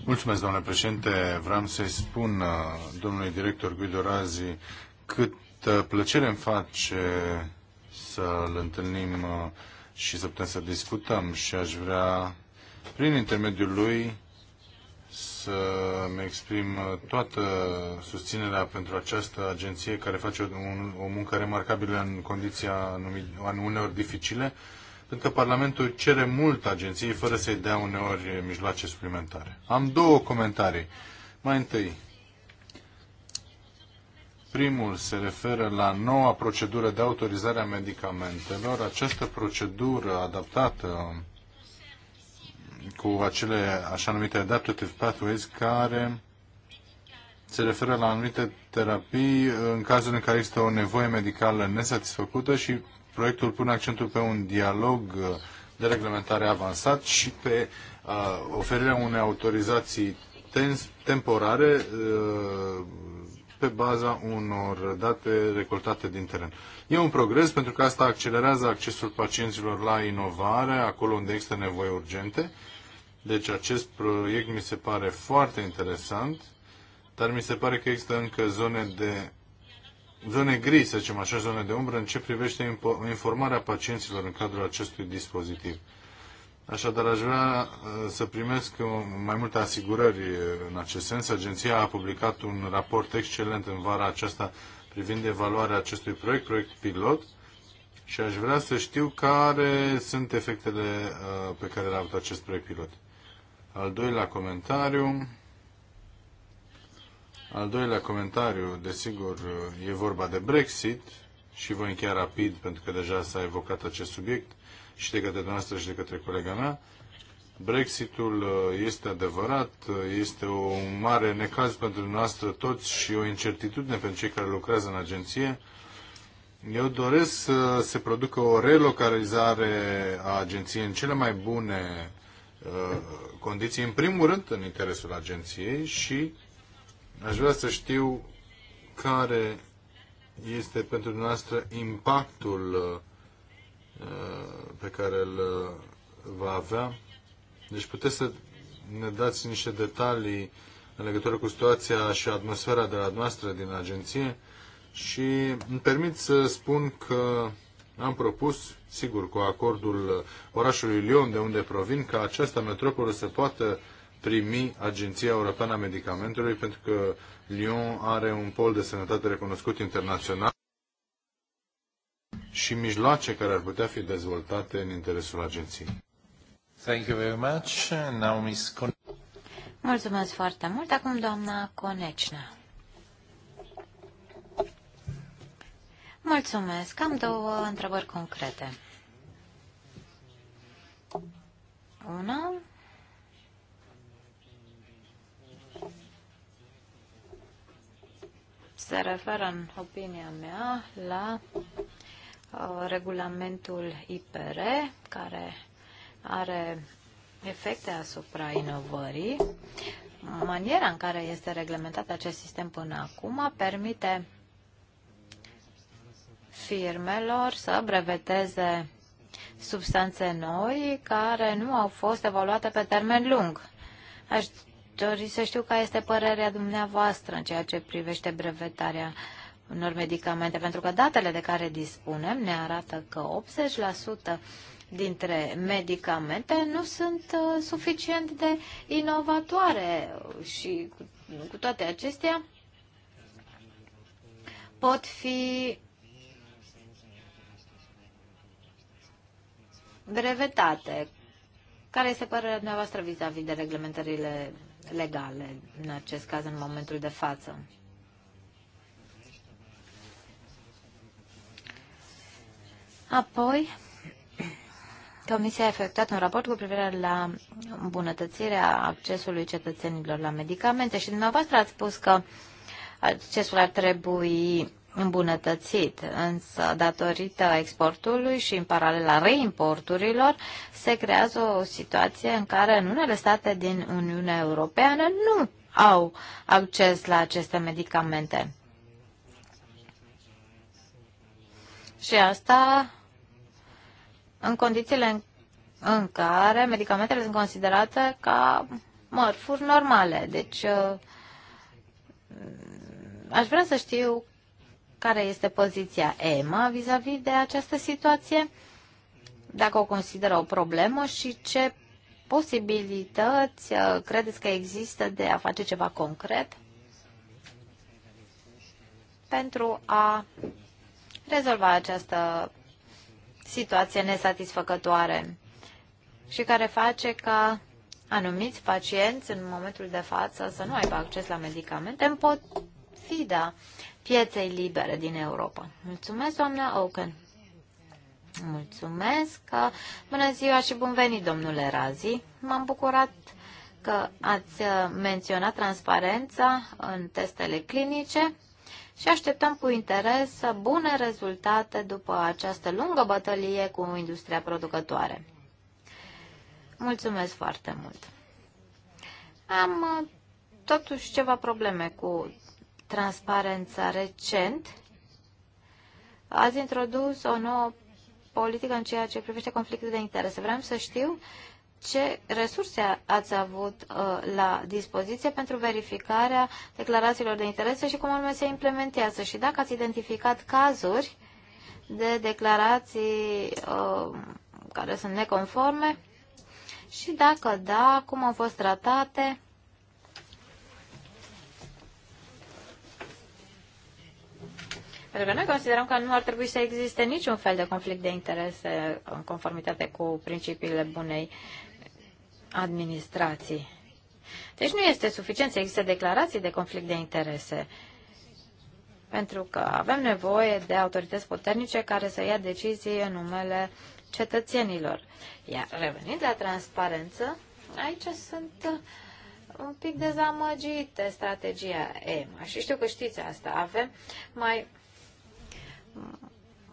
Mulțumesc, domnule președinte. Vreau să-i spun ah, domnului director Guido Razi cât plăcere îmi face să-l întâlnim ah, și să putem să discutăm și aș vrea, prin intermediul lui, să-mi exprim uh, toată susținerea pentru această agenție care face o, o muncă remarcabilă în condiția uneori dificile, pentru că Parlamentul cere mult agenției fără să-i dea uneori mijloace suplimentare. Am două comentarii. Mai întâi, Primul se referă la noua procedură de autorizare a medicamentelor. Această procedură adaptată cu acele așa numite adaptative pathways care se referă la anumite terapii în cazul în care există o nevoie medicală nesatisfăcută și proiectul pune accentul pe un dialog de reglementare avansat și pe uh, oferirea unei autorizații temporare uh, pe baza unor date recoltate din teren. E un progres pentru că asta accelerează accesul pacienților la inovare, acolo unde există nevoi urgente. Deci acest proiect mi se pare foarte interesant, dar mi se pare că există încă zone de zone gri, să zicem așa, zone de umbră în ce privește informarea pacienților în cadrul acestui dispozitiv. Așadar, aș vrea uh, să primesc uh, mai multe asigurări uh, în acest sens. Agenția a publicat un raport excelent în vara aceasta privind evaluarea acestui proiect, proiect pilot, și aș vrea să știu care sunt efectele pe care le-a avut acest proiect pilot. Al doilea comentariu. Al doilea comentariu, desigur, e vorba de Brexit și voi încheia rapid pentru că deja s-a evocat acest subiect și de către dumneavoastră și de către colega mea. Brexitul uh, este adevărat, uh, este un mare necaz pentru noastră toți și o incertitudine pentru cei care lucrează în agenție. Eu doresc să se producă o relocalizare a agenției în cele mai bune uh, condiții, în primul rând în interesul agenției și aș vrea să știu care este pentru noastră impactul uh, Uh, pe care îl uh, va avea. Deci puteți să ne dați niște detalii în legătură cu situația și atmosfera de la noastră din agenție și îmi permit să spun că am propus, sigur, cu acordul orașului Lyon, de unde provin, ca această metropolă să poată primi Agenția Europeană a Medicamentului, pentru că Lyon are un pol de sănătate recunoscut internațional și mijloace care ar putea fi dezvoltate în interesul agenției. Thank you very much. Now, Ms. Mulțumesc foarte mult. Acum doamna Conecna. Mulțumesc. Am două întrebări concrete. Una. Se referă, în opinia mea, la Uh, regulamentul IPR, care are efecte asupra inovării. Maniera în care este reglementat acest sistem până acum permite firmelor să breveteze substanțe noi care nu au fost evaluate pe termen lung. Aș dori să știu care este părerea dumneavoastră în ceea ce privește brevetarea uh, unor medicamente, pentru că datele de care dispunem ne arată că 80% dintre medicamente nu sunt uh, suficient de inovatoare și cu toate acestea pot fi brevetate. Care este părerea dumneavoastră vis-a-vis -vis de reglementările legale, în acest caz, în momentul de față? Apoi, Comisia a efectuat un raport cu privire la îmbunătățirea accesului cetățenilor la medicamente și dumneavoastră ați spus că accesul ar trebui îmbunătățit, însă datorită exportului și în paralel la reimporturilor se creează o situație în care în unele state din Uniunea Europeană nu au acces la aceste medicamente. Și asta în condițiile în, în care medicamentele sunt considerate ca mărfuri normale. Deci uh, aș vrea să știu care este poziția EMA vis-a-vis -vis de această situație, dacă o consideră o problemă și ce posibilități uh, credeți că există de a face ceva concret pentru a rezolva această situație nesatisfăcătoare și care face ca anumiți pacienți în momentul de față să nu aibă acces la medicamente în potfida pieței libere din Europa. Mulțumesc, doamna Oaken. Mulțumesc. Bună ziua și bun venit, domnule Razi. M-am bucurat că ați menționat transparența în testele clinice și așteptăm cu interes bune rezultate după această lungă bătălie cu industria producătoare. Mulțumesc foarte mult! Am uh, totuși ceva probleme cu transparența recent. Ați introdus o nouă politică în ceea ce privește conflictul de interese. Vreau să știu ce resurse ați avut uh, la dispoziție pentru verificarea declarațiilor de interese și cum anume se implementează și dacă ați identificat cazuri de declarații uh, care sunt neconforme și dacă da, cum au fost tratate. Pentru că noi considerăm că nu ar trebui să existe niciun fel de conflict de interese în conformitate cu principiile bunei administrații. Deci nu este suficient să existe declarații de conflict de interese, pentru că avem nevoie de autorități puternice care să ia decizii în numele cetățenilor. Iar revenind la transparență, aici sunt uh, un pic dezamăgite strategia EMA și știu că știți asta. Avem mai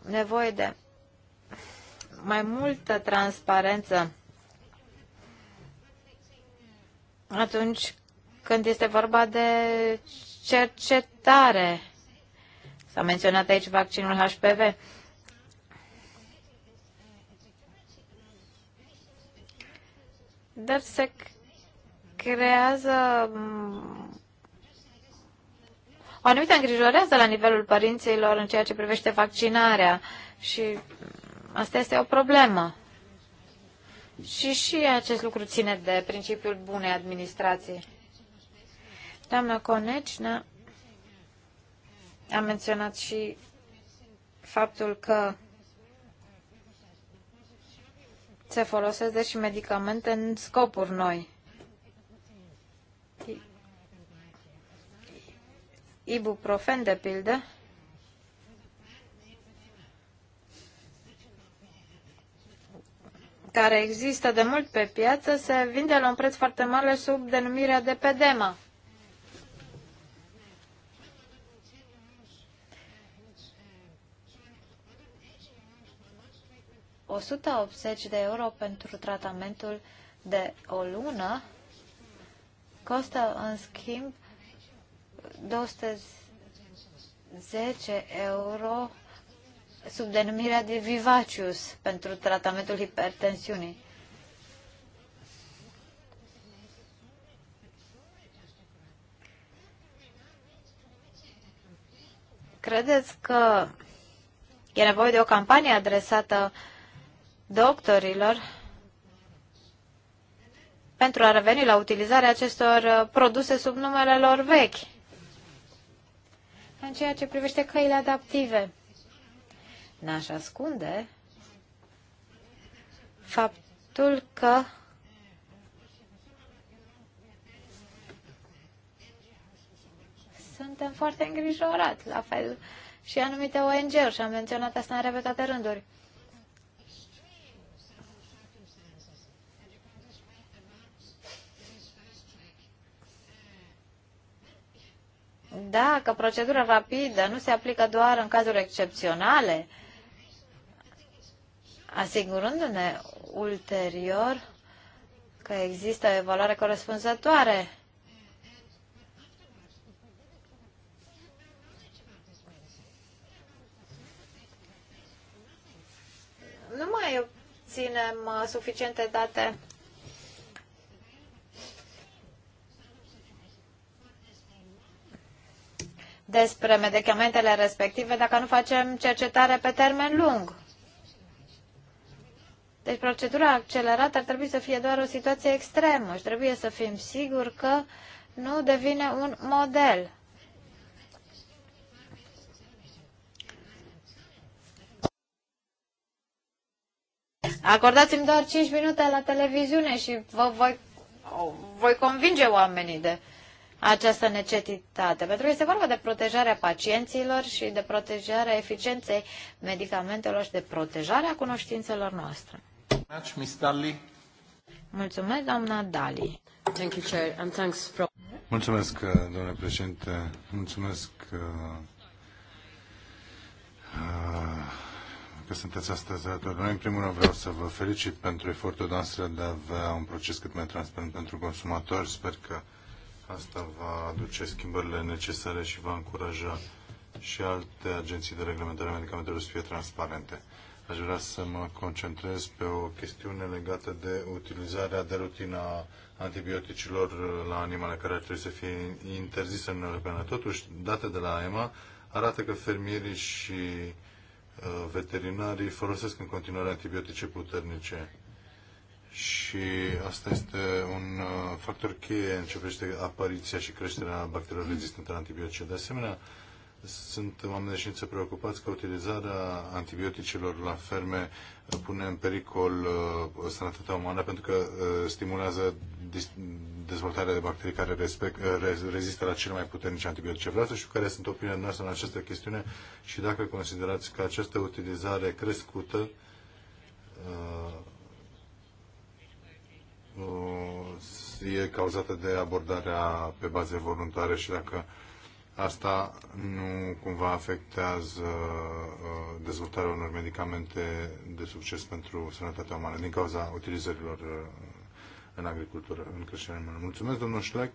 nevoie de mai multă transparență atunci când este vorba de cercetare. S-a menționat aici vaccinul HPV. Dar se creează o anumită îngrijorează la nivelul părinților în ceea ce privește vaccinarea și asta este o problemă. Și și acest lucru ține de principiul bunei administrații. Doamna Conecna a menționat și faptul că se folosesc și medicamente în scopuri noi. Ibuprofen, de pildă, care există de mult pe piață se vinde la un preț foarte mare sub denumirea de pedema. ...180 de euro pentru tratamentul de o lună costă, în schimb, 210 euro sub denumirea de Vivacius pentru tratamentul hipertensiunii. Credeți că e nevoie de o campanie adresată doctorilor pentru a reveni la utilizarea acestor produse sub numele lor vechi? În ceea ce privește căile adaptive n-aș ascunde faptul că suntem foarte îngrijorați, la fel și anumite ONG-uri, și am menționat asta în repetate rânduri. Dacă procedura rapidă nu se aplică doar în cazuri excepționale, asigurându-ne ulterior că există o evaluare corespunzătoare. Nu mai obținem uh, suficiente date despre medicamentele respective dacă nu facem cercetare pe termen lung. Deci procedura accelerată ar trebui să fie doar o situație extremă și trebuie să fim siguri că nu devine un model. Acordați-mi doar 5 minute la televiziune și vă voi, voi convinge oamenii de această necesitate. Pentru că este vorba de protejarea pacienților și de protejarea eficienței medicamentelor și de protejarea cunoștințelor noastre. Mulțumesc, doamna Dali. Thank you, Chair, and thanks for... Mulțumesc, uh, domnule președinte. Mulțumesc uh, uh, că sunteți astăzi alături noi. În primul rând vreau să vă felicit pentru efortul noastră de a avea un proces cât mai transparent pentru consumatori. Sper că asta va aduce schimbările necesare și va încuraja și alte agenții de reglementare a medicamentelor să fie transparente. Aș vrea să mă concentrez pe o chestiune legată de utilizarea de rutină a antibioticilor la animale care ar trebui să fie interzise în Europeană. Totuși, date de la EMA arată că fermierii și uh, veterinarii folosesc în continuare antibiotice puternice și asta este un uh, factor cheie în ce apariția și creșterea bacteriilor rezistente la antibiotice. De asemenea, sunt oameni de știință preocupați că utilizarea antibioticelor la ferme pune în pericol uh, sănătatea umană pentru că uh, stimulează dezvoltarea de bacterii care respect, uh, rezistă la cele mai puternice antibiotice. Vreau să știu care sunt opiniile noastre în această chestiune și dacă considerați că această utilizare crescută uh, uh, e cauzată de abordarea pe baze voluntare și dacă uh, asta nu cumva afectează uh, dezvoltarea unor medicamente de succes pentru sănătatea umană din cauza utilizărilor uh, în agricultură, în creșterea umană. Mulțumesc, domnul Șlec.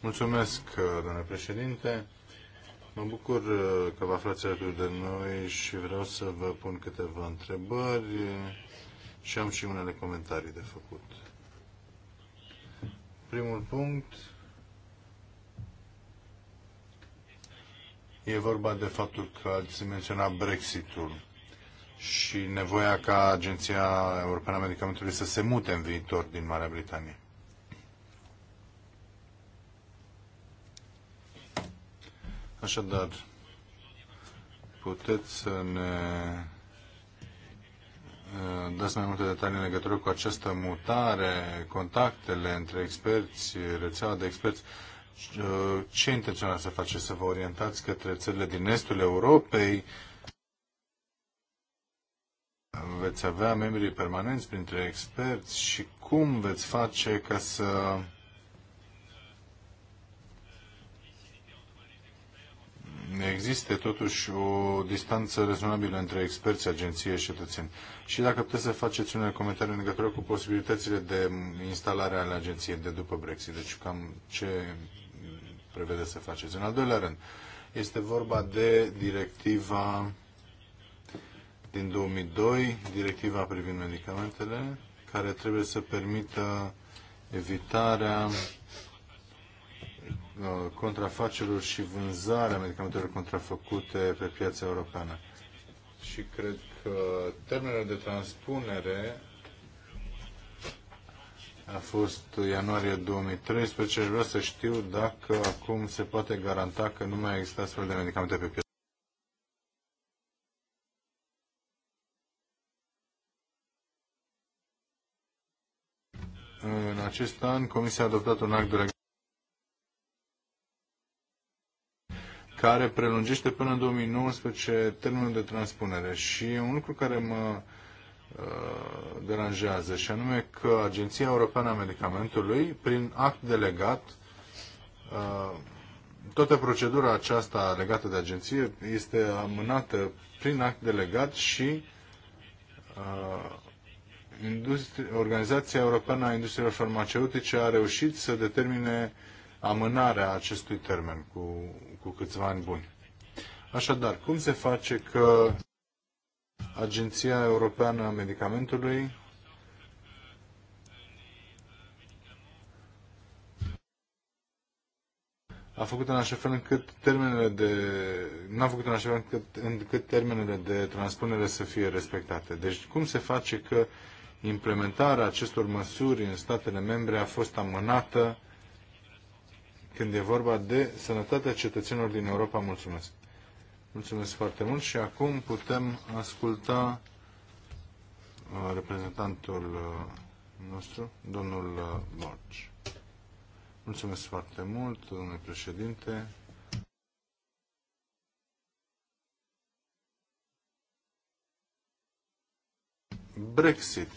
Mulțumesc, uh, domnule președinte. Mă bucur că vă aflați alături de noi și vreau să vă pun câteva întrebări și am și unele comentarii de făcut. Primul punct e vorba de faptul că ați menționat Brexitul și nevoia ca Agenția Europeană a Medicamentului să se mute în viitor din Marea Britanie. Așadar, puteți să ne dați mai multe detalii în legătură cu această mutare, contactele între experți, rețeaua de experți. Ce intenționați să faceți? Să vă orientați către țările din estul Europei? Veți avea membrii permanenți printre experți și cum veți face ca să existe totuși o distanță rezonabilă între experți, agenție și cetățeni. Și dacă puteți să faceți unele comentarii în legătură cu posibilitățile de instalare ale agenției de după Brexit, deci cam ce prevede să faceți. În al doilea rând, este vorba de directiva din 2002, directiva privind medicamentele, care trebuie să permită evitarea Uh, contrafacerilor și vânzarea medicamentelor contrafăcute pe piața europeană. Și cred că termenul de transpunere a fost ianuarie 2013 și vreau să știu dacă acum se poate garanta că nu mai există astfel de medicamente pe piață. În acest an, Comisia a adoptat un act de care prelungește până în 2019 termenul de transpunere. Și e un lucru care mă uh, deranjează, și anume că Agenția Europeană a Medicamentului, prin act delegat, uh, toată procedura aceasta legată de agenție este amânată prin act delegat și uh, Organizația Europeană a Industriilor Farmaceutice a reușit să determine amânarea acestui termen cu cu câțiva ani buni. Așadar, cum se face că Agenția Europeană a Medicamentului a făcut în așa fel încât termenele de n-a făcut în așa fel încât, încât termenele de transpunere să fie respectate. Deci cum se face că implementarea acestor măsuri în statele membre a fost amânată când e vorba de sănătatea cetățenilor din Europa. Mulțumesc! Mulțumesc foarte mult și acum putem asculta uh, reprezentantul uh, nostru, domnul uh, Borci. Mulțumesc foarte mult, domnule președinte. Brexit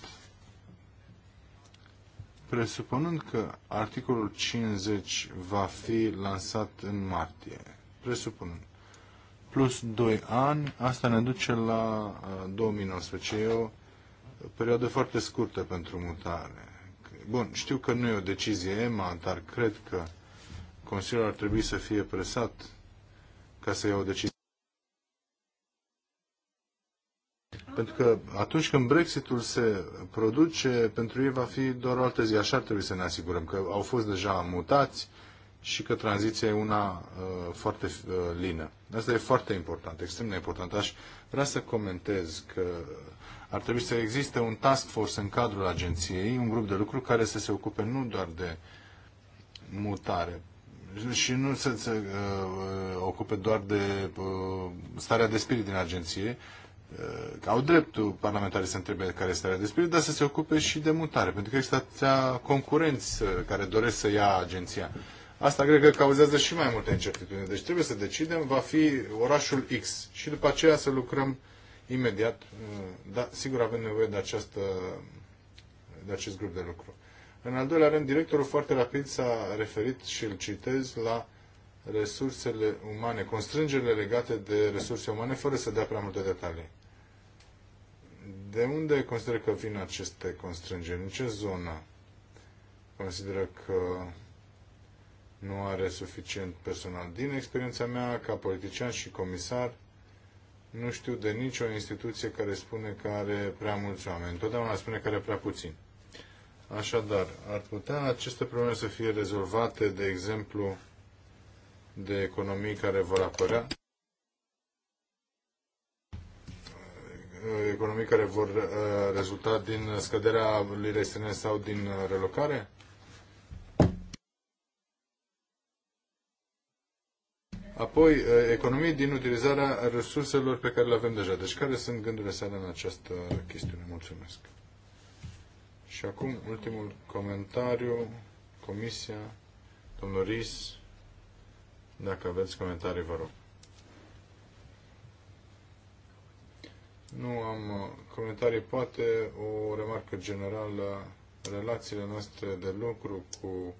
presupunând că articolul 50 va fi lansat în martie, presupunând, plus 2 ani, asta ne duce la 2019. Uh, e o perioadă foarte scurtă pentru mutare. Bun, știu că nu e o decizie EMA, dar cred că Consiliul ar trebui să fie presat ca să ia o decizie. Pentru că atunci când Brexitul se produce, pentru ei va fi doar o altă zi. Așa ar trebui să ne asigurăm că au fost deja mutați și că tranziția e una uh, foarte uh, lină. Asta e foarte important, extrem de important. Aș vrea să comentez că ar trebui să existe un task force în cadrul agenției, un grup de lucru care să se ocupe nu doar de mutare și nu să se uh, uh ocupe doar de uh, starea de spirit din agenție, Uh, că au dreptul parlamentarii să întrebe care este de spirit, dar să se ocupe și de mutare, pentru că există atâția concurenți uh, care doresc să ia agenția. Asta cred că cauzează și mai multe incertitudine. Deci trebuie să decidem, va fi orașul X și după aceea să lucrăm imediat. Da, sigur avem nevoie de, această, de acest grup de lucru. În al doilea rând, directorul foarte rapid s-a referit și îl citez la resursele umane, constrângerile legate de resurse umane, fără să dea prea multe detalii. De unde consideră că vin aceste constrângeri? În ce zonă consideră că nu are suficient personal? Din experiența mea ca politician și comisar, nu știu de nicio instituție care spune că are prea mulți oameni. Întotdeauna spune că are prea puțin. Așadar, ar putea aceste probleme să fie rezolvate, de exemplu, de economii care vor apărea? Uh, economii care vor uh, rezulta din scăderea lirei străine sau din uh, relocare? Apoi, economii din utilizarea resurselor pe care le avem deja. Deci, care sunt gândurile sale în această chestiune? Mulțumesc. Și acum, ultimul comentariu, comisia, domnul Ris, dacă aveți comentarii, vă rog. Nu am uh, comentarii, poate o remarcă generală. Relațiile noastre de lucru cu,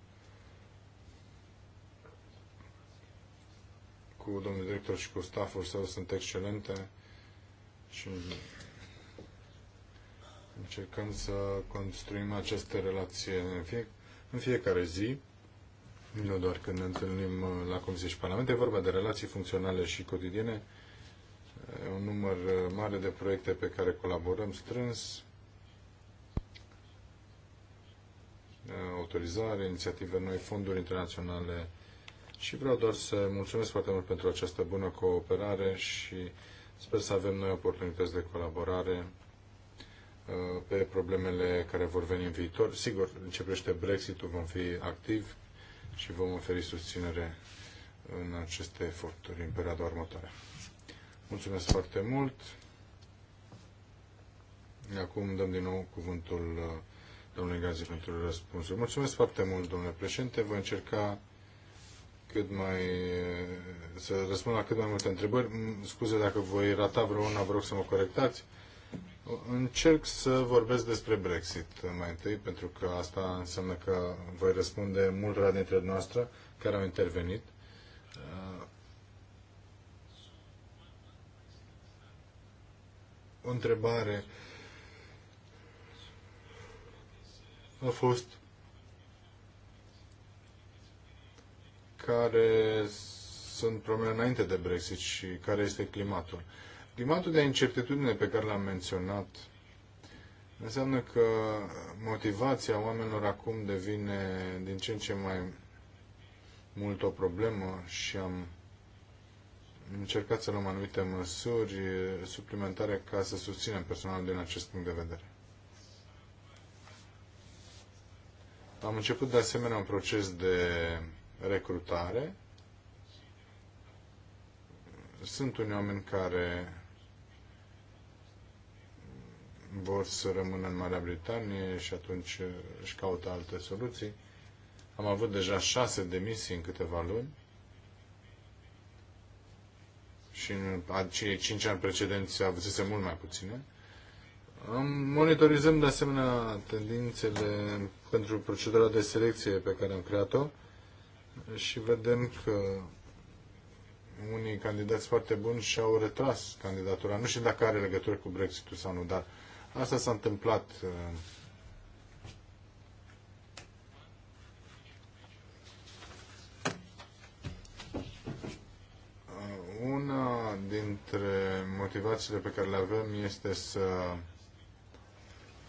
cu domnul director și cu stafful său sunt excelente și încercăm să construim aceste relații în, fie, în fiecare zi, nu doar când ne întâlnim uh, la Comisie și Parlament, e vorba de relații funcționale și cotidiene un număr uh, mare de proiecte pe care colaborăm strâns, autorizare, inițiative noi, fonduri internaționale și vreau doar să mulțumesc foarte mult pentru această bună cooperare și sper să avem noi oportunități de colaborare uh, pe problemele care vor veni în viitor. Sigur, începește Brexit-ul, vom fi activ și vom oferi susținere în aceste eforturi în perioada următoare. Mulțumesc foarte mult. Acum dăm din nou cuvântul uh, domnului Gazi pentru răspunsuri. Mulțumesc foarte mult, domnule președinte. Voi încerca cât mai, uh, să răspund la cât mai multe întrebări. Mm, scuze dacă voi rata vreuna, vă rog să mă corectați. Încerc să vorbesc despre Brexit uh, mai întâi, pentru că asta înseamnă că voi răspunde mult dintre noastre care au intervenit. o întrebare a fost care sunt problemele înainte de Brexit și care este climatul. Climatul de incertitudine pe care l-am menționat înseamnă că motivația oamenilor acum devine din ce în ce mai mult o problemă și am încercat să luăm anumite măsuri suplimentare ca să susținem personalul din acest punct de vedere. Am început de asemenea un proces de recrutare. Sunt unii oameni care vor să rămână în Marea Britanie și atunci își caută alte soluții. Am avut deja șase demisii în câteva luni și în cei cinci ani precedenți avusese mult mai puține. Monitorizăm de asemenea tendințele pentru procedura de selecție pe care am creat-o și vedem că unii candidați foarte buni și-au retras candidatura. Nu știu dacă are legătură cu Brexitul sau nu, dar asta s-a întâmplat uh, Una dintre motivațiile pe care le avem este să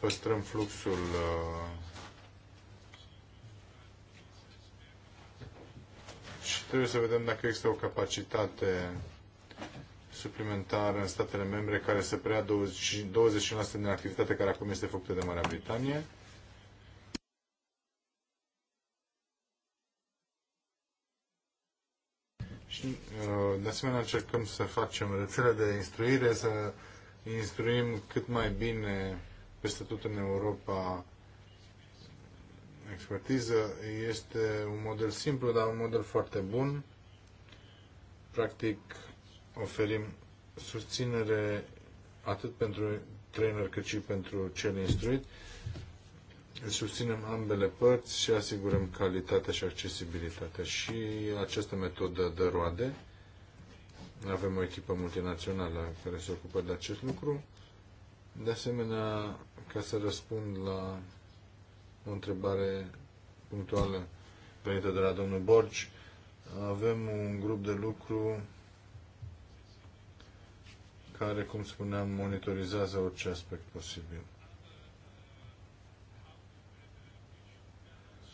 păstrăm fluxul uh, și trebuie să vedem dacă există o capacitate suplimentară în statele membre care să preia 20% din activitatea care acum este făcută de Marea Britanie Uh, de asemenea, încercăm să facem rețele de instruire, să instruim cât mai bine peste tot în Europa expertiză. Este un model simplu, dar un model foarte bun. Practic, oferim susținere atât pentru trainer cât și pentru cel instruit susținem ambele părți și asigurăm calitatea și accesibilitatea. Și această metodă de roade. Avem o echipă multinațională care se ocupă de acest lucru. De asemenea, ca să răspund la o întrebare punctuală venită de la domnul Borgi, avem un grup de lucru care, cum spuneam, monitorizează orice aspect posibil.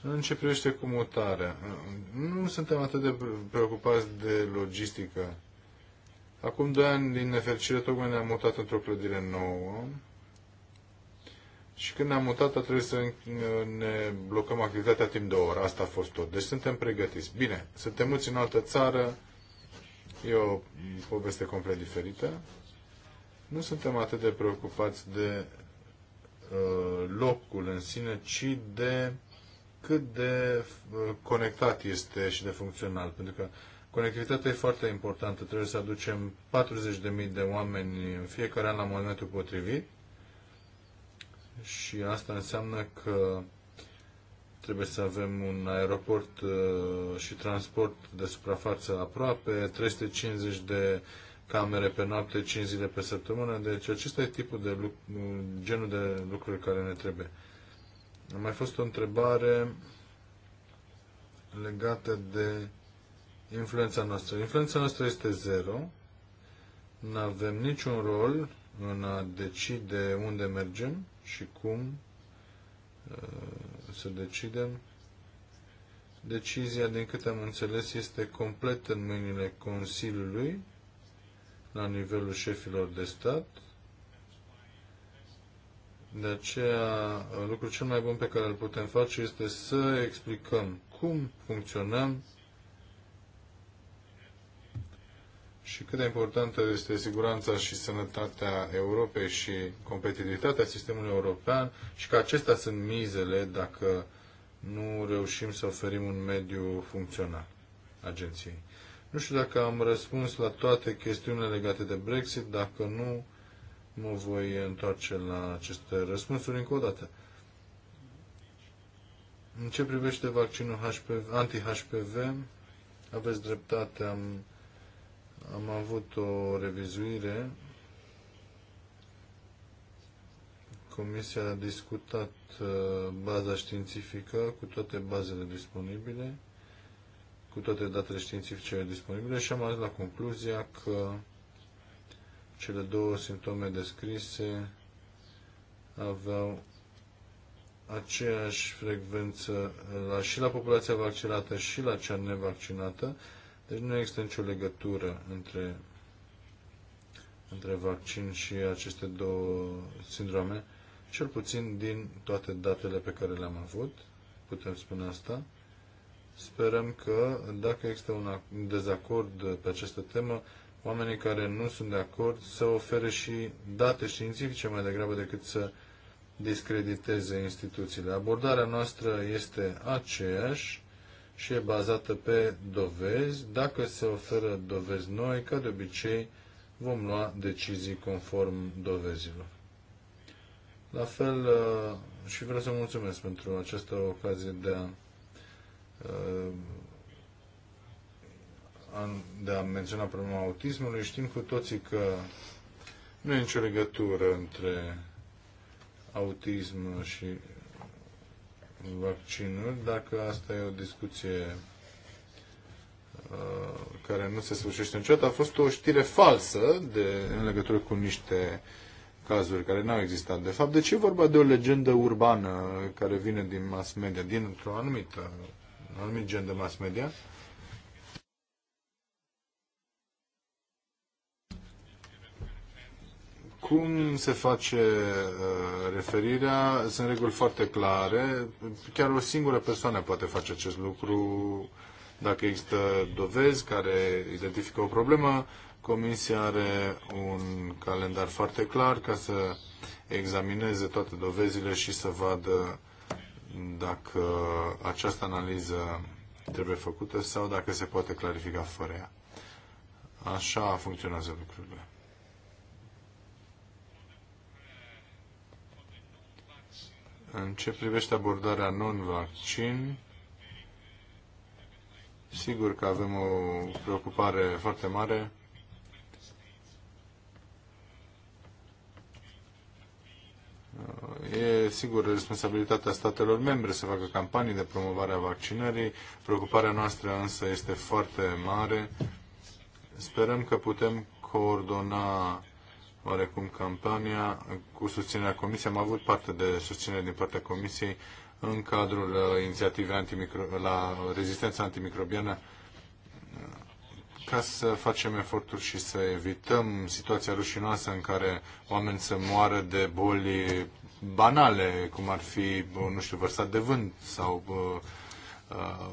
În ce privește mutarea, nu suntem atât de preocupați de logistică. Acum doi ani, din nefericire, tocmai ne-am mutat într-o clădire nouă și când ne-am mutat a trebuit să ne blocăm activitatea timp de o oră. Asta a fost tot. Deci suntem pregătiți. Bine, suntem mulți în altă țară, e o poveste complet diferită. Nu suntem atât de preocupați de uh, locul în sine, ci de cât de uh, conectat este și de funcțional, pentru că conectivitatea e foarte importantă. Trebuie să aducem 40.000 de oameni în fiecare an la momentul potrivit și asta înseamnă că trebuie să avem un aeroport uh, și transport de suprafață aproape, 350 de camere pe noapte, 5 zile pe săptămână, deci acesta e tipul de uh, genul de lucruri care ne trebuie. A mai fost o întrebare legată de influența noastră. Influența noastră este zero. Nu avem niciun rol în a decide unde mergem și cum uh, să decidem. Decizia, din câte am înțeles, este complet în mâinile Consiliului, la nivelul șefilor de stat de aceea, lucrul cel mai bun pe care îl putem face este să explicăm cum funcționăm și cât de importantă este siguranța și sănătatea Europei și competitivitatea sistemului european și că acestea sunt mizele dacă nu reușim să oferim un mediu funcțional agenției. Nu știu dacă am răspuns la toate chestiunile legate de Brexit, dacă nu, mă voi întoarce la aceste răspunsuri încă o dată. În ce privește vaccinul HPV, anti-HPV, aveți dreptate, am, am avut o revizuire. Comisia a discutat uh, baza științifică cu toate bazele disponibile, cu toate datele științifice disponibile și am ajuns la concluzia că cele două simptome descrise aveau aceeași frecvență la, și la populația vaccinată și la cea nevaccinată, deci nu există nicio legătură între, între vaccin și aceste două sindrome, cel puțin din toate datele pe care le-am avut, putem spune asta. Sperăm că dacă există un dezacord pe această temă, oamenii care nu sunt de acord să ofere și date științifice mai degrabă decât să discrediteze instituțiile. Abordarea noastră este aceeași și e bazată pe dovezi. Dacă se oferă dovezi noi, ca de obicei, vom lua decizii conform dovezilor. La fel uh, și vreau să mulțumesc pentru această ocazie de a uh, de a menționa problema autismului, știm cu toții că nu e nicio legătură între autism și vaccinuri, dacă asta e o discuție uh, care nu se sfârșește niciodată, a fost o știre falsă de, în legătură cu niște cazuri care n-au existat. De fapt, de deci ce e vorba de o legendă urbană care vine din mass media, dintr-un anumit, un anumit gen de mass media, cum se face uh, referirea, sunt reguli foarte clare. Chiar o singură persoană poate face acest lucru dacă există dovezi care identifică o problemă. Comisia are un calendar foarte clar ca să examineze toate dovezile și să vadă dacă această analiză trebuie făcută sau dacă se poate clarifica fără ea. Așa funcționează lucrurile. În ce privește abordarea non-vaccin, sigur că avem o preocupare foarte mare E, sigur, responsabilitatea statelor membre să facă campanii de promovare a vaccinării. Preocuparea noastră însă este foarte mare. Sperăm că putem coordona oarecum campania cu susținerea Comisiei. Am avut parte de susținere din partea Comisiei în cadrul uh, inițiativei antimicro- la rezistența antimicrobiană ca să facem eforturi și să evităm situația rușinoasă în care oameni să moară de boli banale, cum ar fi, nu știu, vărsat de vânt sau uh, uh,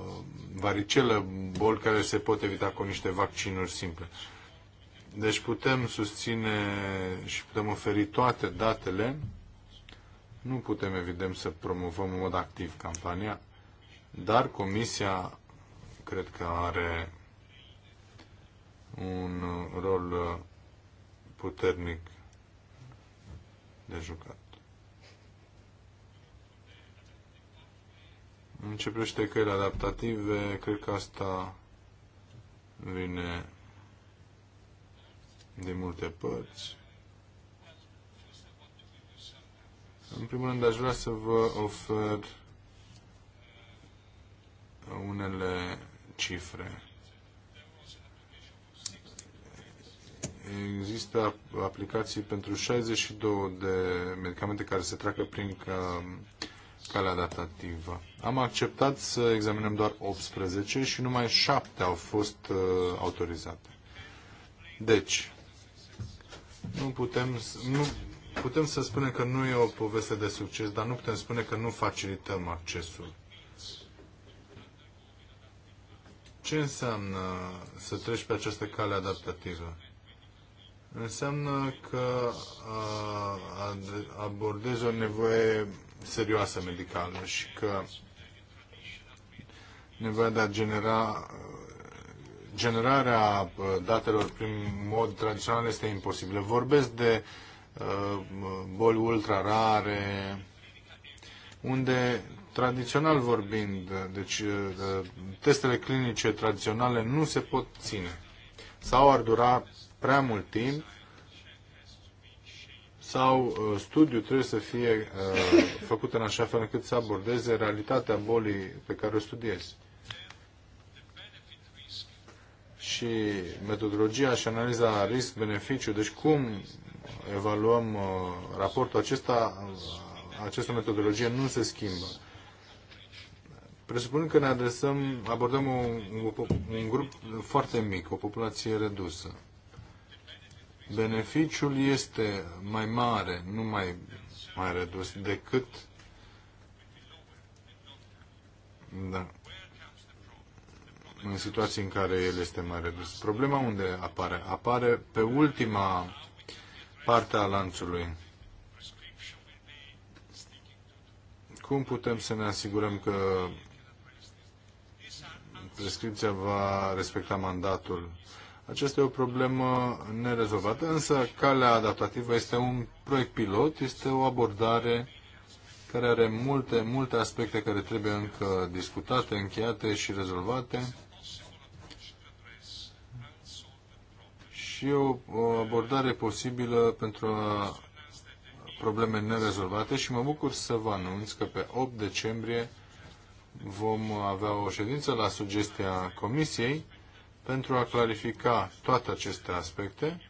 varicelă, boli care se pot evita cu niște vaccinuri simple. Uh, deci putem susține și putem oferi toate datele. Nu putem, evident, să promovăm în mod activ campania, dar Comisia cred că are un rol puternic de jucat. În ce privește căile adaptative, cred că asta vine de multe părți. În primul rând, aș vrea să vă ofer unele cifre. Există aplicații pentru 62 de medicamente care se treacă prin calea datativă. Am acceptat să examinăm doar 18 și numai 7 au fost uh, autorizate. Deci, nu putem, nu, putem să spunem că nu e o poveste de succes, dar nu putem spune că nu facilităm accesul. Ce înseamnă să treci pe această cale adaptativă? Înseamnă că abordezi o nevoie serioasă medicală și că nevoia de a genera generarea uh, datelor prin mod tradițional este imposibilă. Vorbesc de uh, boli ultra rare, unde tradițional vorbind, deci uh, testele clinice tradiționale nu se pot ține sau ar dura prea mult timp sau studiul trebuie să fie făcut în așa fel încât să abordeze realitatea bolii pe care o studiezi și metodologia și analiza risc-beneficiu, deci cum evaluăm uh, raportul acesta, uh, această metodologie nu se schimbă. Presupunând că ne adresăm, abordăm un, un grup foarte mic, o populație redusă. Beneficiul este mai mare, nu mai, mai redus, decât da, în situații în care el este mai redus. Problema unde apare? Apare pe ultima parte a lanțului. Cum putem să ne asigurăm că prescripția va respecta mandatul? Aceasta e o problemă nerezolvată, însă calea adaptativă este un proiect pilot, este o abordare care are multe, multe aspecte care trebuie încă discutate, încheiate și rezolvate. și o abordare posibilă pentru a probleme nerezolvate și mă bucur să vă anunț că pe 8 decembrie vom avea o ședință la sugestia Comisiei pentru a clarifica toate aceste aspecte,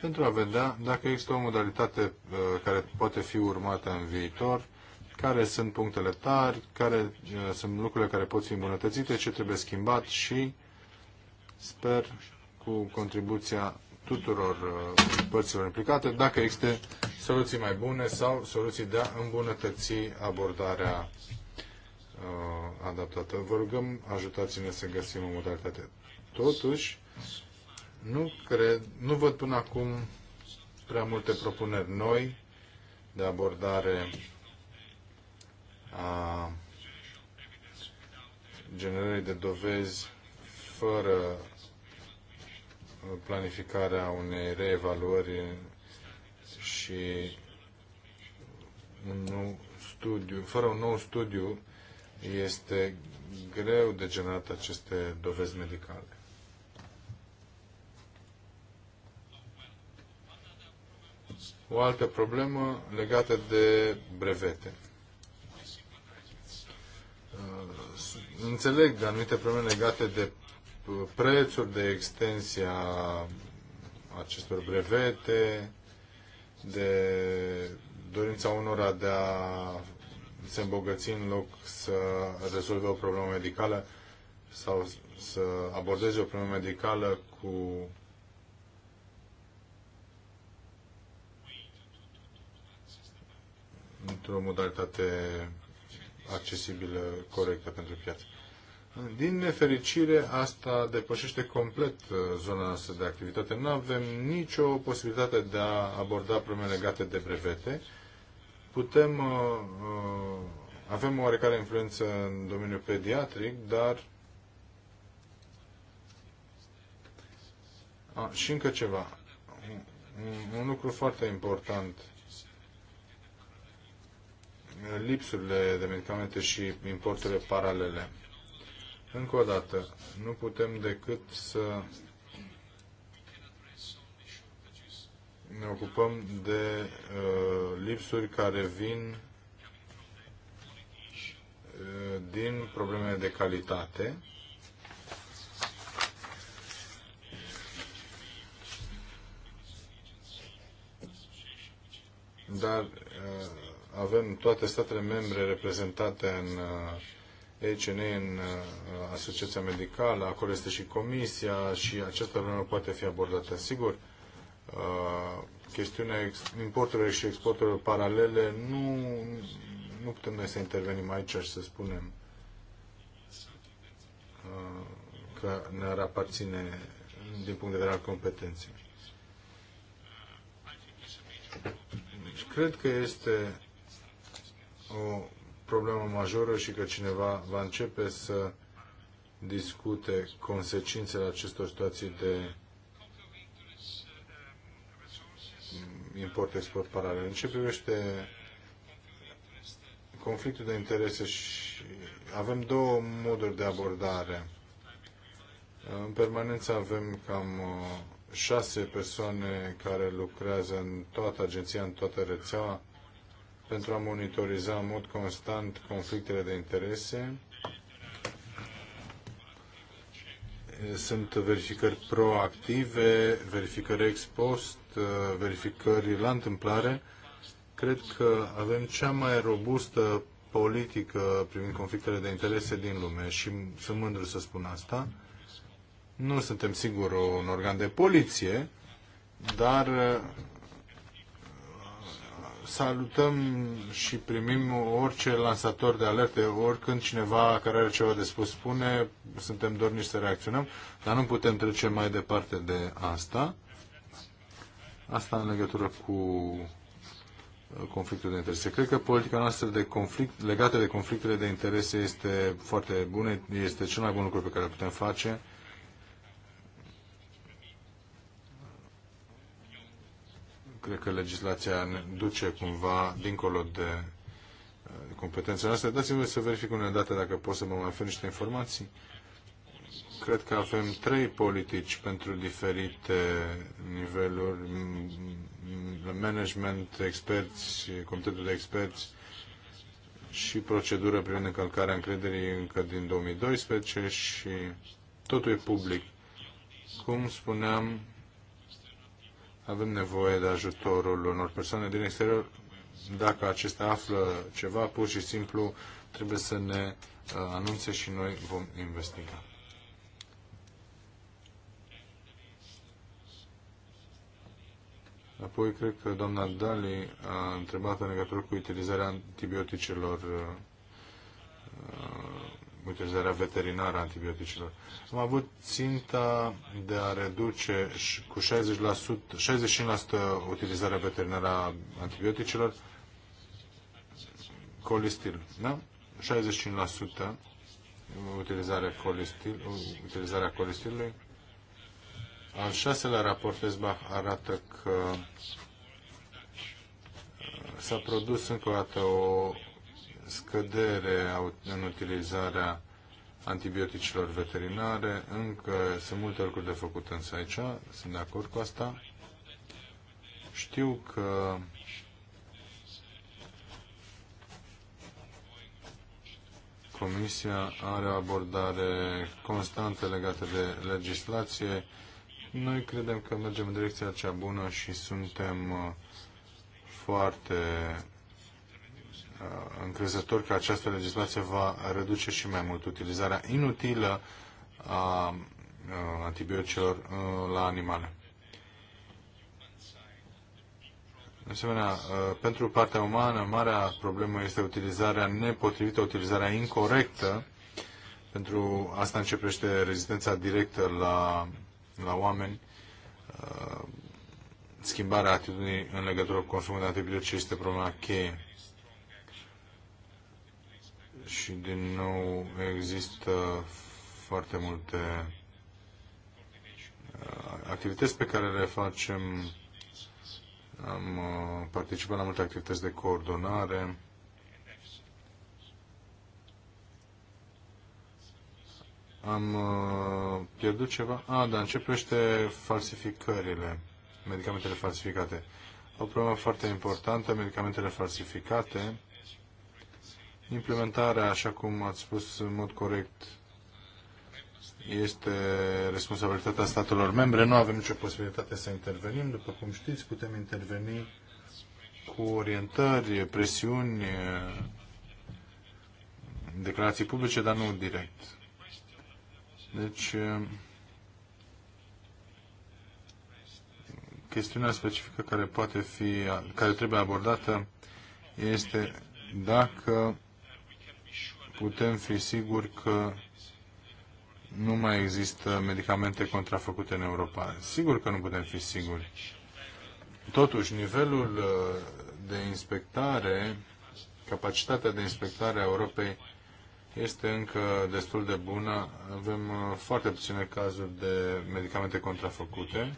pentru a vedea dacă există o modalitate uh, care poate fi urmată în viitor, care sunt punctele tari, care uh, sunt lucrurile care pot fi îmbunătățite, ce trebuie schimbat și sper cu contribuția tuturor uh, părților implicate dacă există soluții mai bune sau soluții de a îmbunătăți abordarea uh, adaptată. Vă rugăm, ajutați-ne să găsim o modalitate. Totuși, nu cred, nu văd până acum prea multe propuneri noi de abordare a generării de dovezi fără planificarea unei reevaluări și un nou studiu. Fără un nou studiu este greu de generat aceste dovezi medicale. O altă problemă legată de brevete. Înțeleg de anumite probleme legate de prețuri de extensie a acestor brevete, de dorința unora de a se îmbogăți în loc să rezolve o problemă medicală sau să abordeze o problemă medicală cu într-o modalitate accesibilă, corectă pentru piață. Din nefericire, asta depășește complet uh, zona noastră de activitate. Nu avem nicio posibilitate de a aborda probleme legate de brevete. Putem, uh, uh, avem oarecare influență în domeniul pediatric, dar a, și încă ceva. Un, un lucru foarte important lipsurile de medicamente și importurile paralele. Încă o dată, nu putem decât să ne ocupăm de uh, lipsuri care vin uh, din probleme de calitate. Dar uh, avem toate statele membre reprezentate în uh, ECN în uh, Asociația Medicală, acolo este și Comisia și această problemă poate fi abordată. Sigur, uh, chestiunea importurilor și exporturilor paralele nu, nu putem noi să intervenim aici și să spunem uh, că ne-ar aparține din punct de vedere al competenței. Deci, cred că este o problemă majoră și că cineva va începe să discute consecințele acestor situații de import-export paralel. În ce privește conflictul de interese și avem două moduri de abordare. În permanență avem cam uh, șase persoane care lucrează în toată agenția, în toată rețeaua pentru a monitoriza în mod constant conflictele de interese. Sunt verificări proactive, verificări ex post, verificări la întâmplare. Cred că avem cea mai robustă politică privind conflictele de interese din lume și sunt mândru să spun asta. Nu suntem sigur un organ de poliție, dar salutăm și primim orice lansator de alerte, oricând cineva care are ceva de spus spune, suntem dorniți să reacționăm, dar nu putem trece mai departe de asta. Asta în legătură cu uh, conflictul de interese. Cred că politica noastră de conflict, legată de conflictele de interese este foarte bună, este cel mai bun lucru pe care îl putem face cred că legislația ne duce cumva dincolo de uh, competența noastră. Dați-mi să verific una dată dacă pot să mă mai fac niște informații. Cred că avem trei politici pentru diferite niveluri, management, experți, comitetul de experți și procedură privind încălcarea încrederii încă din 2012 și totul e public. Cum spuneam, avem nevoie de ajutorul unor persoane din exterior. Dacă acestea află ceva, pur și simplu trebuie să ne uh, anunțe și noi vom investiga. Apoi, cred că doamna Dali a întrebat în legătură cu utilizarea antibioticelor uh, uh utilizarea veterinară a antibioticilor. Am avut ținta de a reduce cu 60%, 65% utilizarea veterinară a antibioticilor. Colistil, da? 65% utilizarea, colistil, utilizarea colistilului. Al șaselea raport Esbach arată că s-a produs încă o dată o scădere în utilizarea antibioticilor veterinare. Încă sunt multe lucruri de făcut însă aici. Sunt de acord cu asta. Știu că Comisia are o abordare constantă legată de legislație. Noi credem că mergem în direcția cea bună și suntem uh, foarte Uh, încrezător că această legislație va reduce și mai mult utilizarea inutilă a uh, antibioticelor uh, la animale. De asemenea, pentru partea umană, marea problemă este utilizarea nepotrivită, utilizarea incorrectă. Pentru asta începește rezistența directă la, la oameni. Schimbarea atitudinii în legătură cu consumul de antibiotice este problema cheie și din nou există foarte multe uh, activități pe care le facem. Am uh, participat la multe activități de coordonare. Am uh, pierdut ceva. A, ah, da, începește falsificările, medicamentele falsificate. O problemă foarte importantă, medicamentele falsificate Implementarea, așa cum ați spus în mod corect, este responsabilitatea statelor membre. Nu avem nicio posibilitate să intervenim. După cum știți, putem interveni cu orientări, presiuni, declarații publice, dar nu direct. Deci, chestiunea specifică care poate fi, care trebuie abordată este dacă putem fi siguri că nu mai există medicamente contrafăcute în Europa. Sigur că nu putem fi siguri. Totuși, nivelul uh, de inspectare, capacitatea de inspectare a Europei este încă destul de bună. Avem uh, foarte puține cazuri de medicamente contrafăcute.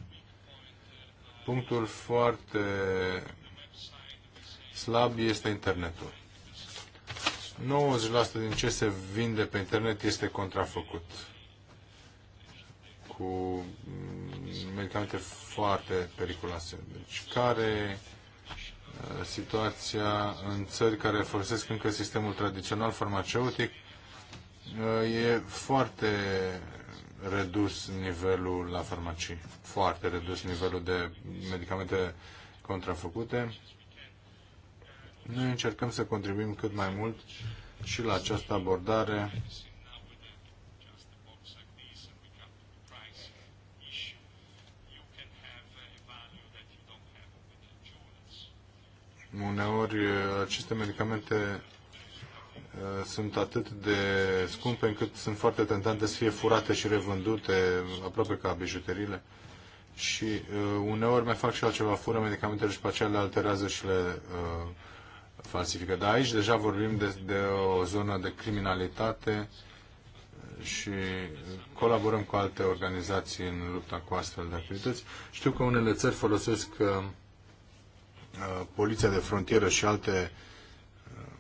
Punctul foarte slab este internetul. 90% din ce se vinde pe internet este contrafăcut cu medicamente foarte periculoase. Deci, care uh, situația în țări care folosesc încă sistemul tradițional farmaceutic uh, e foarte redus nivelul la farmacii, foarte redus nivelul de medicamente contrafăcute noi încercăm să contribuim cât mai mult și la această abordare Uneori uh, aceste medicamente uh, sunt atât de scumpe încât sunt foarte tentante să fie furate și revândute aproape ca bijuteriile. Și uh, uneori mai fac și altceva, fură medicamentele și pe aceea le alterează și le uh, falsifică. Dar aici deja vorbim de, de o zonă de criminalitate și colaborăm cu alte organizații în lupta cu astfel de activități. Știu că unele țări folosesc uh, uh poliția de frontieră și alte uh,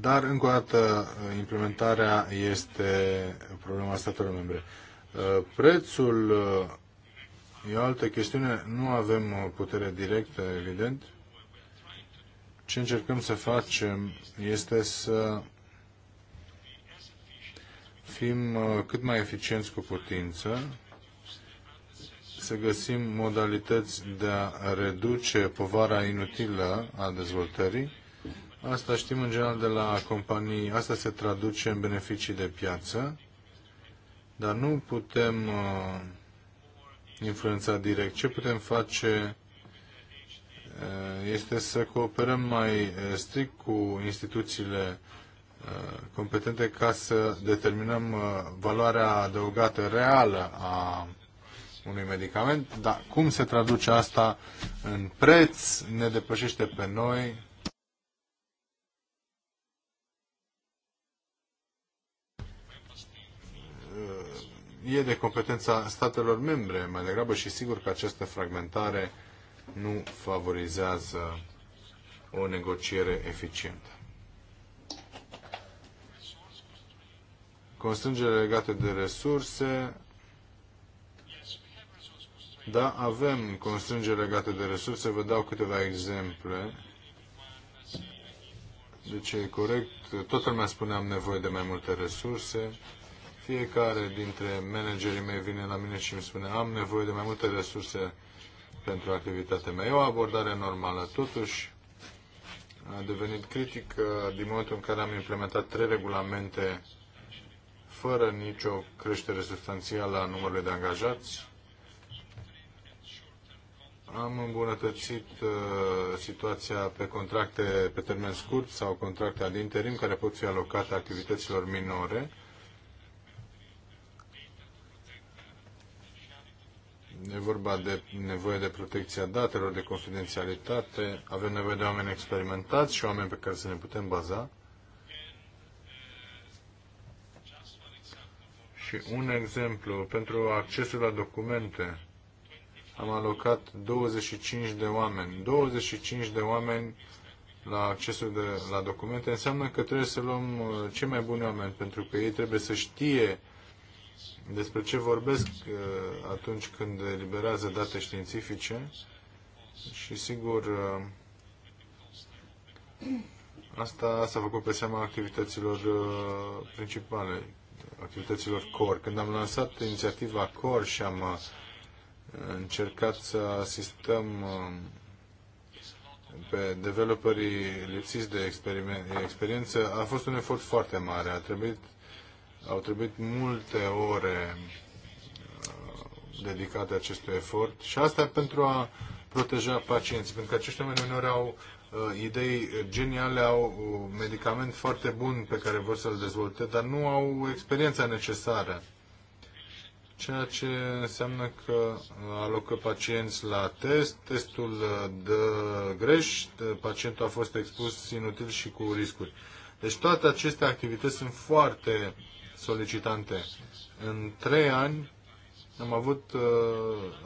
dar, încă o dată, implementarea este problema statelor membre. Uh, prețul e o altă chestiune. Nu avem putere directă, evident. Ce încercăm să facem este să fim uh, cât mai eficienți cu putință, să găsim modalități de a reduce povara inutilă a dezvoltării. Asta știm în general de la companii, asta se traduce în beneficii de piață, dar nu putem uh, influența direct. Ce putem face este să cooperăm mai eh, strict cu instituțiile eh, competente ca să determinăm eh, valoarea adăugată reală a unui medicament, dar cum se traduce asta în preț ne depășește pe noi. E de competența statelor membre mai degrabă și sigur că această fragmentare nu favorizează o negociere eficientă. Constrângere legate de resurse. Da, avem constrângeri legate de resurse. Vă dau câteva exemple. Deci e corect. Toată lumea spune am nevoie de mai multe resurse. Fiecare dintre managerii mei vine la mine și îmi spune am nevoie de mai multe resurse pentru activitatea mea. E o abordare normală. Totuși, a devenit critic din momentul în care am implementat trei regulamente fără nicio creștere substanțială a numărului de angajați. Am îmbunătățit uh, situația pe contracte pe termen scurt sau contracte ad interim care pot fi alocate activităților minore E vorba de nevoie de protecția datelor, de confidențialitate. Avem nevoie de oameni experimentați și oameni pe care să ne putem baza. Și un exemplu, pentru accesul la documente, am alocat 25 de oameni. 25 de oameni la accesul de, la documente înseamnă că trebuie să luăm uh, cei mai buni oameni, pentru că ei trebuie să știe despre ce vorbesc uh, atunci când eliberează date științifice și sigur uh, asta s-a făcut pe seama activităților uh, principale, activităților COR. Când am lansat inițiativa COR și am încercat să asistăm pe developerii lipsiți de experiență, a fost un efort foarte mare. A trebuit au trebuit multe ore uh, dedicate acestui efort și asta pentru a proteja pacienții, pentru că acești oameni uneori au uh, idei geniale, au un uh, medicament foarte bun pe care vor să-l dezvolte, dar nu au experiența necesară. Ceea ce înseamnă că uh, alocă pacienți la test, testul dă greș, pacientul a fost expus inutil și cu riscuri. Deci toate aceste activități sunt foarte solicitante. În trei ani am avut, uh,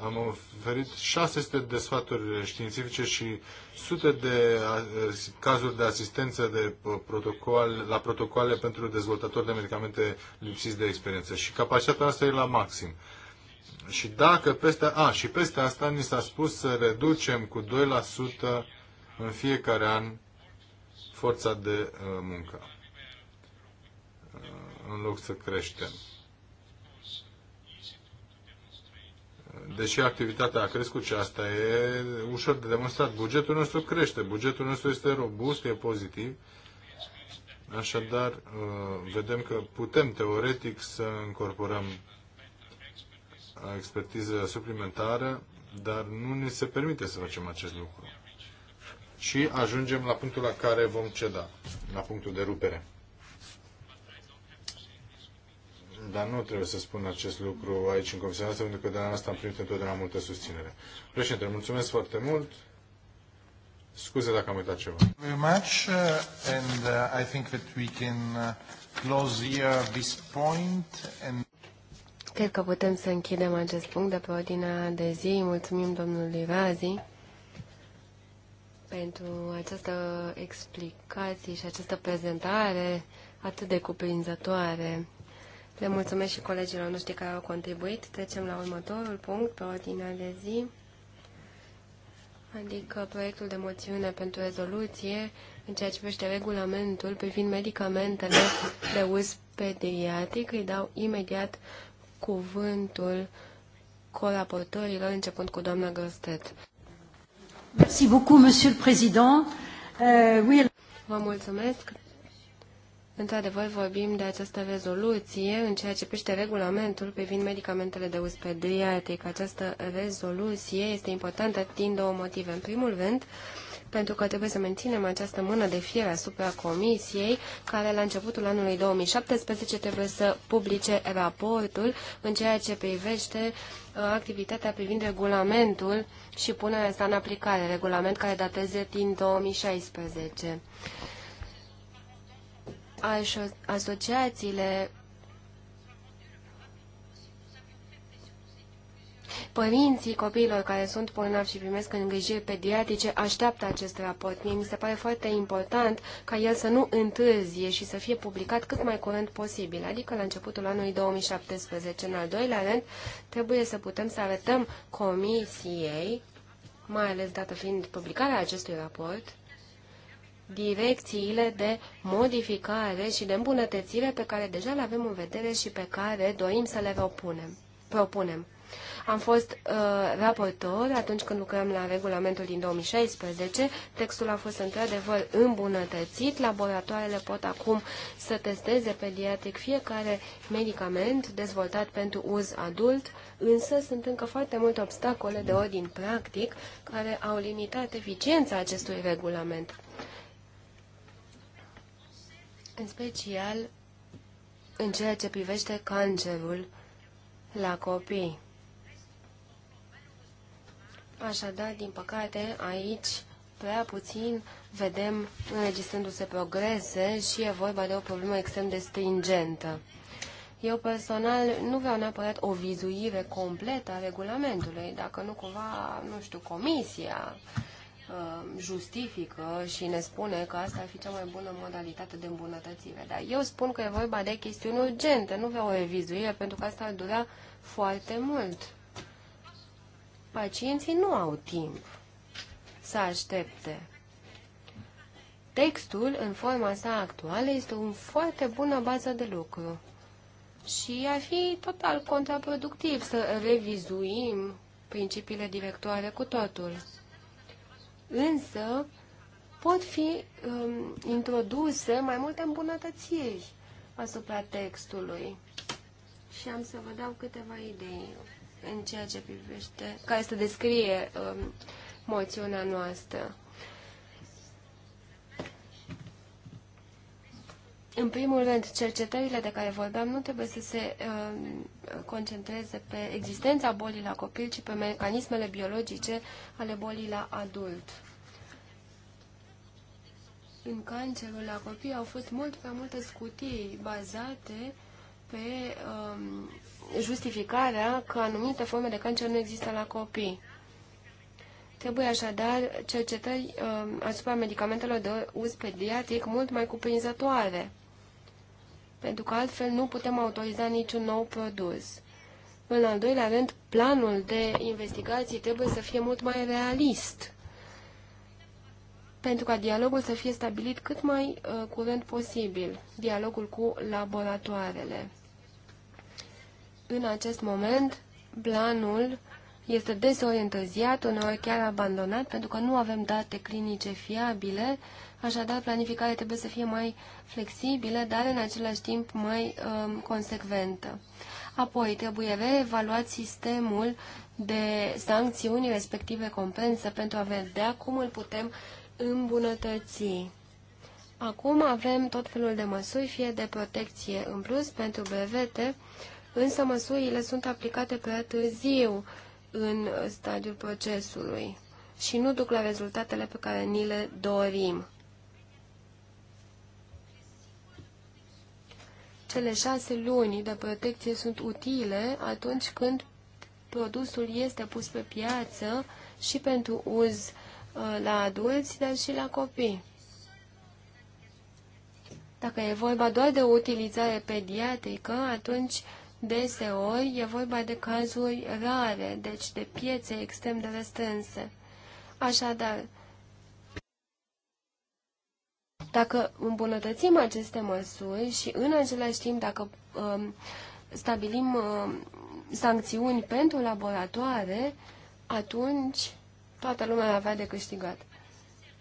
am oferit 600 de sfaturi științifice și sute de uh, cazuri de asistență de uh, protocol, la protocoale pentru dezvoltatori de medicamente lipsiți de experiență. Și capacitatea asta e la maxim. Și dacă peste, a, și peste asta ni s-a spus să reducem cu 2% în fiecare an forța de muncă în loc să creștem. Deși activitatea a crescut și asta e ușor de demonstrat, bugetul nostru crește, bugetul nostru este robust, e pozitiv, așadar uh, vedem că putem teoretic să incorporăm expertiză suplimentară, dar nu ne se permite să facem acest lucru. Și ajungem la punctul la care vom ceda, la punctul de rupere. dar nu trebuie să spun acest lucru aici în comisia noastră, pentru că de la asta am primit întotdeauna multă susținere. Președinte, mulțumesc foarte mult. Scuze dacă am uitat ceva. Very much, uh, and uh, I think that we can uh, close here this point and Cred că putem să închidem acest punct de pe ordinea de zi. Mulțumim domnului Razi pentru această explicație și această prezentare atât de cuprinzătoare. Le mulțumesc și colegilor noștri care au contribuit. Trecem la următorul punct pe ordinea de zi, adică proiectul de moțiune pentru rezoluție în ceea ce privește regulamentul privind medicamentele de uz pediatric. Îi dau imediat cuvântul colaboratorilor, începând cu doamna Grostet. Merci beaucoup, monsieur le président. Uh, oui. Vă mulțumesc, Într-adevăr, vorbim de această rezoluție în ceea ce privește regulamentul privind medicamentele de uz pediatric. Această rezoluție este importantă din două motive. În primul rând, pentru că trebuie să menținem această mână de fier asupra Comisiei, care la începutul anului 2017 trebuie să publice raportul în ceea ce privește uh, activitatea privind regulamentul și punerea asta în aplicare, regulament care dateze din 2016 asociațiile, părinții copiilor care sunt bolnavi și primesc îngrijiri pediatrice așteaptă acest raport. Mie mi se pare foarte important ca el să nu întârzie și să fie publicat cât mai curând posibil, adică la începutul anului 2017. În al doilea rând, trebuie să putem să arătăm comisiei, mai ales dată fiind publicarea acestui raport, direcțiile de modificare și de îmbunătățire pe care deja le avem în vedere și pe care dorim să le propunem. propunem. Am fost uh, raportor atunci când lucrăm la regulamentul din 2016. Textul a fost într-adevăr îmbunătățit. Laboratoarele pot acum să testeze pediatric fiecare medicament dezvoltat pentru uz adult, însă sunt încă foarte multe obstacole de ordin practic care au limitat eficiența acestui regulament în special în ceea ce privește cancerul la copii. Așadar, din păcate, aici prea puțin vedem înregistrându-se progrese și e vorba de o problemă extrem de stringentă. Eu personal nu vreau neapărat o vizuire completă a regulamentului, dacă nu cumva, nu știu, comisia Um, justifică și ne spune că asta ar fi cea mai bună modalitate de îmbunătățire. Dar eu spun că e vorba de chestiuni urgente, nu vreau o revizuire, pentru că asta ar dura foarte mult. Pacienții nu au timp să aștepte. Textul, în forma sa actuală, este o foarte bună bază de lucru. Și ar fi total contraproductiv să revizuim principiile directoare cu totul însă pot fi um, introduse mai multe îmbunătățiri asupra textului. Și am să vă dau câteva idei în ceea ce privește, care să descrie um, moțiunea noastră. În primul rând, cercetările de care vorbeam nu trebuie să se uh, concentreze pe existența bolii la copil, ci pe mecanismele biologice ale bolii la adult. În cancerul la copii au fost mult prea multe scutii bazate pe um, justificarea că anumite forme de cancer nu există la copii. Trebuie așadar cercetări um, asupra medicamentelor de uz pediatric mult mai cuprinzătoare pentru că altfel nu putem autoriza niciun nou produs. În al doilea rând, planul de investigații trebuie să fie mult mai realist, pentru ca dialogul să fie stabilit cât mai uh, curent posibil, dialogul cu laboratoarele. În acest moment, planul este deseori uneori chiar abandonat, pentru că nu avem date clinice fiabile uh, Așadar, planificarea trebuie să fie mai flexibilă, dar în același timp mai um, consecventă. Apoi, trebuie reevaluat sistemul de sancțiuni, respective compensă, pentru a vedea cum îl putem îmbunătăți. Acum avem tot felul de măsuri, fie de protecție în plus pentru brevete, însă măsurile sunt aplicate prea târziu în stadiul procesului și nu duc la rezultatele pe care ni le dorim. cele șase luni de protecție sunt utile atunci când produsul este pus pe piață și pentru uz uh, la adulți, dar și la copii. Dacă e vorba doar de utilizare pediatrică, atunci deseori e vorba de cazuri rare, deci de piețe extrem de restrânse. Așadar, dacă îmbunătățim aceste măsuri și în același timp dacă um, stabilim um, sancțiuni pentru laboratoare, atunci toată lumea avea de câștigat.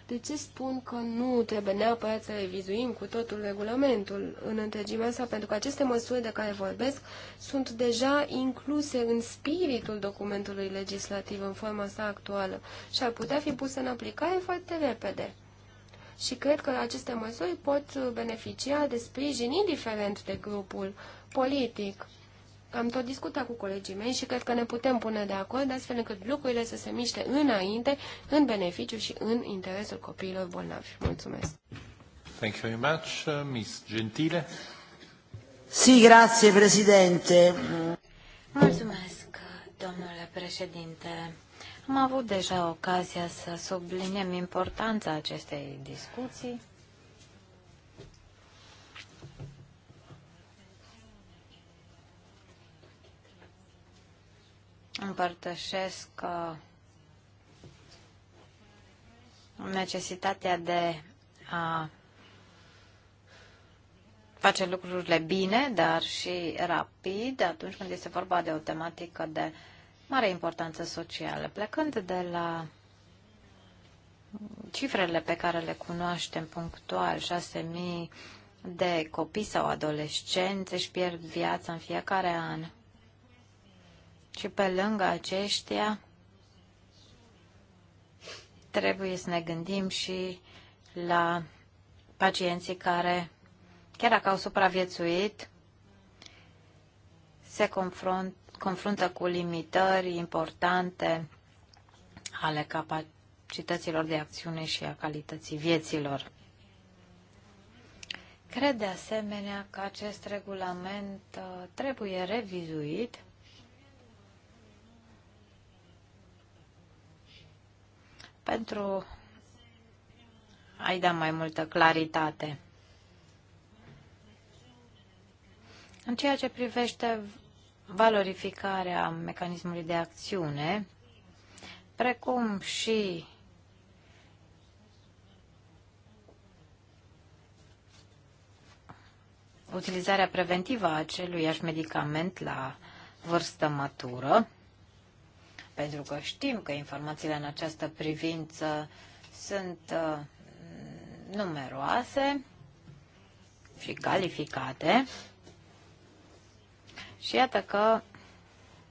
De ce spun că nu trebuie neapărat să revizuim cu totul regulamentul în întregimea sa? Pentru că aceste măsuri de care vorbesc sunt deja incluse în spiritul documentului legislativ în forma sa actuală și ar putea fi puse în aplicare foarte repede și cred că aceste măsuri pot beneficia de sprijin indiferent de grupul politic. Am tot discutat cu colegii mei și cred că ne putem pune de acord astfel încât lucrurile să se miște înainte, în beneficiu și în interesul copiilor bolnavi. Mulțumesc! Thank you very much, uh, Miss Gentile. Sì, grazie Presidente. Mulțumesc, domnule președinte. Am avut deja ocazia să subliniem importanța acestei discuții. Împărtășesc uh, necesitatea de a face lucrurile bine, dar și rapid, atunci când este vorba de o tematică de uh, mare importanță socială. Plecând de la cifrele pe care le cunoaștem punctual, 6.000 de copii sau adolescenți își pierd viața în fiecare an. Și pe lângă aceștia trebuie să ne gândim și la pacienții care, chiar dacă au supraviețuit, se confrunt confruntă cu limitări importante ale capacităților de acțiune și a calității vieților. Cred de asemenea că acest regulament uh, trebuie revizuit pentru a-i da mai multă claritate. În ceea ce privește valorificarea mecanismului de acțiune, precum și utilizarea preventivă a aceluiași medicament la vârstă matură, pentru că știm că informațiile în această privință sunt uh, numeroase și calificate. Și iată că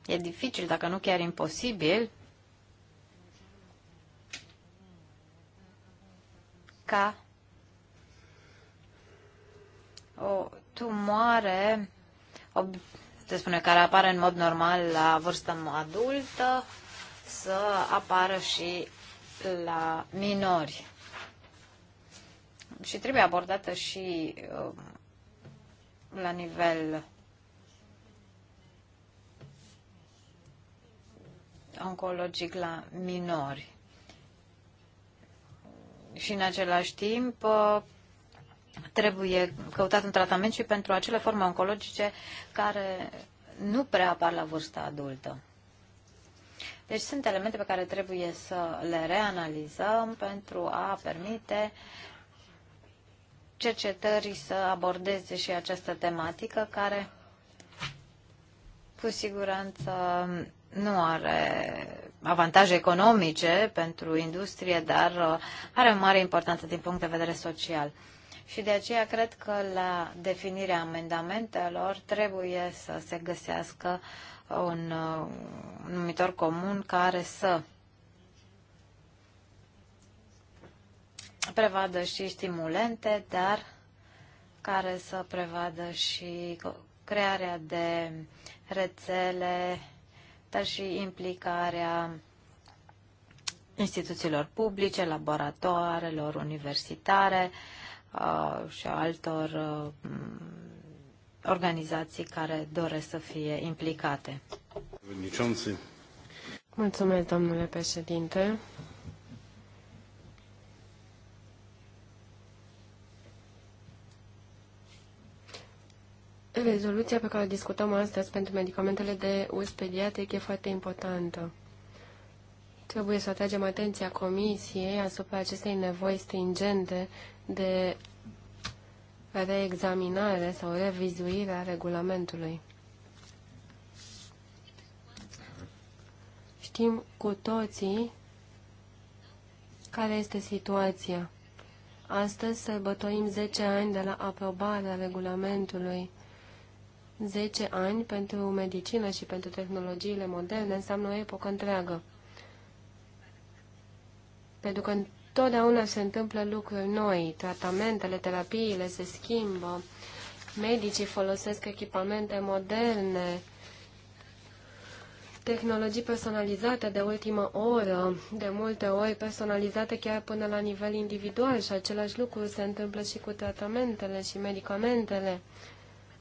e dificil, dacă nu chiar imposibil, ca o tumoare, o, se spune, care apare în mod normal la vârstă adultă, să apară și la minori. Și trebuie abordată și uh, la nivel oncologic la minori. Și în același timp uh, trebuie căutat un tratament și pentru acele forme oncologice care nu prea apar la vârsta adultă. Deci sunt elemente pe care trebuie să le reanalizăm pentru a permite cercetării să abordeze și această tematică care cu siguranță nu are avantaje economice pentru industrie, dar uh, are o mare importanță din punct de vedere social. Și de aceea cred că la definirea amendamentelor trebuie să se găsească un uh, numitor comun care să prevadă și stimulente, dar care să prevadă și crearea de rețele dar și implicarea instituțiilor publice, laboratoarelor universitare uh, și altor uh, organizații care doresc să fie implicate. Mulțumesc, domnule președinte. Rezoluția pe care o discutăm astăzi pentru medicamentele de uz pediatric e foarte importantă. Trebuie să atragem atenția Comisiei asupra acestei nevoi stringente de reexaminare sau revizuire a regulamentului. Știm cu toții care este situația. Astăzi sărbătorim 10 ani de la aprobarea regulamentului 10 ani pentru medicină și pentru tehnologiile moderne înseamnă o epocă întreagă. Pentru că întotdeauna se întâmplă lucruri noi, tratamentele, terapiile se schimbă, medicii folosesc echipamente moderne, tehnologii personalizate de ultimă oră, de multe ori personalizate chiar până la nivel individual și același lucru se întâmplă și cu tratamentele și medicamentele.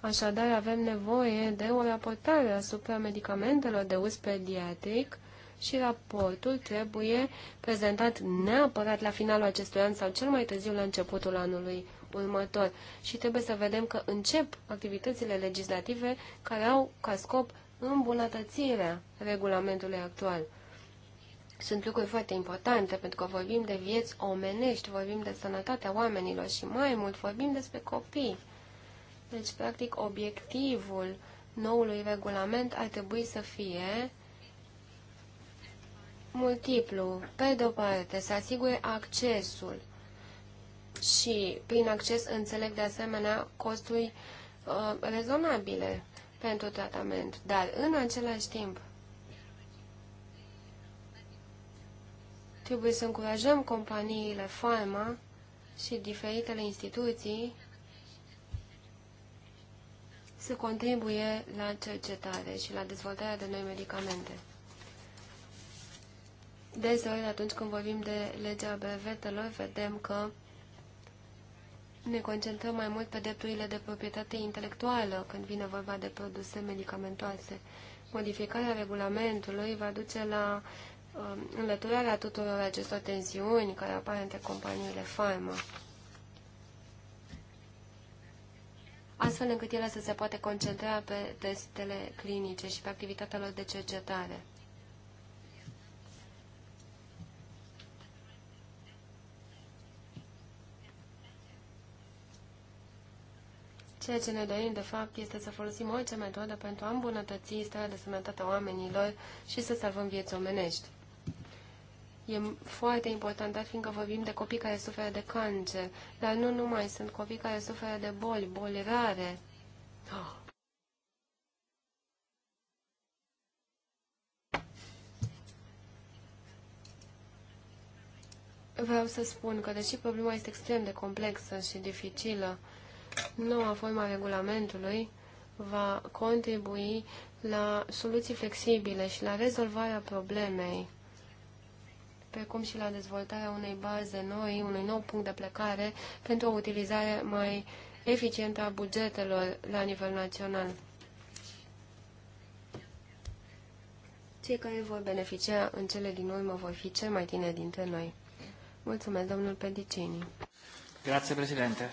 Așadar, avem nevoie de o raportare asupra medicamentelor de uz pediatric și raportul trebuie prezentat neapărat la finalul acestui an sau cel mai târziu la începutul anului următor. Și trebuie să vedem că încep activitățile legislative care au ca scop îmbunătățirea regulamentului actual. Sunt lucruri foarte importante pentru că vorbim de vieți omenești, vorbim de sănătatea oamenilor și mai mult vorbim despre copii. Deci, practic, obiectivul noului regulament ar trebui să fie multiplu. Pe de-o parte, să asigure accesul și, prin acces, înțeleg de asemenea costuri uh, rezonabile pentru tratament, dar, în același timp, trebuie să încurajăm companiile farma și diferitele instituții să contribuie la cercetare și la dezvoltarea de noi medicamente. Deseori, atunci când vorbim de legea brevetelor, vedem că ne concentrăm mai mult pe drepturile de proprietate intelectuală când vine vorba de produse medicamentoase. Modificarea regulamentului va duce la um, înlăturarea tuturor acestor tensiuni care apar între companiile farma. astfel încât ele să se poate concentra pe testele clinice și pe activitatea lor de cercetare. Ceea ce ne dorim, de fapt, este să folosim orice metodă pentru a îmbunătăți starea de sănătate a oamenilor și să salvăm vieți omenești. E foarte important, dar fiindcă vorbim de copii care suferă de cancer, dar nu numai, sunt copii care suferă de boli, boli rare. Oh. Vreau să spun că, deși problema este extrem de complexă și dificilă, noua forma regulamentului va contribui la soluții flexibile și la rezolvarea problemei precum și la dezvoltarea unei baze noi, unui nou punct de plecare pentru o utilizare mai eficientă a bugetelor la nivel național. Cei care vor beneficia în cele din urmă vor fi cei mai tineri dintre noi. Mulțumesc, domnul Pedicini. Grazie, președinte.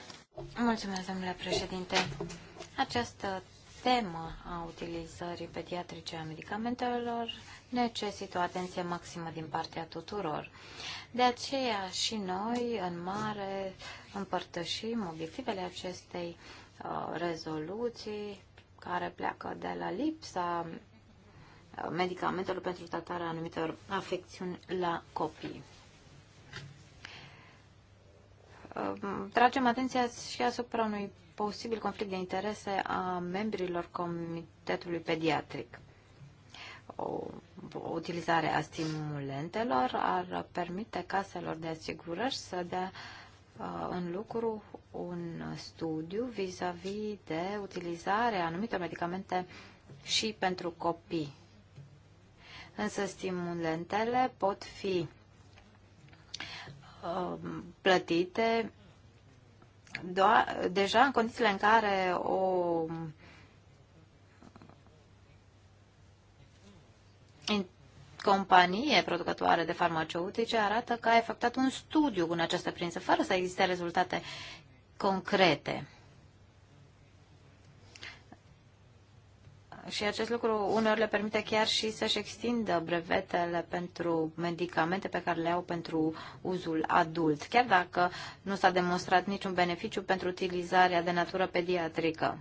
Mulțumesc, domnule președinte. Această temă a utilizării pediatrice a medicamentelor necesită o atenție maximă din partea tuturor. De aceea și noi, în mare, împărtășim obiectivele acestei uh, rezoluții care pleacă de la lipsa uh, medicamentelor pentru tratarea anumitor afecțiuni la copii. Uh, tragem atenția și asupra unui posibil conflict de interese a membrilor Comitetului Pediatric o, utilizare a stimulentelor ar permite caselor de asigurări să dea uh, în lucru un studiu vis-a-vis -vis de utilizarea anumitor medicamente și pentru copii. Însă stimulentele pot fi uh, plătite doar, deja în condițiile în care o companie producătoare de farmaceutice arată că a efectuat un studiu în această prință, fără să existe rezultate concrete. Și acest lucru uneori le permite chiar și să-și extindă brevetele pentru medicamente pe care le au pentru uzul adult, chiar dacă nu s-a demonstrat niciun beneficiu pentru utilizarea de natură pediatrică.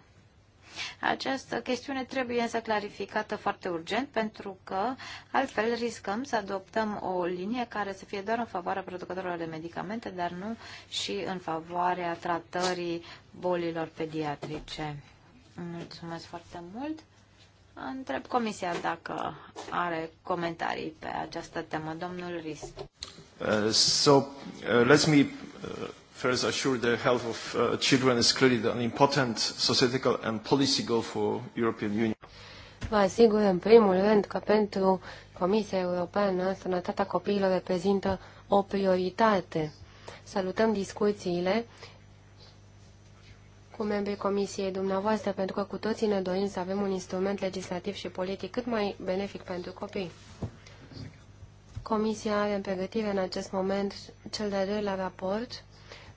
Această chestiune trebuie însă clarificată foarte urgent pentru că altfel riscăm să adoptăm o linie care să fie doar în favoarea producătorilor de medicamente, dar nu și în favoarea tratării bolilor pediatrice. Mulțumesc foarte mult. Întreb comisia dacă are comentarii pe această temă. Domnul Ris. Uh, so, uh, let me uh, first assure the health of uh, children is clearly an important societal and policy goal for European Union. Vă asigur în primul rând că pentru Comisia Europeană sănătatea copiilor reprezintă o prioritate. Salutăm discuțiile cu membrii Comisiei dumneavoastră, pentru că cu toții ne dorim să avem un instrument legislativ și politic cât mai benefic pentru copii. Comisia are în pregătire în acest moment cel de-al doilea raport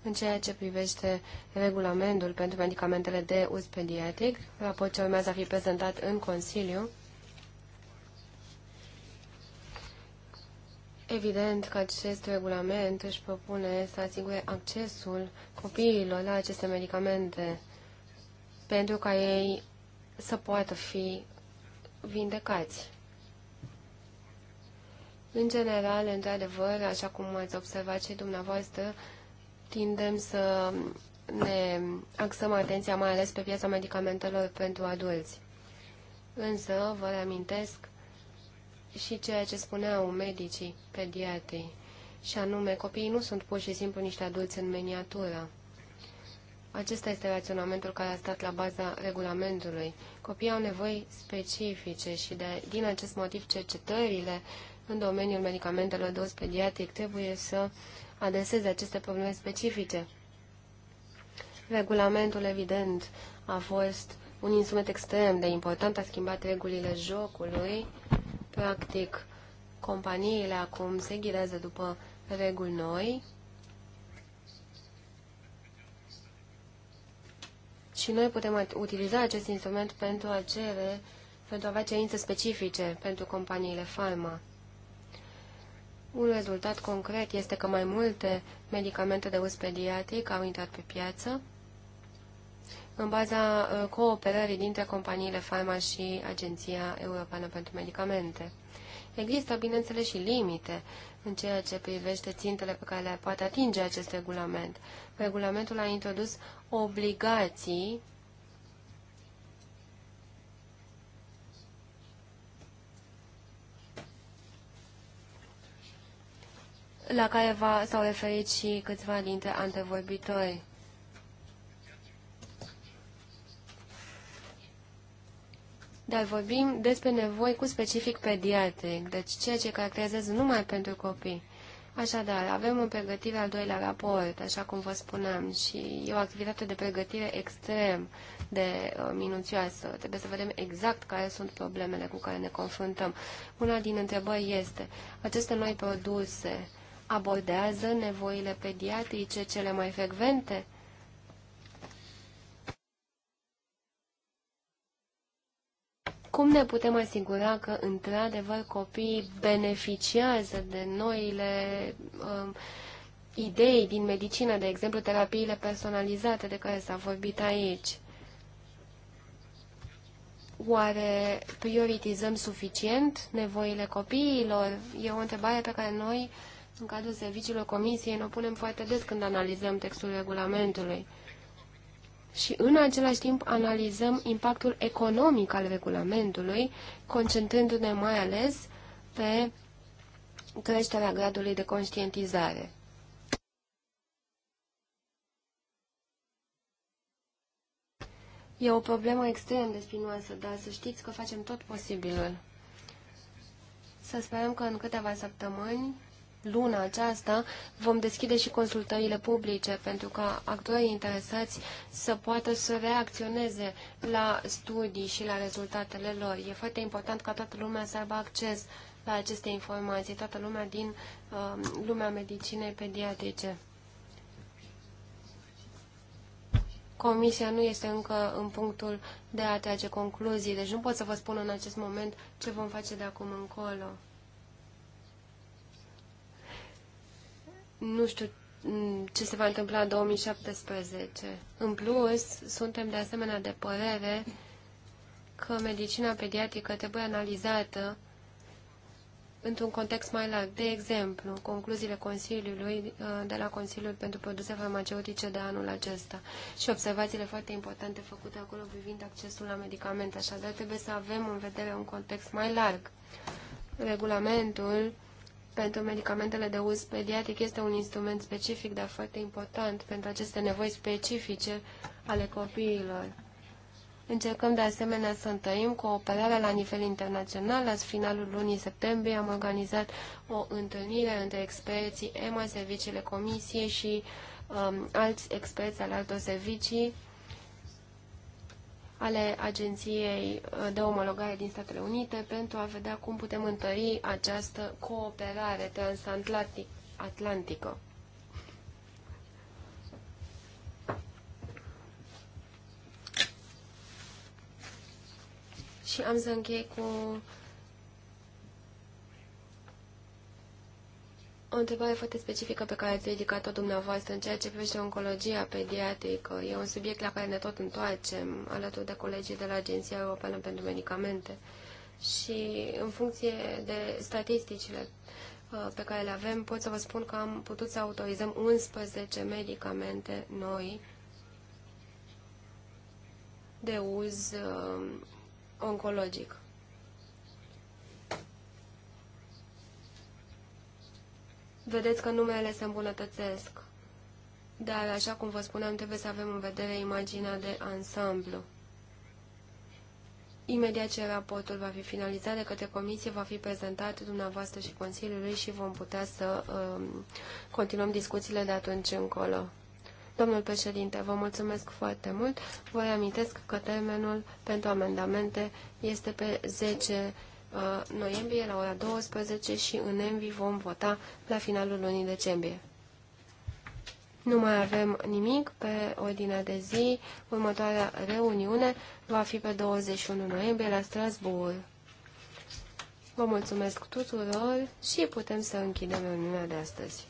în ceea ce privește regulamentul pentru medicamentele de uz pediatric, raport ce urmează a fi prezentat în Consiliu. Evident că acest regulament își propune să asigure accesul copiilor la aceste medicamente pentru ca ei să poată fi vindecați. În general, într-adevăr, așa cum ați observat și dumneavoastră, tindem să ne axăm atenția mai ales pe piața medicamentelor pentru adulți. Însă, vă reamintesc și ceea ce spuneau medicii pediatrii, și anume, copiii nu sunt pur și simplu niște adulți în miniatură. Acesta este raționamentul care a stat la baza regulamentului. Copiii au nevoi specifice și de, din acest motiv cercetările în domeniul medicamentelor dos pediatric trebuie să adeseze aceste probleme specifice. Regulamentul, evident, a fost un instrument extrem de important, a schimbat regulile jocului. Practic, companiile acum se ghidează după reguli noi și noi putem utiliza acest instrument pentru a cere, pentru a avea cerințe specifice pentru companiile farma. Un rezultat concret este că mai multe medicamente de uz pediatric au intrat pe piață în baza uh, cooperării dintre companiile Pharma și Agenția Europeană pentru Medicamente. Există, bineînțeles, și limite în ceea ce privește țintele pe care le poate atinge acest regulament. Regulamentul a introdus obligații la care s-au referit și câțiva dintre antevorbitori. Dar vorbim despre nevoi cu specific pediatric, deci ceea ce caracterizează numai pentru copii. Așadar, avem în pregătire al doilea raport, așa cum vă spuneam, și e o activitate de pregătire extrem de uh, minuțioasă. Trebuie să vedem exact care sunt problemele cu care ne confruntăm. Una din întrebări este, aceste noi produse, uh, abordează nevoile pediatrice cele mai frecvente? Cum ne putem asigura că, într-adevăr, copiii beneficiază de noile uh, idei din medicină, de exemplu, terapiile personalizate de care s-a vorbit aici? Oare prioritizăm suficient nevoile copiilor? E o întrebare pe care noi uh, în cadrul serviciilor comisiei, ne punem foarte des când analizăm textul regulamentului. Și în același timp analizăm impactul economic al regulamentului, concentrându-ne mai ales pe creșterea gradului de conștientizare. E o problemă extrem de spinoasă, dar să știți că facem tot posibilul. Să sperăm că în câteva săptămâni luna aceasta vom deschide și consultările publice pentru ca actorii interesați să poată să reacționeze la studii și la rezultatele lor. E foarte important ca toată lumea să aibă acces la aceste informații, toată lumea din uh, lumea medicinei pediatrice. Comisia nu este încă în punctul de a trage concluzii, deci nu pot să vă spun în acest moment ce vom face de acum încolo. Nu știu ce se va întâmpla în 2017. În plus, suntem de asemenea de părere că medicina pediatrică trebuie analizată într-un context mai larg. De exemplu, concluziile Consiliului uh, de la Consiliul pentru Produse Farmaceutice de anul acesta și observațiile foarte importante făcute acolo privind accesul la medicamente. Așadar, trebuie să avem în vedere un context mai larg. Regulamentul pentru medicamentele de uz pediatric este un instrument specific, dar foarte important pentru aceste nevoi specifice ale copiilor. Încercăm de asemenea să întăim cooperarea la nivel internațional. La finalul lunii septembrie am organizat o întâlnire între experții EMA, serviciile Comisiei și um, alți experți al altor servicii ale Agenției uh, de Omologare din Statele Unite pentru a vedea cum putem întări această cooperare transatlantică. Și am să închei cu o întrebare foarte specifică pe care ați ridicat-o dumneavoastră în ceea ce privește oncologia pediatrică. E un subiect la care ne tot întoarcem alături de colegii de la Agenția Europeană pentru Medicamente. Și în funcție de statisticile uh, pe care le avem, pot să vă spun că am putut să autorizăm 11 medicamente noi de uz uh, oncologic. vedeți că numele se îmbunătățesc. Dar, așa cum vă spuneam, trebuie să avem în vedere imaginea de ansamblu. Imediat ce raportul va fi finalizat de către comisie, va fi prezentat dumneavoastră și Consiliului și vom putea să um, continuăm discuțiile de atunci încolo. Domnul președinte, vă mulțumesc foarte mult. Vă amintesc că termenul pentru amendamente este pe 10 Uh, noiembrie la ora 12 și în Envi vom vota la finalul lunii decembrie. Nu mai avem nimic pe ordinea de zi. Următoarea reuniune va fi pe 21 noiembrie la Strasbourg. Vă mulțumesc tuturor și putem să închidem reuniunea de astăzi.